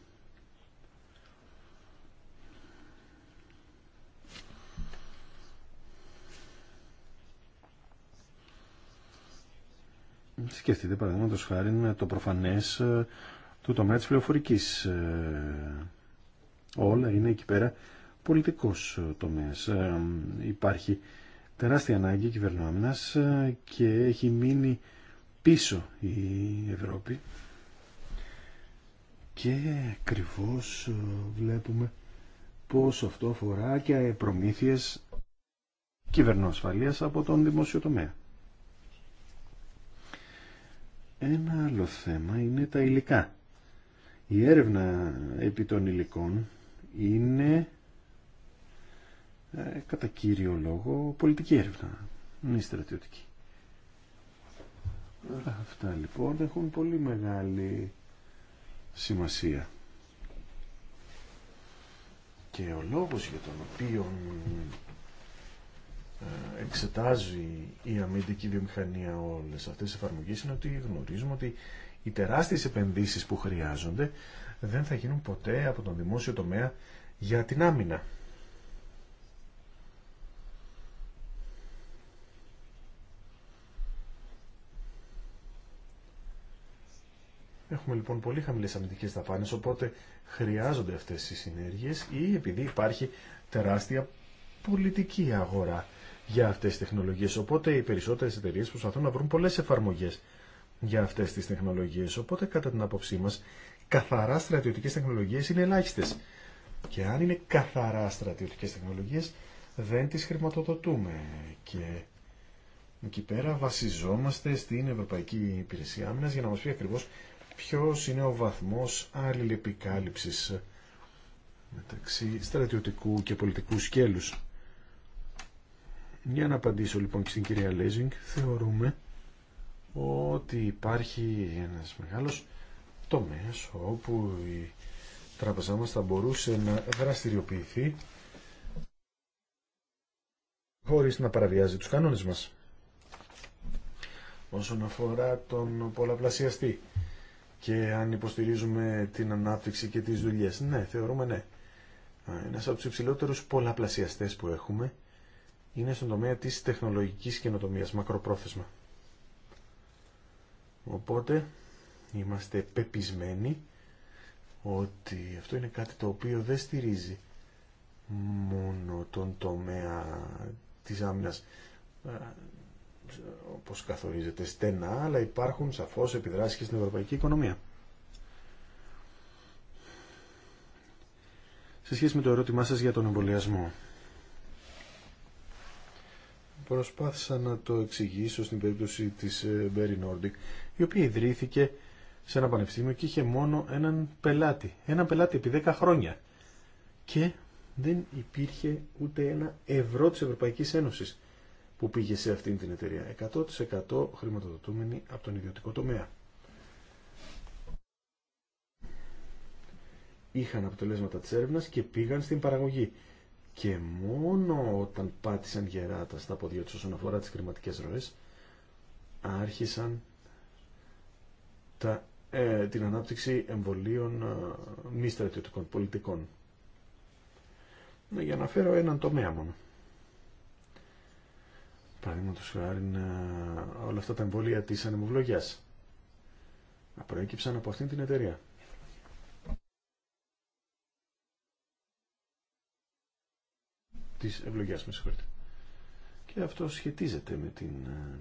Σκεφτείτε παραδείγματος χάρη το προφανές ε, του τομέα της πληροφορικής. Ε, όλα είναι εκεί πέρα πολιτικός ε, τομέας. Υπάρχει τεράστια ανάγκη κυβερνόμενας και έχει μείνει πίσω η Ευρώπη και ακριβώ βλέπουμε πως αυτό αφορά και προμήθειες κυβερνοασφαλείας από τον δημόσιο τομέα. Ένα άλλο θέμα είναι τα υλικά. Η έρευνα επί των υλικών είναι ε, κατά κύριο λόγο πολιτική έρευνα, μη στρατιωτική. Αυτά λοιπόν έχουν πολύ μεγάλη σημασία. Και ο λόγος για τον οποίο ε, εξετάζει η αμυντική βιομηχανία όλες αυτές τις εφαρμογές είναι ότι γνωρίζουμε ότι οι τεράστιες επενδύσεις που χρειάζονται δεν θα γίνουν ποτέ από τον δημόσιο τομέα για την άμυνα. Έχουμε λοιπόν πολύ χαμηλές αμυντικές δαπάνες, οπότε χρειάζονται αυτές οι συνέργειες ή επειδή υπάρχει τεράστια πολιτική αγορά για αυτές τις τεχνολογίες. Οπότε οι περισσότερες εταιρείες προσπαθούν να βρουν πολλές εφαρμογές για αυτές τις τεχνολογίες. Οπότε κατά την άποψή μας καθαρά στρατιωτικές τεχνολογίες είναι ελάχιστες. Και αν είναι καθαρά στρατιωτικές τεχνολογίες δεν τις χρηματοδοτούμε. Και εκεί πέρα βασιζόμαστε στην Ευρωπαϊκή Υπηρεσία Άμυνας για να μας πει ακριβώς ποιος είναι ο βαθμός αλληλεπικάλυψης μεταξύ στρατιωτικού και πολιτικού σκέλους. Για να απαντήσω λοιπόν και στην κυρία Λέζινγκ, θεωρούμε ότι υπάρχει ένας μεγάλος τομέας όπου η τράπεζά μας θα μπορούσε να δραστηριοποιηθεί χωρίς να παραβιάζει τους κανόνες μας. Όσον αφορά τον πολλαπλασιαστή και αν υποστηρίζουμε την ανάπτυξη και τις δουλειές. Ναι, θεωρούμε ναι. Ένας από τους υψηλότερους πολλαπλασιαστές που έχουμε είναι στον τομέα της τεχνολογικής καινοτομίας, μακροπρόθεσμα. Οπότε είμαστε πεπισμένοι ότι αυτό είναι κάτι το οποίο δεν στηρίζει μόνο τον τομέα της άμυνας ε, όπως καθορίζεται στενά, αλλά υπάρχουν σαφώς επιδράσεις και στην ευρωπαϊκή οικονομία. Σε σχέση με το ερώτημά σας για τον εμβολιασμό, Προσπάθησα να το εξηγήσω στην περίπτωση της Berry ε, Nordic, η οποία ιδρύθηκε σε ένα πανεπιστήμιο και είχε μόνο έναν πελάτη. Έναν πελάτη επί 10 χρόνια. Και δεν υπήρχε ούτε ένα ευρώ της Ευρωπαϊκής Ένωσης που πήγε σε αυτήν την εταιρεία. 100% χρηματοδοτούμενη από τον ιδιωτικό τομέα. Είχαν αποτελέσματα της έρευνας και πήγαν στην παραγωγή και μόνο όταν πάτησαν γεράτα στα πόδια τους όσον αφορά τις κρηματικές ροές άρχισαν τα, ε, την ανάπτυξη εμβολίων ε, μη στρατιωτικών πολιτικών. Ναι, για να φέρω έναν τομέα μόνο. Παραδείγματο χάρη ε, όλα αυτά τα εμβόλια της ανεμοβλογιάς. Προέκυψαν από αυτήν την εταιρεία. της ευλογίας, με συγχωρείτε. Και αυτό σχετίζεται με την ε,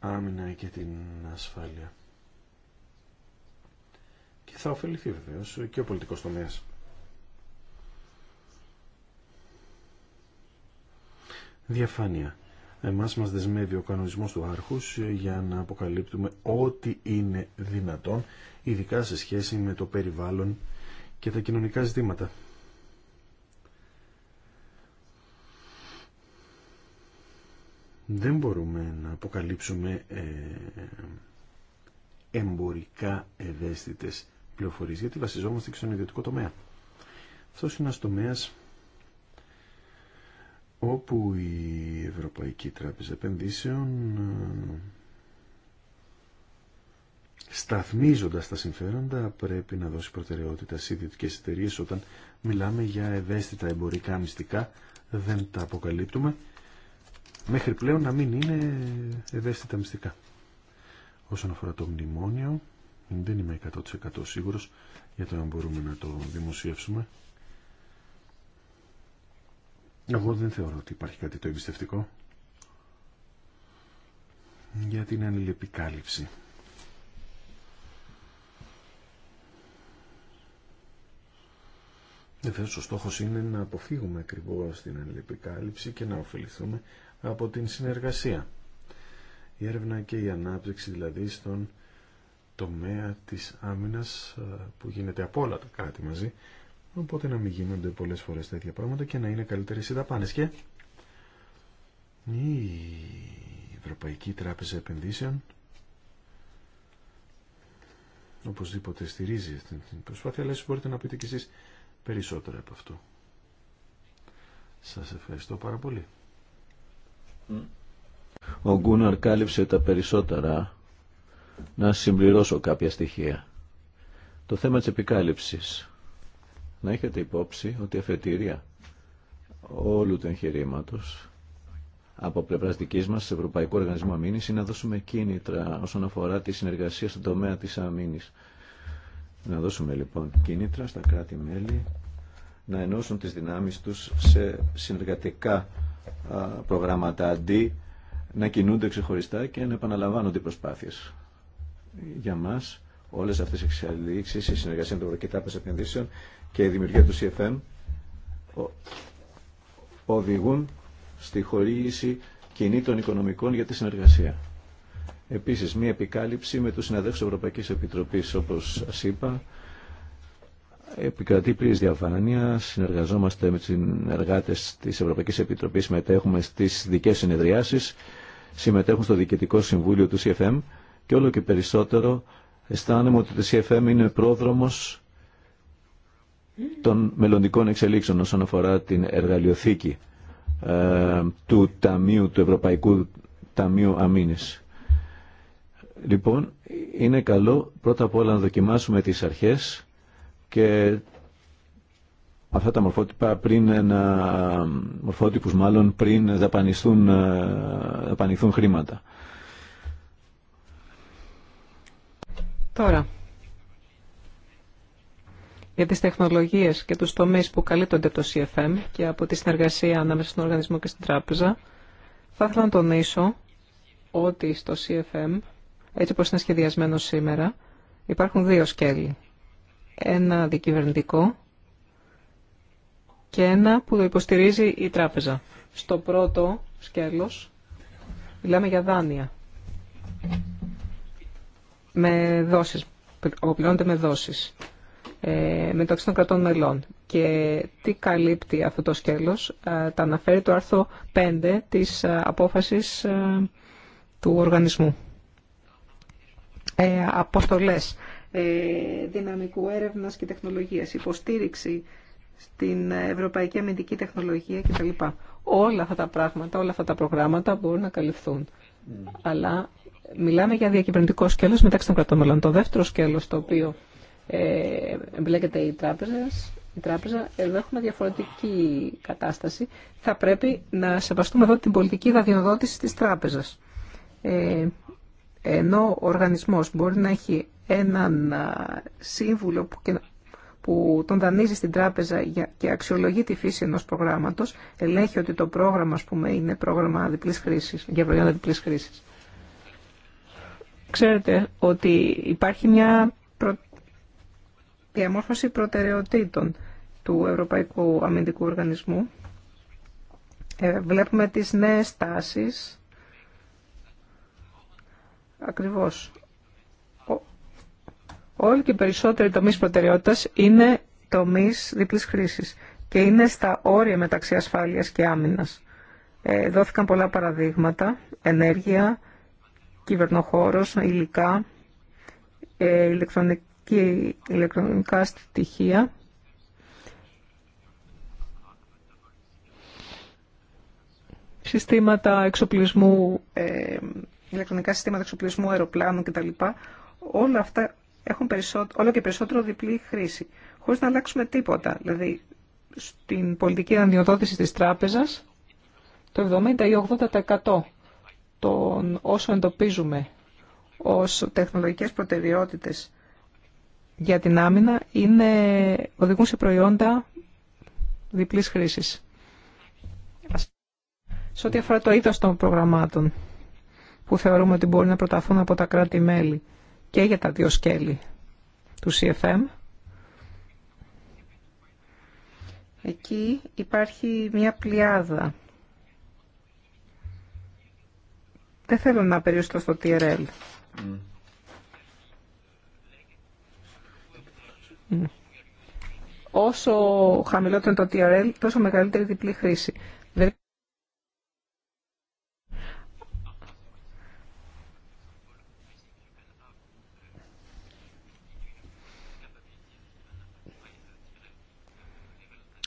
άμυνα και την ασφάλεια. Και θα ωφεληθεί βεβαίω και ο πολιτικός τομέας. Διαφάνεια. Εμάς μας δεσμεύει ο κανονισμός του άρχους για να αποκαλύπτουμε ό,τι είναι δυνατόν, ειδικά σε σχέση με το περιβάλλον και τα κοινωνικά ζητήματα. δεν μπορούμε να αποκαλύψουμε ε, εμπορικά ευαίσθητες πληροφορίες γιατί βασιζόμαστε και στον ιδιωτικό τομέα. Αυτός είναι ένας τομέας όπου η Ευρωπαϊκή Τράπεζα Επενδύσεων ε, σταθμίζοντας τα συμφέροντα πρέπει να δώσει προτεραιότητα σε ιδιωτικές εταιρείε όταν μιλάμε για ευαίσθητα εμπορικά μυστικά δεν τα αποκαλύπτουμε μέχρι πλέον να μην είναι ευαίσθητα μυστικά. Όσον αφορά το μνημόνιο, δεν είμαι 100% σίγουρος για το αν μπορούμε να το δημοσιεύσουμε. Εγώ δεν θεωρώ ότι υπάρχει κάτι το εμπιστευτικό για την ανηλεπικάλυψη. Βεβαίω ο στόχος είναι να αποφύγουμε ακριβώς την ανηλεπικάλυψη και να ωφεληθούμε από την συνεργασία. Η έρευνα και η ανάπτυξη δηλαδή στον τομέα της άμυνας ε, που γίνεται από όλα τα κράτη μαζί οπότε να μην γίνονται πολλές φορές τέτοια πράγματα και να είναι καλύτερες οι δαπάνες και η Ευρωπαϊκή Τράπεζα Επενδύσεων οπωσδήποτε στηρίζει αυτή την προσπάθεια αλλά μπορείτε να πείτε κι εσείς περισσότερα από αυτό. Σας ευχαριστώ πάρα πολύ. Ο Γκούναρ κάλυψε τα περισσότερα. Να συμπληρώσω κάποια στοιχεία. Το θέμα της επικάλυψης. Να έχετε υπόψη ότι η αφετηρία όλου του εγχειρήματο από πλευρά δική μα, Ευρωπαϊκού Οργανισμού Αμήνη, είναι να δώσουμε κίνητρα όσον αφορά τη συνεργασία στον τομέα τη αμήνη. Να δώσουμε λοιπόν κίνητρα στα κράτη-μέλη να ενώσουν τι δυνάμει τους σε συνεργατικά προγράμματα αντί να κινούνται ξεχωριστά και να επαναλαμβάνονται οι προσπάθειες. Για μας όλες αυτές οι εξελίξεις, η συνεργασία με την Ευρωπαϊκή Επενδύσεων και η δημιουργία του CFM οδηγούν στη χορήγηση κινήτων οικονομικών για τη συνεργασία. Επίσης, μία επικάλυψη με τους συναδέλφους Ευρωπαϊκής Επιτροπής, όπως σας είπα, Επικρατεί πλήρη διαφάνεια, συνεργαζόμαστε με του συνεργάτε τη Ευρωπαϊκή Επιτροπή, συμμετέχουμε στι δικέ συνεδριάσει, συμμετέχουν στο Διοικητικό Συμβούλιο του CFM και όλο και περισσότερο αισθάνομαι ότι το CFM είναι πρόδρομο των μελλοντικών εξελίξεων όσον αφορά την εργαλειοθήκη ε, του Ταμείου, του Ευρωπαϊκού Ταμείου Αμήνης. Λοιπόν, είναι καλό πρώτα απ' όλα να δοκιμάσουμε τις αρχές και αυτά τα μορφότυπα πριν να, μορφότυπους μάλλον πριν δαπανηθούν, ε, δαπανηθούν χρήματα. Τώρα, για τις τεχνολογίες και τους τομείς που καλύπτονται από το CFM και από τη συνεργασία ανάμεσα στον οργανισμό και στην τράπεζα, θα ήθελα να τονίσω ότι στο CFM, έτσι όπως είναι σχεδιασμένο σήμερα, υπάρχουν δύο σκέλη ένα δικυβερνητικό και ένα που το υποστηρίζει η τράπεζα. Στο πρώτο σκέλος μιλάμε για δάνεια. Με δόσεις, με δόσεις ε, μεταξύ των κρατών μελών. Και τι καλύπτει αυτό το σκέλος, ε, τα αναφέρει το άρθρο 5 της ε, απόφασης ε, του οργανισμού. Ε, αποστολές ε, δυναμικού έρευνας και τεχνολογίας, υποστήριξη στην ευρωπαϊκή αμυντική τεχνολογία κτλ. Όλα αυτά τα πράγματα, όλα αυτά τα προγράμματα μπορούν να καλυφθούν. Mm. Αλλά μιλάμε για διακυβερνητικό σκέλος μεταξύ των κρατών Το δεύτερο σκέλος το οποίο ε, εμπλέκεται η τράπεζα, η τράπεζα, εδώ έχουμε διαφορετική κατάσταση. Θα πρέπει να σεβαστούμε εδώ την πολιτική δαδειοδότηση της τράπεζας. Ε, ενώ ο οργανισμός μπορεί να έχει έναν σύμβουλο που, που τον δανείζει στην τράπεζα και αξιολογεί τη φύση ενός προγράμματος, ελέγχει ότι το πρόγραμμα, ας πούμε, είναι πρόγραμμα διπλής χρήσης, για προϊόντα διπλής χρήσης. Ξέρετε ότι υπάρχει μια προ... διαμόρφωση προτεραιοτήτων του Ευρωπαϊκού Αμυντικού Οργανισμού. Ε, βλέπουμε τις νέες τάσεις. Ακριβώς. Όλοι και περισσότεροι τομεί προτεραιότητα είναι τομεί διπλή χρήση και είναι στα όρια μεταξύ ασφάλεια και άμυνα. Ε, δόθηκαν πολλά παραδείγματα, ενέργεια, κυβερνοχώρος, υλικά, ε, ηλεκτρονική, ηλεκτρονικά στοιχεία. συστήματα εξοπλισμού, ε, ηλεκτρονικά συστήματα εξοπλισμού αεροπλάνων κτλ. Όλα αυτά έχουν όλο και περισσότερο διπλή χρήση, χωρίς να αλλάξουμε τίποτα. Δηλαδή, στην πολιτική αντιοδότηση της τράπεζας, το 70 ή 80% των όσων εντοπίζουμε ως τεχνολογικές προτεραιότητες για την άμυνα είναι, οδηγούν σε προϊόντα διπλής χρήσης. Σε ό,τι αφορά το είδος των προγραμμάτων που θεωρούμε ότι μπορεί να προταθούν από τα κράτη-μέλη και για τα δύο σκέλη του CFM. Εκεί υπάρχει μια πλειάδα. Δεν θέλω να περιοριστώ στο TRL. Mm. Mm. Όσο χαμηλότερο είναι το TRL, τόσο μεγαλύτερη διπλή χρήση.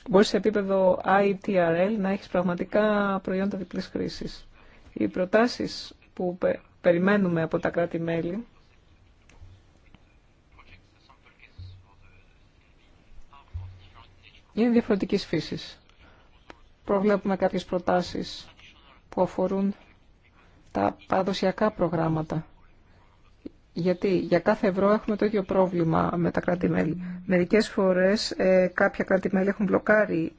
Μπορεί σε επίπεδο ITRL να έχει πραγματικά προϊόντα διπλή χρήση. Οι προτάσει που περιμένουμε από τα κράτη-μέλη είναι διαφορετικής φύση. Προβλέπουμε κάποιες προτάσεις που αφορούν τα παραδοσιακά προγράμματα γιατί για κάθε ευρώ έχουμε το ίδιο πρόβλημα με τα κράτη-μέλη. Μερικές φορές ε, κάποια κράτη-μέλη έχουν μπλοκάρει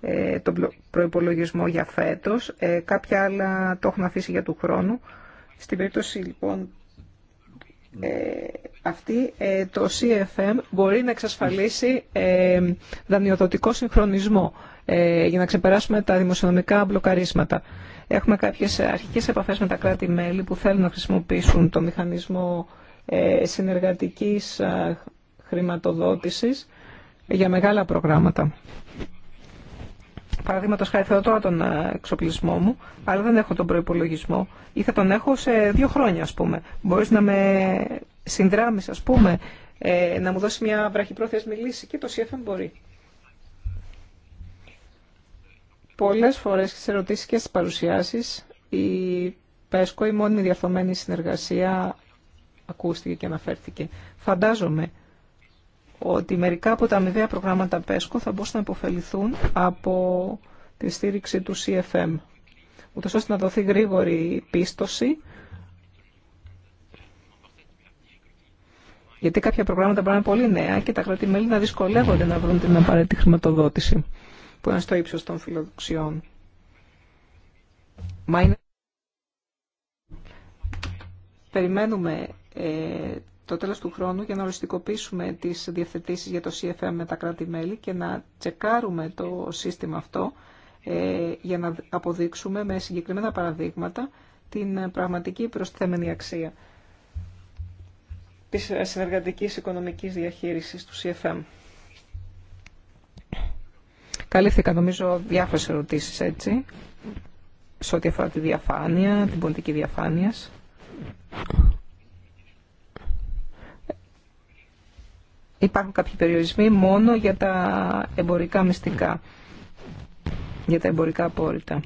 ε, τον προϋπολογισμό για φέτος, ε, κάποια άλλα το έχουν αφήσει για του χρόνου. Στην περίπτωση λοιπόν ε, αυτή, ε, το CFM μπορεί να εξασφαλίσει ε, δανειοδοτικό συγχρονισμό για να ξεπεράσουμε τα δημοσιονομικά μπλοκαρίσματα. Έχουμε κάποιες αρχικές επαφές με τα κράτη-μέλη που θέλουν να χρησιμοποιήσουν το μηχανισμό ε, συνεργατικής χρηματοδότησης για μεγάλα προγράμματα. Παραδείγματο χάρη θέλω τώρα τον ε, εξοπλισμό μου, αλλά δεν έχω τον προϋπολογισμό ή θα τον έχω σε δύο χρόνια, ας πούμε. Μπορείς να με συνδράμεις, ας πούμε, ε, να μου δώσει μια βραχυπρόθεσμη λύση και το CFM μπορεί. Πολλές φορές στις ερωτήσει και στις παρουσιάσεις η ΠΕΣΚΟ, η μόνιμη διαρθωμένη συνεργασία ακούστηκε και αναφέρθηκε. Φαντάζομαι ότι μερικά από τα αμοιβαία προγράμματα ΠΕΣΚΟ θα μπορούσαν να υποφεληθούν από τη στήριξη του CFM, ούτως ώστε να δοθεί γρήγορη πίστοση, γιατί κάποια προγράμματα μπορεί να είναι πολύ νέα και τα κρατημέλη να δυσκολεύονται να βρουν την απαραίτητη χρηματοδότηση που είναι στο ύψος των φιλοδοξιών. Περιμένουμε ε, το τέλος του χρόνου για να οριστικοποιήσουμε τις διευθετήσεις για το CFM με τα κράτη-μέλη και να τσεκάρουμε το σύστημα αυτό ε, για να αποδείξουμε με συγκεκριμένα παραδείγματα την πραγματική προσθέμενη αξία της συνεργατικής οικονομικής διαχείρισης του CFM. Καλύφθηκα νομίζω διάφορες ερωτήσεις έτσι, σε ό,τι αφορά τη διαφάνεια, την πολιτική διαφάνειας. υπάρχουν κάποιοι περιορισμοί μόνο για τα εμπορικά μυστικά, για τα εμπορικά απόρριτα.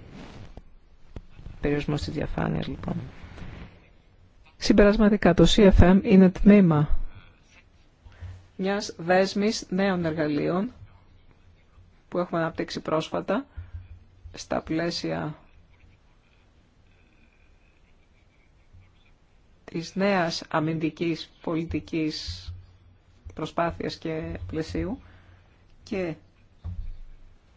Περιορισμός της διαφάνειας λοιπόν. Συμπερασματικά το CFM είναι τμήμα μιας δέσμης νέων εργαλείων που έχουμε αναπτύξει πρόσφατα στα πλαίσια της νέας αμυντικής πολιτικής προσπάθειας και πλαισίου και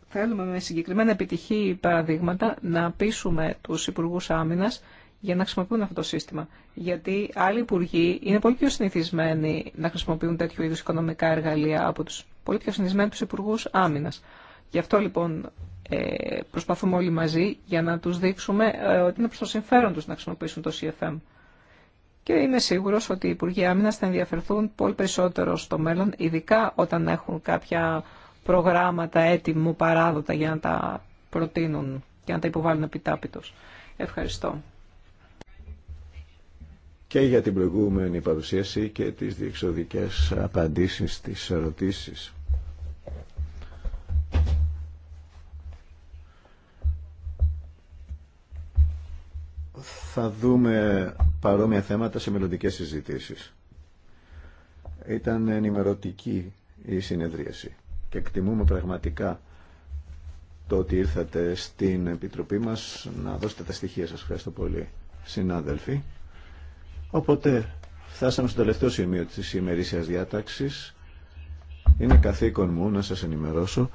θέλουμε με συγκεκριμένα επιτυχή παραδείγματα να πείσουμε τους Υπουργούς Άμυνας για να χρησιμοποιούν αυτό το σύστημα. Γιατί άλλοι υπουργοί είναι πολύ πιο συνηθισμένοι να χρησιμοποιούν τέτοιου είδους οικονομικά εργαλεία από τους πολύ πιο συνηθισμένους Υπουργούς Άμυνας. Γι' αυτό λοιπόν ε, προσπαθούμε όλοι μαζί για να τους δείξουμε ε, ότι είναι προς το συμφέρον τους να χρησιμοποιήσουν το CFM και είμαι σίγουρος ότι οι Υπουργοί Άμυνα θα ενδιαφερθούν πολύ περισσότερο στο μέλλον, ειδικά όταν έχουν κάποια προγράμματα έτοιμου παράδοτα για να τα προτείνουν και να τα υποβάλουν επιτάπητος. Ευχαριστώ. Και για την προηγούμενη παρουσίαση και τις διεξοδικές απαντήσεις στις ερωτήσεις. θα δούμε παρόμοια θέματα σε μελλοντικέ συζητήσεις. Ήταν ενημερωτική η συνεδρίαση και εκτιμούμε πραγματικά το ότι ήρθατε στην Επιτροπή μας να δώσετε τα στοιχεία σας. Ευχαριστώ πολύ, συνάδελφοι. Οπότε, φτάσαμε στο τελευταίο σημείο της ημερήσιας διάταξης. Είναι καθήκον μου να σας ενημερώσω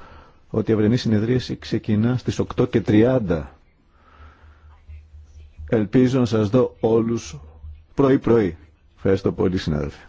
ότι η αυρενή συνεδρίαση ξεκινά στις 8.30 Ελπίζω να σας δω όλους πρωί-πρωί. Ευχαριστώ πολύ συνάδελφοι.